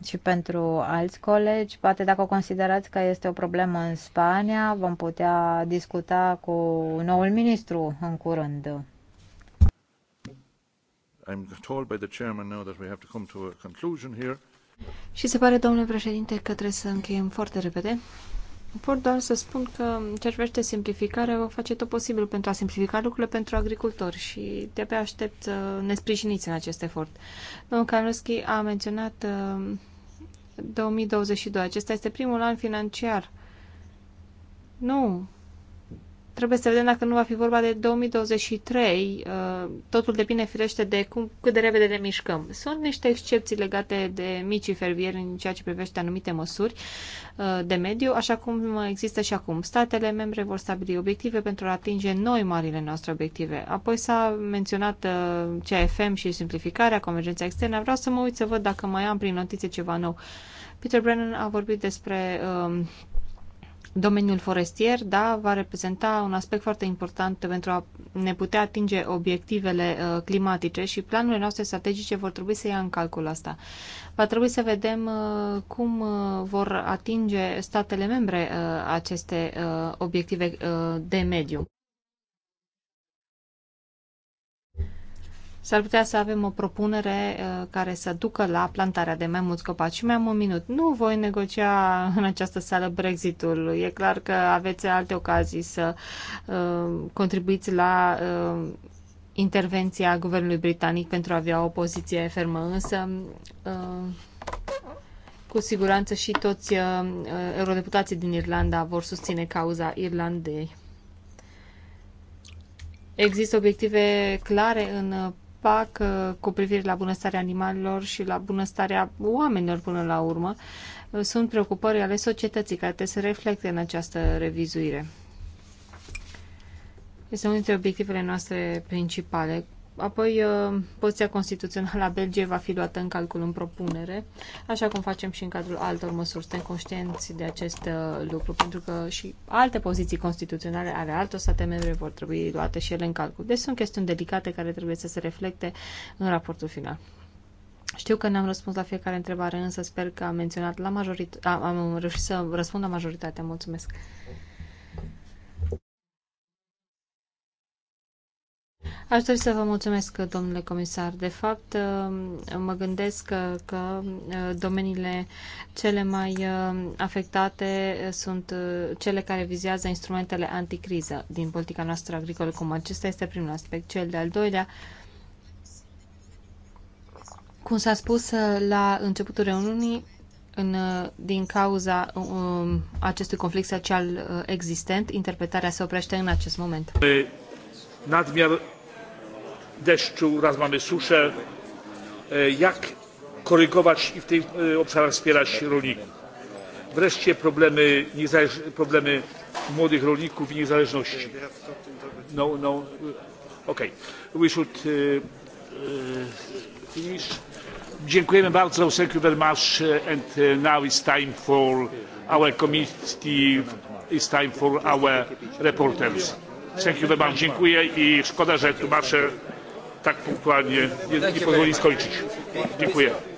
și pentru alți colegi. Poate dacă considerați că este o problemă în Spania, vom putea discuta cu noul ministru în curând. I'm told by the chairman now that we have to come to a conclusion here. Și se pare, domnule președinte, că trebuie să încheiem foarte repede. Vor doar să spun că ce privește simplificarea, vă face tot posibil pentru a simplifica lucrurile pentru agricultori și de-abia aștept să uh, ne sprijiniți în acest efort. Domnul Kanuschi a menționat 2022. Uh, Acesta este primul an financiar. Nu, Trebuie să vedem dacă nu va fi vorba de 2023. Uh, totul depinde firește de cum, cât de repede ne mișcăm. Sunt niște excepții legate de micii fervieri în ceea ce privește anumite măsuri uh, de mediu, așa cum există și acum. Statele membre vor stabili obiective pentru a atinge noi marile noastre obiective. Apoi s-a menționat uh, CFM și simplificarea, convergența externă. Vreau să mă uit să văd dacă mai am prin notițe ceva nou. Peter Brennan a vorbit despre uh, Domeniul forestier, da, va reprezenta un aspect foarte important pentru a ne putea atinge obiectivele uh, climatice și planurile noastre strategice vor trebui să ia în calcul asta. Va trebui să vedem uh, cum uh, vor atinge statele membre uh, aceste uh, obiective uh, de mediu. S-ar putea să avem o propunere uh, care să ducă la plantarea de mai mulți copaci. Și mai am un minut. Nu voi negocia în această sală Brexitul. E clar că aveți alte ocazii să uh, contribuiți la uh, intervenția guvernului britanic pentru a avea o poziție fermă. Însă uh, cu siguranță și toți uh, eurodeputații din Irlanda vor susține cauza Irlandei. Există obiective clare în uh, PAC uh, cu privire la bunăstarea animalelor și la bunăstarea oamenilor până la urmă uh, sunt preocupări ale societății care trebuie să reflecte în această revizuire. Este unul dintre obiectivele noastre principale. Apoi, uh, poziția constituțională a Belgiei va fi luată în calcul în propunere, așa cum facem și în cadrul altor măsuri. Suntem conștienți de acest uh, lucru, pentru că și alte poziții constituționale ale altor state membre vor trebui luate și ele în calcul. Deci sunt chestiuni delicate care trebuie să se reflecte în raportul final. Știu că n-am răspuns la fiecare întrebare, însă sper că am menționat la majoritate, am reușit să răspund la majoritatea. Mulțumesc! Aș dori să vă mulțumesc, domnule comisar. De fapt, uh, mă gândesc că, că uh, domeniile cele mai uh, afectate sunt cele care vizează instrumentele anticriză din politica noastră agricolă Cum Acesta este primul aspect. Cel de-al doilea, cum s-a spus la începutul reuniunii, în, din cauza um, acestui conflict social existent, interpretarea se oprește în acest moment nadmiar deszczu raz mamy suszę jak korygować i w tych obszarach wspierać rolników. wreszcie problemy, problemy młodych rolników i niezależności. No, no, okay. We should, uh, finish. Dziękujemy bardzo. Thank you very much. And now it's time for our committee. It's time for our reporters very much. dziękuję i szkoda, że tłumaczę tak punktualnie nie, nie pozwoli skończyć. Dziękuję.